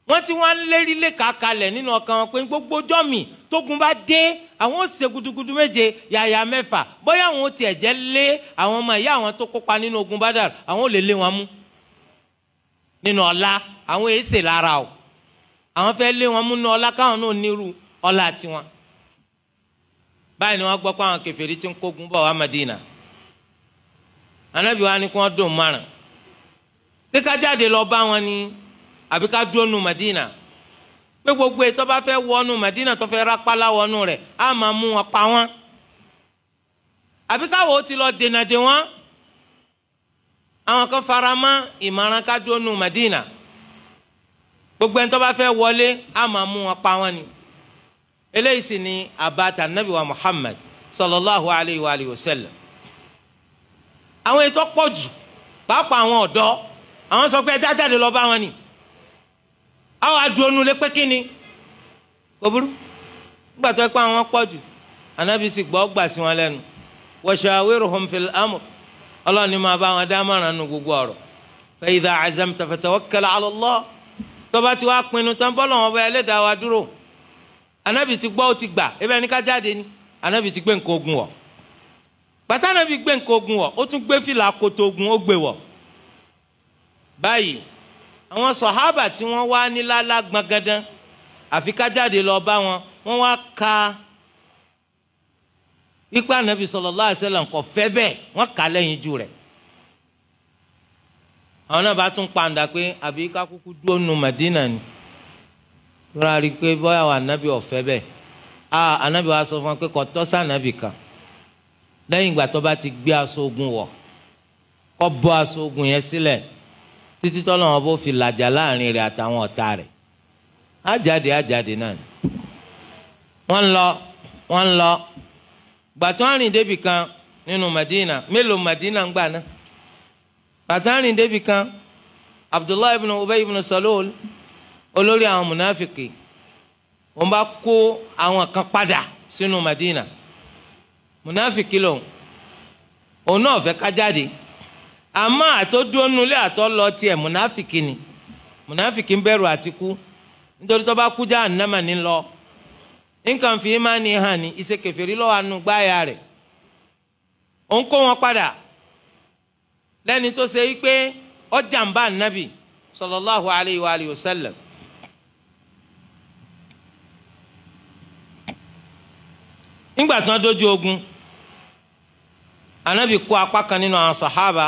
wọ́n ti wọ́n lérí léka kalẹ̀ nínú ọkàn wọn pé gbogbo jọ́mì tógun bá dé àwọn ó ṣe gudugudu méje yàyà mẹ́fà bóyá àwọn ó tiẹ̀ jẹ́ lé àwọn ọmọ ìyá àwọn tó kópa nínú ogun Badar àwọn ò lè lé wọn mú nínú ọlá àwọn èsè lára o àwọn fẹ́ lé wọn mú nínú ọlá káwọn náà nírú ọlá tiwọn báyìí ni wọ́n gbọ́ pé àwọn kèfèrí ti ń kógun bọ̀ wá Madina anabi wa ni kí wọ́n dùn márùn ṣé ká jáde lọ bá wọn ni àbí ká dúró nu Madina pé gbogbo ètò bá fẹ́ wọnú Madina tó fẹ́ rápálá wọnú rẹ̀ á máa mú wọn pa wọn àbí káwọ́ ó ti lọ dènà dè wọ́n àwọn kan fara mọ́ ìmọ̀ràn ká dúró nu Madina gbogbo ẹni bá fẹ́ wọlé á máa mú wọn pa wọn ni eléyìí sì ni àbáta nabi wa Muhammad sallallahu alayhi wa sallam àwọn ètò pọ̀ jù pàápàá àwọn ọ̀dọ́ àwọn sọ pé ẹja jáde lọ bá wọn ni àwọn adùnú lé pé kí ni kò burú nígbà tó ẹ pé àwọn pọ̀ jù ànábì sì gbọ́ gbà sí wọn lẹ́nu washawiruhum fil amr ọlọ́ọ̀ni máa bá wọn dámọ̀ràn nu gbogbo ọ̀rọ̀ fa idha azamta fatawakkal ala Allah tó bá ti pinnu tán bọ́lọ̀ wọn bá ẹlẹ́dàá wa dúró ànábì ti gbọ́ ó ti gbà ebe ẹni ká jáde ni ànábì ti gbé nǹkan ogun wọ̀ bàtà nàbí gbé nǹkan ogun wọ̀ ó tún gbé fìlà akoto ogun ó gbé wọ̀ báyìí àwọn sọ̀hábà tí wọ́n wá ní lálá gbọ̀ngàndán àfi ká jáde lọ bá wọn wọ́n wá ka ipa nàbí sallallahu alaihi wasallam kò fẹ́ bẹ́ẹ̀ wọ́n kà lẹ́yìn jù rẹ̀ àwọn náà bá tún pàǹdà pé àbí ká dúró nu Madina ni rárá rí i pé bóyá wà nàbí ọ̀fẹ́ bẹ́ẹ̀ a ah, ànábì wa sọ fún wa pé kò tọ́ sí kan lẹ́yìn ìgbà tó bá ti gbé aṣọ ogun wọ̀ kó bọ́ aṣọ ogun yẹn sílẹ̀ títí tọ́lọ́wọ́n bó fi làjà láàrin rẹ̀ àtàwọn ọ̀tá rẹ̀ ájáde ájáde náà ni. wọ́n lọ wọ́n lọ gbàtọ́ àrìn débì kan nínú Madina mélòó Madina ń gbà náà gbàtọ́ àrìn débì kan Abdullahi ibn Ubay ibn Salul olórí àwọn munafiki wọ́n bá kó àwọn kan padà sínú Madina. munafiki lòun òun náà fẹ́ ká jáde àmọ́ àtọ́dúró nulẹ̀ lọ tiẹ̀ munafiki ni munafiki ń bẹ̀rù àti kú nítorí tó bá kú já ànámà ní lọ nǹkan fi má ní hàn ní lọ́wọ́ anú gbáya rẹ̀ òun kó wọn padà lẹ́ni tó ṣe ọjà ń bá sallallahu wa nígbà tí wọ́n dójú ogun anabi kó apá kan nínú àwọn sàhábà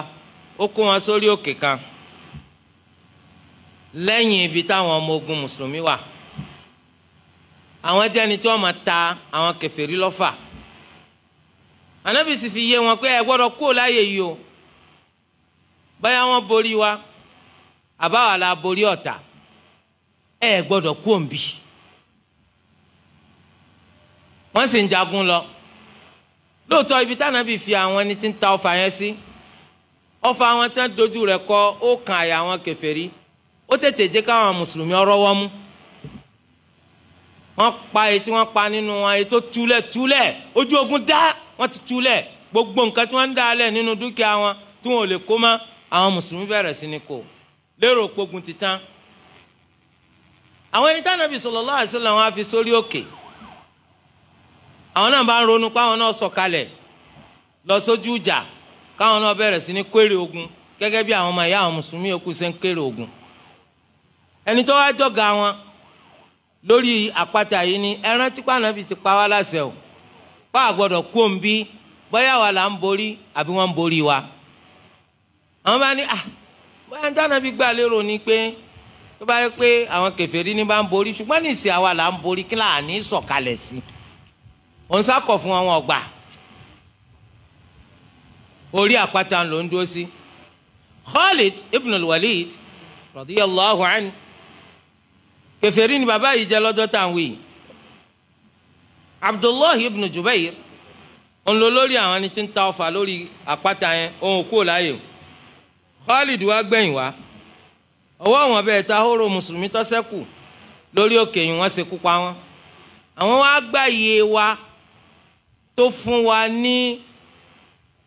ó kó wọn sórí òkè kan lẹ́yìn ibi táwọn ọmọ ogun mùsùlùmí wà àwọn jẹ́ni tí wọ́n máa ta àwọn kèfèrí lọ́fà anabi sì fi yé wọn pé ẹ gbọ́dọ̀ kúrò láàyè yìí o báyà wọ́n borí wa àbáwá la borí ọ̀tá ẹ gbọ́dọ̀ kúrò ń bì í. wọ́n sì ń lọ lóòótọ́ ibi tánàbì fi àwọn ẹni tí ń ta ọfà yẹn sí ọfà àwọn tí rẹ̀ kọ ó kan àyà àwọn kèfèrí ó tètè jẹ́ káwọn mùsùlùmí ọrọ́wọ́ mú wọ́n pa èyí tí wọ́n pa nínú wọn èyí tó ojú wọ́n ti gbogbo nǹkan tí wọn ń dá nínú dúkìá wọn tí wọn ò lè kó ni kò lérò ti tán àwọn ẹni á fi sórí àwọn náà bá ń ronú páwọn náà sọ̀kalẹ̀ lọ sójú ìjà káwọn náà bẹ̀rẹ̀ sí ní kéré ogun gẹ́gẹ́ bí àwọn ọmọ ìyá àwọn mùsùlùmí yòókù ṣe ń kéré ogun ẹni tó wá jọ̀gá wọn lórí àpáta yìí ni ẹran tipa nàbì ti pa wá láṣẹ o pa àgbọ́dọ̀ kú òun bóyá wa là ń borí àbí wọ́n ń borí wa àwọn bá ní ah bóyá ń dáná bí gbà lérò ni pé tó bá yẹ pé àwọn kèfèrí ní bá ń borí ṣùgbọ́n nìsí àwa là ń borí kí láà ní sọ̀kalẹ̀ sí i òun sákọ̀ fún àwọn ọ̀gbà orí àpáta ló ń dúró sí Khalid ibn al-Walid radiyallahu an, kèfèrí ni bàbá yìí jẹ́ lọ́jọ́ tá à ń wí Abdullahi ibn Jubair òun ló lórí àwọn ẹni tí ń ta ọfà lórí àpáta yẹn òun kúrò láàyè Khalid wá gbẹ̀yìn wá ọwọ́ àwọn bẹ́ẹ̀ ta hóró mùsùlùmí tó ṣẹ́kù lórí òkè yìí wọ́n ṣekú pa wọ́n àwọn wá gbá iye wa tó fún wa ní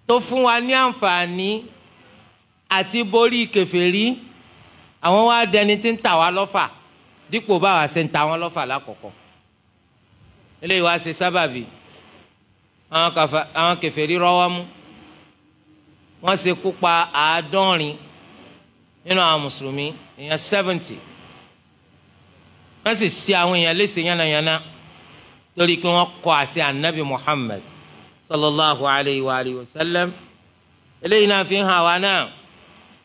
tó fún wa ní àǹfààní àti borí kèfèrí àwọn wa dẹni tí ń tà wá lọ́fà dípò báwa ṣe ń ta wọn lọ́fà lákọ̀ọ́kọ́ eléyìí wá ṣe sábàbí àwọn kèfèrí rọ́wọ́ mú wọ́n ṣe kú pa àádọ́rin nínú àwọn mùsùlùmí èèyàn seventy wọ́n sì ṣe àwọn èèyàn léṣe yánnayànna. Yana torí pé wọ́n kọ̀ àṣẹ anabi muhammed sallallahu alayhi wa alayhi wa sallam eléyìí náà fi hàn wá náà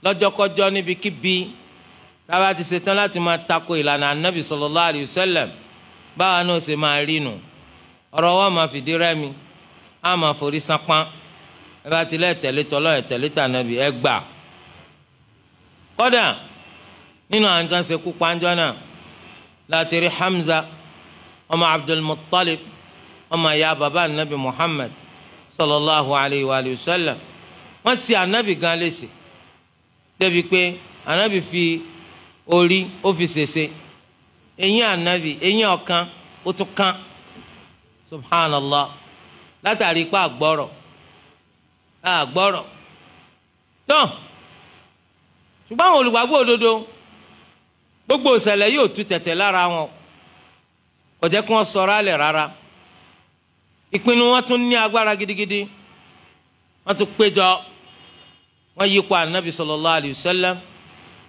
lọ́jọ́kọ́jọ́ níbikíbi tábà ti ṣetán láti máa tako ìlànà anabi sallallahu alayhi wa sallam báwa náà ṣe máa rí nu ọ̀rọ̀ wa máa fìdí rẹ́mi á máa forí sápán ẹ bá tilẹ̀ tẹ̀lé tọ́lọ́ ẹ̀ tẹ̀lé tànàbì ẹ gbà nínú àwọn tó pàǹjọ́ náà láti rí hamza ọmọ Abdul Muttalib ọmọ ìyá bàbá anabi Muhammad sallallahu alayhi wa sallam wọ́n sì anabi gan léṣe débi pé anabi fi orí ó fi ṣèṣe eyín anabi eyín ọ̀kan ó tún kán subhanallah látàrí pé àgbọ̀rọ̀ àgbọ̀rọ̀ tán ṣùgbọ́n àwọn olùgbàgbọ́ òdodo gbogbo ìṣẹ̀lẹ̀ yóò tú tẹ̀tẹ̀ lára wọn kò jẹ́ kí wọ́n sọ̀rọ̀ alẹ̀ rárá ìpinnu wọn tún ní agbára gidigidi wọ́n tún péjọ wọ́n yípo ànábì sallallahu alayhi wa sallam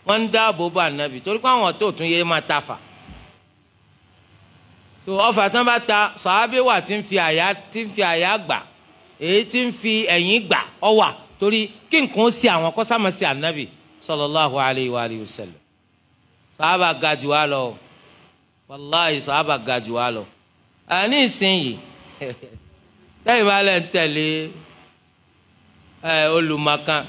wọ́n ń dáàbò bò ànábì torí pé àwọn tó tún yé máa ta fà tó ọfà tán bá ta sàábé wà tí ń fi àyà tí ń fi àyà gbà èyí tí ń fi ẹ̀yìn gbà ọ wà torí kí nǹkan ó sí àwọn kọ́sámọ́sí ànábì sallallahu alayhi wa sallam sàábà ga jù lọ wàláyé sàhábà ga jù wá lọ àní ìsinyìí sẹ́yìn bá lẹ́ ń tẹ̀lé olùmọ̀kan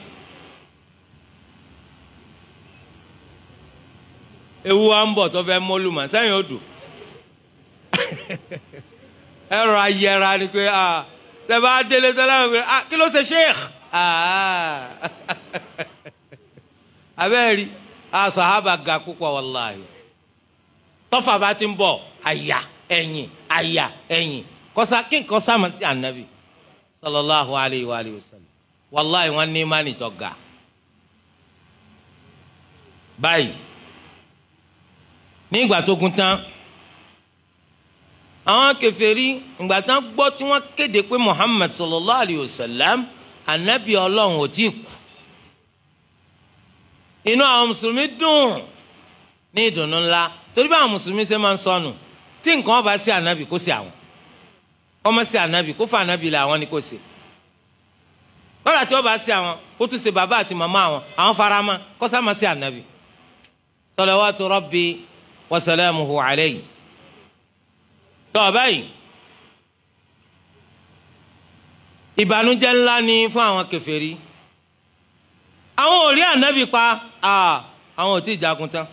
ewu wa ń bọ̀ tó fẹ́ mọ́lùmọ̀ sẹ́yìn odò ẹ̀rọ ayẹra ni pé sẹ́yìn délé tó pé kí ló ṣe sheikh abẹ́rẹ́ asọ̀hábà ga púpọ̀ wàláyé. tọ́fà bá ti ń bọ̀ àyà ẹ̀yìn àyà ẹ̀yìn kọ́sá kí n kọ́sá mọ̀ sí ànábì sallallahu alayhi wa alihi wa sallam wàláì wọn ní imáni tó ga báyìí ní ìgbà tó gun tán àwọn kèfèrí ìgbà tán gbọ́ tí wọ́n kéde pé Muhammad sallallahu alayhi wa sallam ànábì ọlọ́run ò tí kú inú àwọn mùsùlùmí dùn ní ìdùnnú ńlá torí báwọn mùsùlùmí ṣe máa ń sọnù tí nǹkan ọba sí ànábì kó sí àwọn ọmọ sí ànábì kó fún ànábì là àwọn ni kó sí lọ́dà tí ọba sí àwọn kó tún ṣe bàbá àti màmá àwọn àwọn farama kó sáma sí ànábì salawatu rabbi wa salamuhu alayhi tọ́ báyìí ìbànújẹ́ ńlá ni fún àwọn kèfèrí àwọn ò rí ànábì pa àwọn ò tí ì jagun tán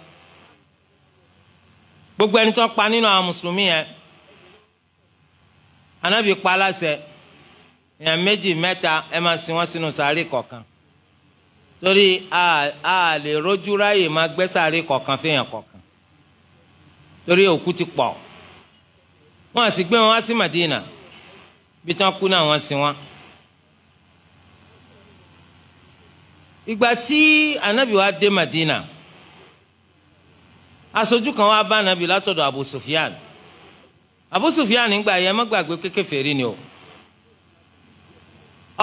gbogbo ẹni tó pa nínú àwọn mùsùlùmí yẹn anabi pa aláṣẹ èèyàn méjì mẹ́ta ẹ máa sin wọn sínú sàárè kọ̀ọ̀kan torí a a lè rojú ráyè máa gbé sàárè kọ̀ọ̀kan fẹ́yàn kọ̀ọ̀kan torí òkú ti pọ̀ wọn à sì gbé wọn wá sí Madina bí tí wọn kú náà wọn sin wọn. ìgbà tí anabi wa dé Madina aṣojú kan wá bá nàbì látọ̀dọ̀ Abu Sufyan Abu Sufyan nígbà yẹn má gbàgbé kékeré ni o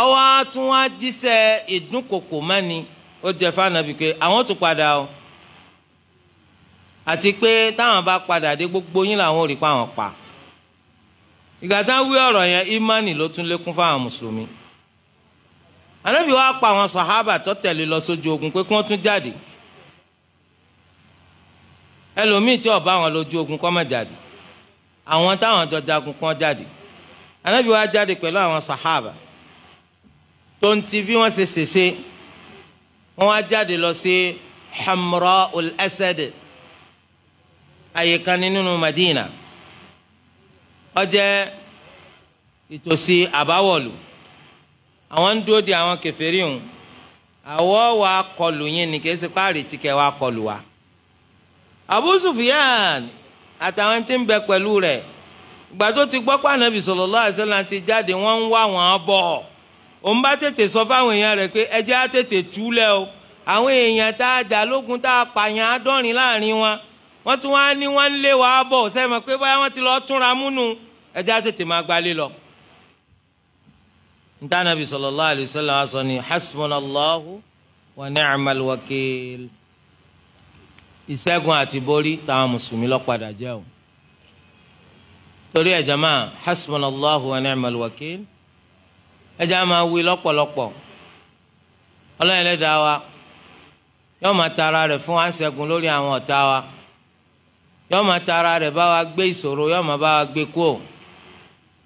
ọwọ́ tún wá jíṣẹ́ ìdúnkòkò mẹ́ni ó jẹ fánàbì pé àwọn tún padà o àti pé táwọn bá padà dé gbogbo yín làwọn ò rí pa àwọn pa ìgbà tá a wí ọ̀rọ̀ yẹn imani ló tún lékún fáwọn mùsùlùmí ànábì wá pa àwọn sàhábà tó tẹ̀lé lọ sójú ogun pé kí wọ́n tún jáde ẹlòmíì tí ó bá wọn lójú ogun kó má jáde àwọn táwọn jọ jagun kó jáde anábì wa jáde pẹ̀lú àwọn sàhábà tó ń ti bí wọ́n ṣe ṣèṣe wọ́n wá jáde lọ sí Hamra al-Asad àyíká ní nínú Madina ó jẹ́ ìtòsí àbáwọ̀lù àwọn ń dúró de àwọn kèfèrí hùn àwọ̀ wa kọlù yín ni kì í ṣe pé àrètí kẹ́ wa kọlù wa. Abu Sufyan àtàwọn tí ń bẹ pẹ̀lú rẹ̀ ìgbà tó ti gbọ́ pé ànábì sallallahu alaihi wasallam ti jáde wọ́n ń wá wọn bọ̀ òun bá tètè sọ fáwọn èèyàn rẹ̀ pé ẹ jẹ́ á tètè túlẹ̀ o àwọn èèyàn tá a dà lógun tá a pààyàn àádọ́rin láàrin wọn wọ́n tún wá ní wọ́n lé wa bọ̀ sẹ́mi pé báyà wọ́n ti lọ túnra múnú ẹ jẹ́ á tètè máa gbalé lọ. ntànàbì sallallahu alaihi wasallam sọ ni hasbunallahu wa ni'mal wakil. ìṣẹ́gun àti borí táwọn mùsùlùmí lọ padà jẹ́ o. torí ẹ̀ jama hasbunallahu wa ni'mal wakil ẹ̀ máa wí lọ́pọ̀lọpọ̀ wa fún àṣẹgun lórí àwọn ọ̀tá wa máa ta ara rẹ̀ bá wa gbé ìṣòro yóò máa bá wa gbé kúò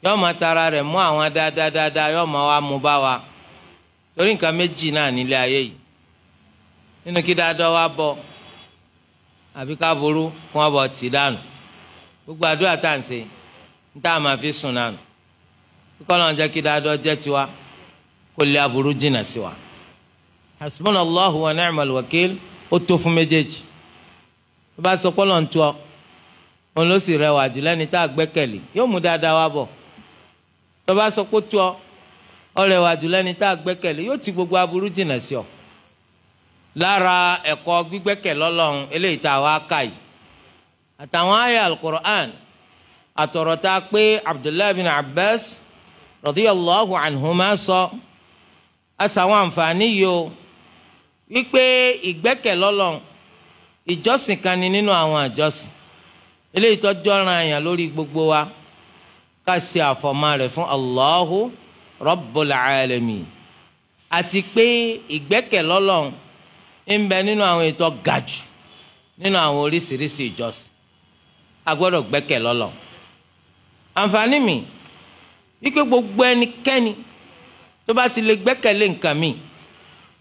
yóò máa ta ara rẹ̀ mú àwọn dáadáa máa mú bá wa torí nǹkan méjì náà nílé ayé yìí nínú kí wa bọ̀ àbí ká burú kí wọ́n bọ̀ tì dànù gbogbo àdúrà tá à ń ṣe ń tá a máa fi sùn dànù kíkọ́ náà jẹ́ kí dáadọ́ jẹ́ tiwa kó lè aburú jìnnà sí wa hasbuna allahu wa ni'mal wakil ó tó fún méjèèjì tó bá sọ pọ́lọ́ ń tu òun ló sì rẹwà jù lẹ́ni tá a gbẹ́kẹ̀lé yóò mú dáadáa wá bọ̀ tó bá sọ pé tu ọ rẹwà jù lẹ́ni tá a gbẹ́kẹ̀lé yóò ti gbogbo aburú jìnnà sí ọ lára ẹ̀kọ́ gbígbẹ́kẹ̀ lọ́lọ́run eléyìí tá a wá kà yìí àtàwọn àyà alukur'an àtọ̀rọ̀ta pé abdullahi bin abbas radiyallahu anhuma sọ àsàwọn àǹfààní yìí o wípé ìgbẹ́kẹ̀ lọ́lọ́run ìjọsìn kan ni nínú àwọn àjọsìn eléyìí tó jọra àyàn lórí gbogbo wa ká ṣe àfọ̀mọ́ rẹ̀ fún allahu rabbul alamin àti pé ìgbẹ́kẹ̀ lọ́lọ́run ń bẹ nínú àwọn ètò gàjù nínú àwọn oríṣiríṣi ìjọsìn a gbọ́dọ̀ gbẹ́kẹ̀ lọ́lọ́ mi wípé gbogbo ẹnikẹ́ni tó bá ti lè gbẹ́kẹ̀lé nǹkan mi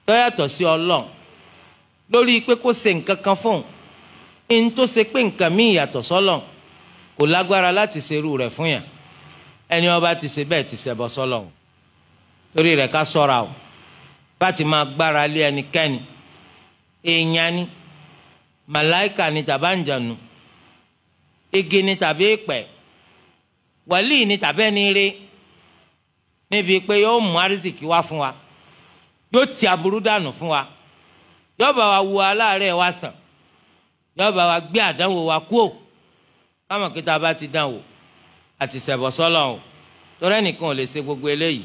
tó yàtọ̀ sí Ọlọ́run lórí pé kó ṣe nǹkan kan fún un ní tó ṣe pé nǹkan mi ìyàtọ̀ sọ́lọ́run kò lágbára láti ṣerú rẹ̀ fún yàn ẹni ó ti ṣe bẹ́ẹ̀ ti ṣẹbọ sọ́lọ́run torí rẹ̀ ká ṣọ́ra o bá ti máa gbára lé ẹnikẹ́ni. èèyàn ni ni tàbá ń jànú igi ni tàbí ìpẹ wàlíì ni tàbẹ́ ni rí níbi pé yóò mú àrísìkí wá fún wa yóò ti aburú dànù fún wa yóò bá wa wo aláàárẹ̀ wa sàn yóò bá wa gbé àdánwò wa kú ò káwọn kí tá a ti dán wò àti ṣẹbọ sọ́lọ̀ o torí ẹnìkan ò lè ṣe gbogbo eléyìí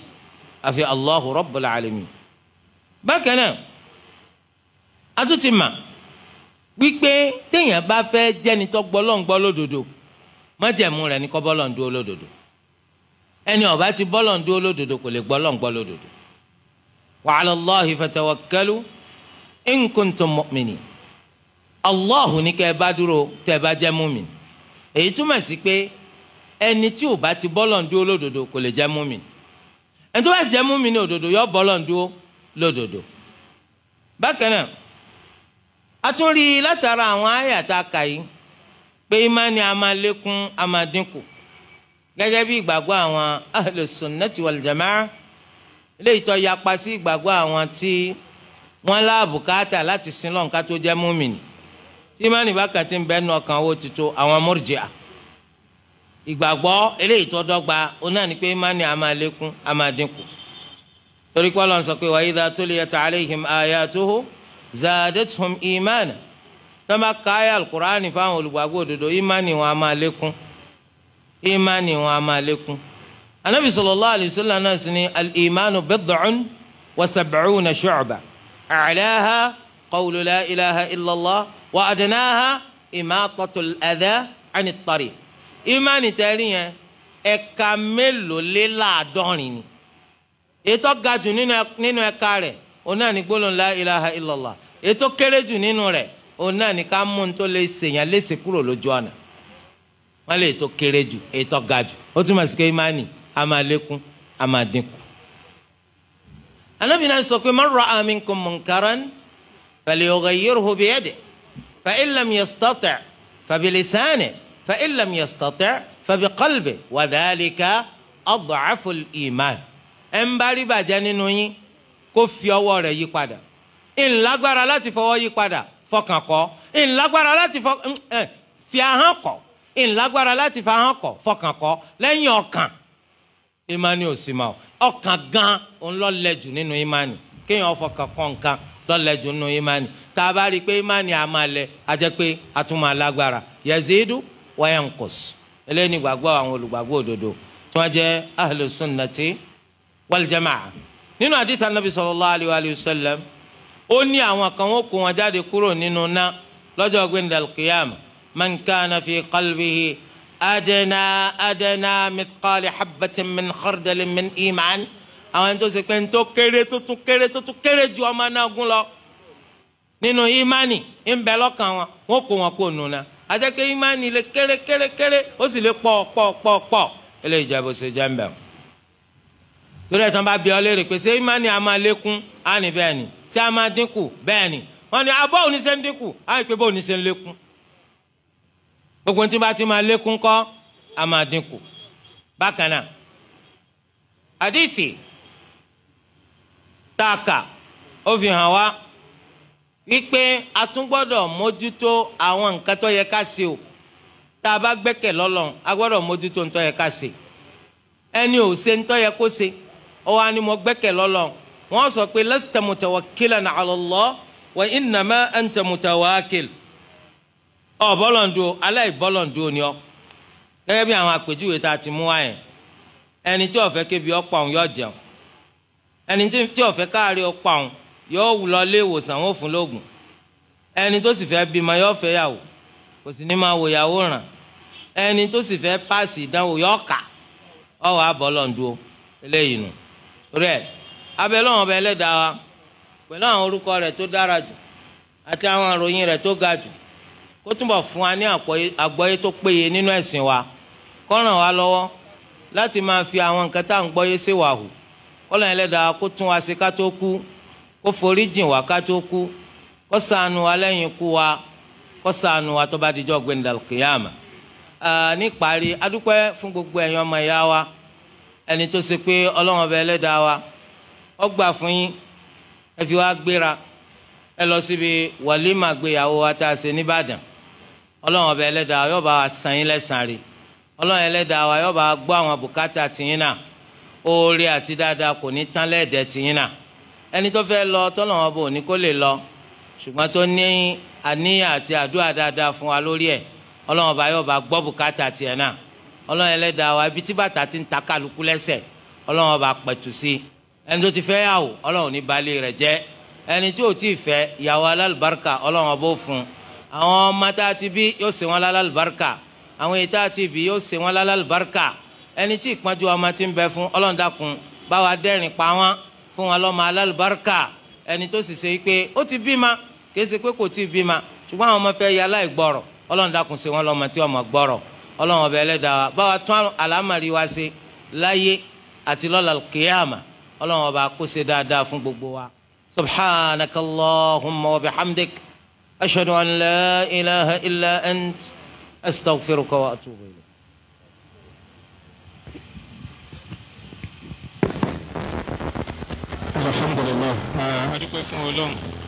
àfi Allahu Rabbul Alamin bákan náà. a tún ti mà wípé téèyàn bá fẹ́ jẹ́ni tó gbọ́lọ́ngbọ́ lódodo májẹ̀mú rẹ̀ ní kó bọ́lọ́ǹdúró lódodo ẹni ó bá ti bọ́lọ́ǹdúró lódodo kò lè gbọ́lọ́ngbọ́ lódodo wa 'ala Allahi fatawakkalu in kuntum mu'minin Allahu ní kẹ́ ẹ bá dúró tẹ́ ẹ bá jẹ́ mùmín èyí túmọ̀ sí pé ẹni tí ò bá ti bọ́lọ́ǹdúró lódodo kò lè jẹ́ mùmín ẹni tó bá ti jẹ́ mùmín ní òdodo yọ bọ́lọ́ǹdúró lódodo bákan náà a tún rí i látara àwọn àyà tá a kà yìí pé imáni a máa lékún bí ìgbàgbọ́ àwọn ahlu sunnati wal jamaa eléyìí tó yapa sí ìgbàgbọ́ àwọn tí wọ́n láàbùkátà láti sin lọ́n ká tó jẹ́ múmìnì tí imáni bákan ti ń bẹ́ẹ̀ nù ọkàn owó tuntun àwọn murji'a ìgbàgbọ́ eléyìí tó dọ́gba oná ni pé imáni a máa lékún a máa dínkù torí pé Ọlọ́run sọ pé wa idha tuliyat alayhim ayatuhu zaadathum imana tó bá ka ayé alukur'ani fáwọn olùgbàgbọ́ òdodo imani wọn a máa lékún imani wọn a máa lékún anabi sallallahu alayhi wa sallam náà sini al-imanu bid'un wa sab'una shu'ba a'laha qawlu la ilaha illallah wa adnaha imatatul adha ani tari imani tẹ̀lé yẹn ẹ̀ka mélòó lé láàdọ́rin ni ètò gajù nínú ẹ̀ka rẹ̀ ọ̀nà ni gbólóhùn la ilaha illallah ètò kéré jù nínú rẹ̀ òun náà ní ká mú un tó lè ṣèyàn léṣe kúrò lójú ọ̀nà wọ́n lè ètò kéré jù ètò ga jù ó túmọ̀ sí pé imáni a máa lékún a máa dínkù. Ànábì náà sọ pé man ra'a minkum munkaran falyughayyirhu biyadihi fa in lam yastati' fa bilisanihi fa in lam yastati' fa biqalbihi wa dhalika ad'aful iman. ẹ̀ ń bá rí bàjẹ́ nínú yín kó fi ọwọ́ rẹ̀ yí padà ńlágbára láti fọwọ́ yí padà fọkàn kọ́ ńlágbára láti fọ ẹ fi ahọ́n kọ́ ńlágbára láti fi ahọ́n kọ́ fọkàn kọ́ lẹ́yìn ọkàn imani ò sí ma o ọkàn gan òun nínú imani kéèyàn fọkàn kọ́ nǹkan lọ lẹ́jù nínú imani tá a bá rí i pé imani a máa lẹ a jẹ́ pé a tún máa lágbára yazidu wa yanqus eléyìí ni gbàgbọ́ àwọn olùgbàgbọ́ òdodo tí wọ́n jẹ́ ahlus sunnati wal nínú àdìsá nàbì sallallahu alayhi wa ó ní àwọn kan ó kó wọn jáde kúrò nínú ná lọ́jọ́ gbẹ̀ndàl kìyàm man kana fi qalbihi adana adana mithqali habbatin min khardalin min iman àwọn ẹni tó ṣe pé tó kéré tó tún kéré tó tún kéré ju ọmọ náà gún lọ nínú imani ń bẹ lọ́kàn wọn wọn kó wọn kó nù ná àjẹkẹ́ imani lè kéré kéré kéré ó sì lè pọ̀ pọ̀ pọ̀ pọ̀ eléyìí jẹ́ ṣe jẹ́ torí ẹ̀ tán bá bí ọ léèrè pé ṣé imani a máa lékún á ní bẹ́ẹ̀ ni ṣé a máa dínkù bẹ́ẹ̀ ni wọ́n ní abọ́ ah, òní ṣe ń dínkù á yìí pé bó òní ṣe ń lékún gbogbo tí bá ti máa lékún kọ́ a máa dínkù bákan náà àdìsí tààkà ó fi hàn wá wípé a tún gbọ́dọ̀ mójútó àwọn nǹkan tó yẹ ká ṣe o tá a bá gbẹ́kẹ̀ lọ́lọ́run a gbọ́dọ̀ mójútó ń tó yẹ ká ṣe ẹni ò ṣe ń tó yẹ kó ṣe ó wá ní mo gbẹ́kẹ̀ lọ́lọ́run wọ́n sọ pé lasta mutawakkilan ala wa innama anta mutawakkil ọ oh, bọ́lọ̀ǹdó aláìbọ́lọ̀ǹdó ni ọ gẹ́gẹ́ bí àwọn àpèjúwe tá a ti mú ẹni tí ọfẹ kébi ọ̀pọ̀ àwọn yóò jẹun ẹni tí ọfẹ fẹ́ káàrí àwọn yóò ìwòsàn wọn fún lóògùn ẹni tó sì bímọ yóò yàwó kò sì ní wò yàwó ràn ẹni tó sì páàsì ìdánwò yóò kà eléyìí abẹ́lẹ́ wọn bẹ ẹlẹ́dàá wa pẹ̀lú àwọn orúkọ rẹ̀ tó dára jù àti àwọn àròyìn rẹ̀ tó ga jù kó túnbọ̀ fún wa ní àgbọ́yé tó péye nínú ẹ̀sìn wa kó ràn wá lọ́wọ́ láti máa fi àwọn nǹkan tá à ń gbọ́yé sí wa hù kọ́lọ̀ ẹlẹ́dàá kó tún wa sí ká tó kú kó forí jìn wá ká tó kú kó ṣàánú wa lẹ́yìn ikú wa kó ṣàánú wa tó bá dijọ́ gbẹ̀ndàkìyàmà níparí adúpẹ́ fún gbogbo ẹ̀yin ọmọ ìyá wa ẹni tó ṣe pé ọlọ́run ọba ẹlẹ́dàá wa ọgbà fún yín ẹ fi wá gbéra ẹ lọ síbi wàlímà gbéyàwó wa tá a ṣe nìbàdàn ọlọ́run ọba ẹlẹ́dàá yóò bá wa san yín lẹ́sàn-án rẹ̀ ọlọ́run ẹlẹ́dàá wa yóò bá wa gbọ́ àwọn bùkátà tìyín náà oore àti dáadáa kò ní tán lẹ́ẹ̀dẹ́ tìyín náà ẹni tó fẹ́ lọ tọ́lọ́run ọba òní kó lè lọ ṣùgbọ́n tó ní àníyàn àti àdúrà dáadáa fún wa lórí ẹ̀ ọlọ́run ọba yóò bá gbọ́ bùkátà tiẹ̀ náà ọlọ́run ẹlẹ́dàá wa ibi tí bàtà ti ń ta lẹ́sẹ̀ ọlọ́run ọba pẹ̀tù sí i ẹni tó ti fẹ́ yàwó ọlọ́run ní balẹ̀ rẹ̀ jẹ́ ẹni tí ò tí ì fẹ́ ìyàwó alálùbáríkà ọlọ́run ọbọ̀ fún àwọn ọmọ tá a ti bí yóò ṣe wọn lálùbáríkà àwọn èyí tá a ti bí yóò ṣe wọn lálùbáríkà ẹni tí ìpọ́njú ọmọ ti ń bẹ fún ọlọ́run dákun báwa dẹ́rìn pa wọ́n fún wọn lọ́mọ alálùbáríkà ẹni tó sì ṣe pé ó ti bímọ kìí ṣe pé kò tí ì bímọ ṣùgbọ́n àwọn ọmọ fẹ́ láyé àti lọ́la kìíyàmà ọlọ́run ọba kó ṣe dáadáa fún gbogbo wa subhanaka allahumma wa bihamdik ashadu an la ilaha illa ant astaghfiruka wa atubu ilayk. alhamdulilayi. adúpẹ́ fún ọlọ́run.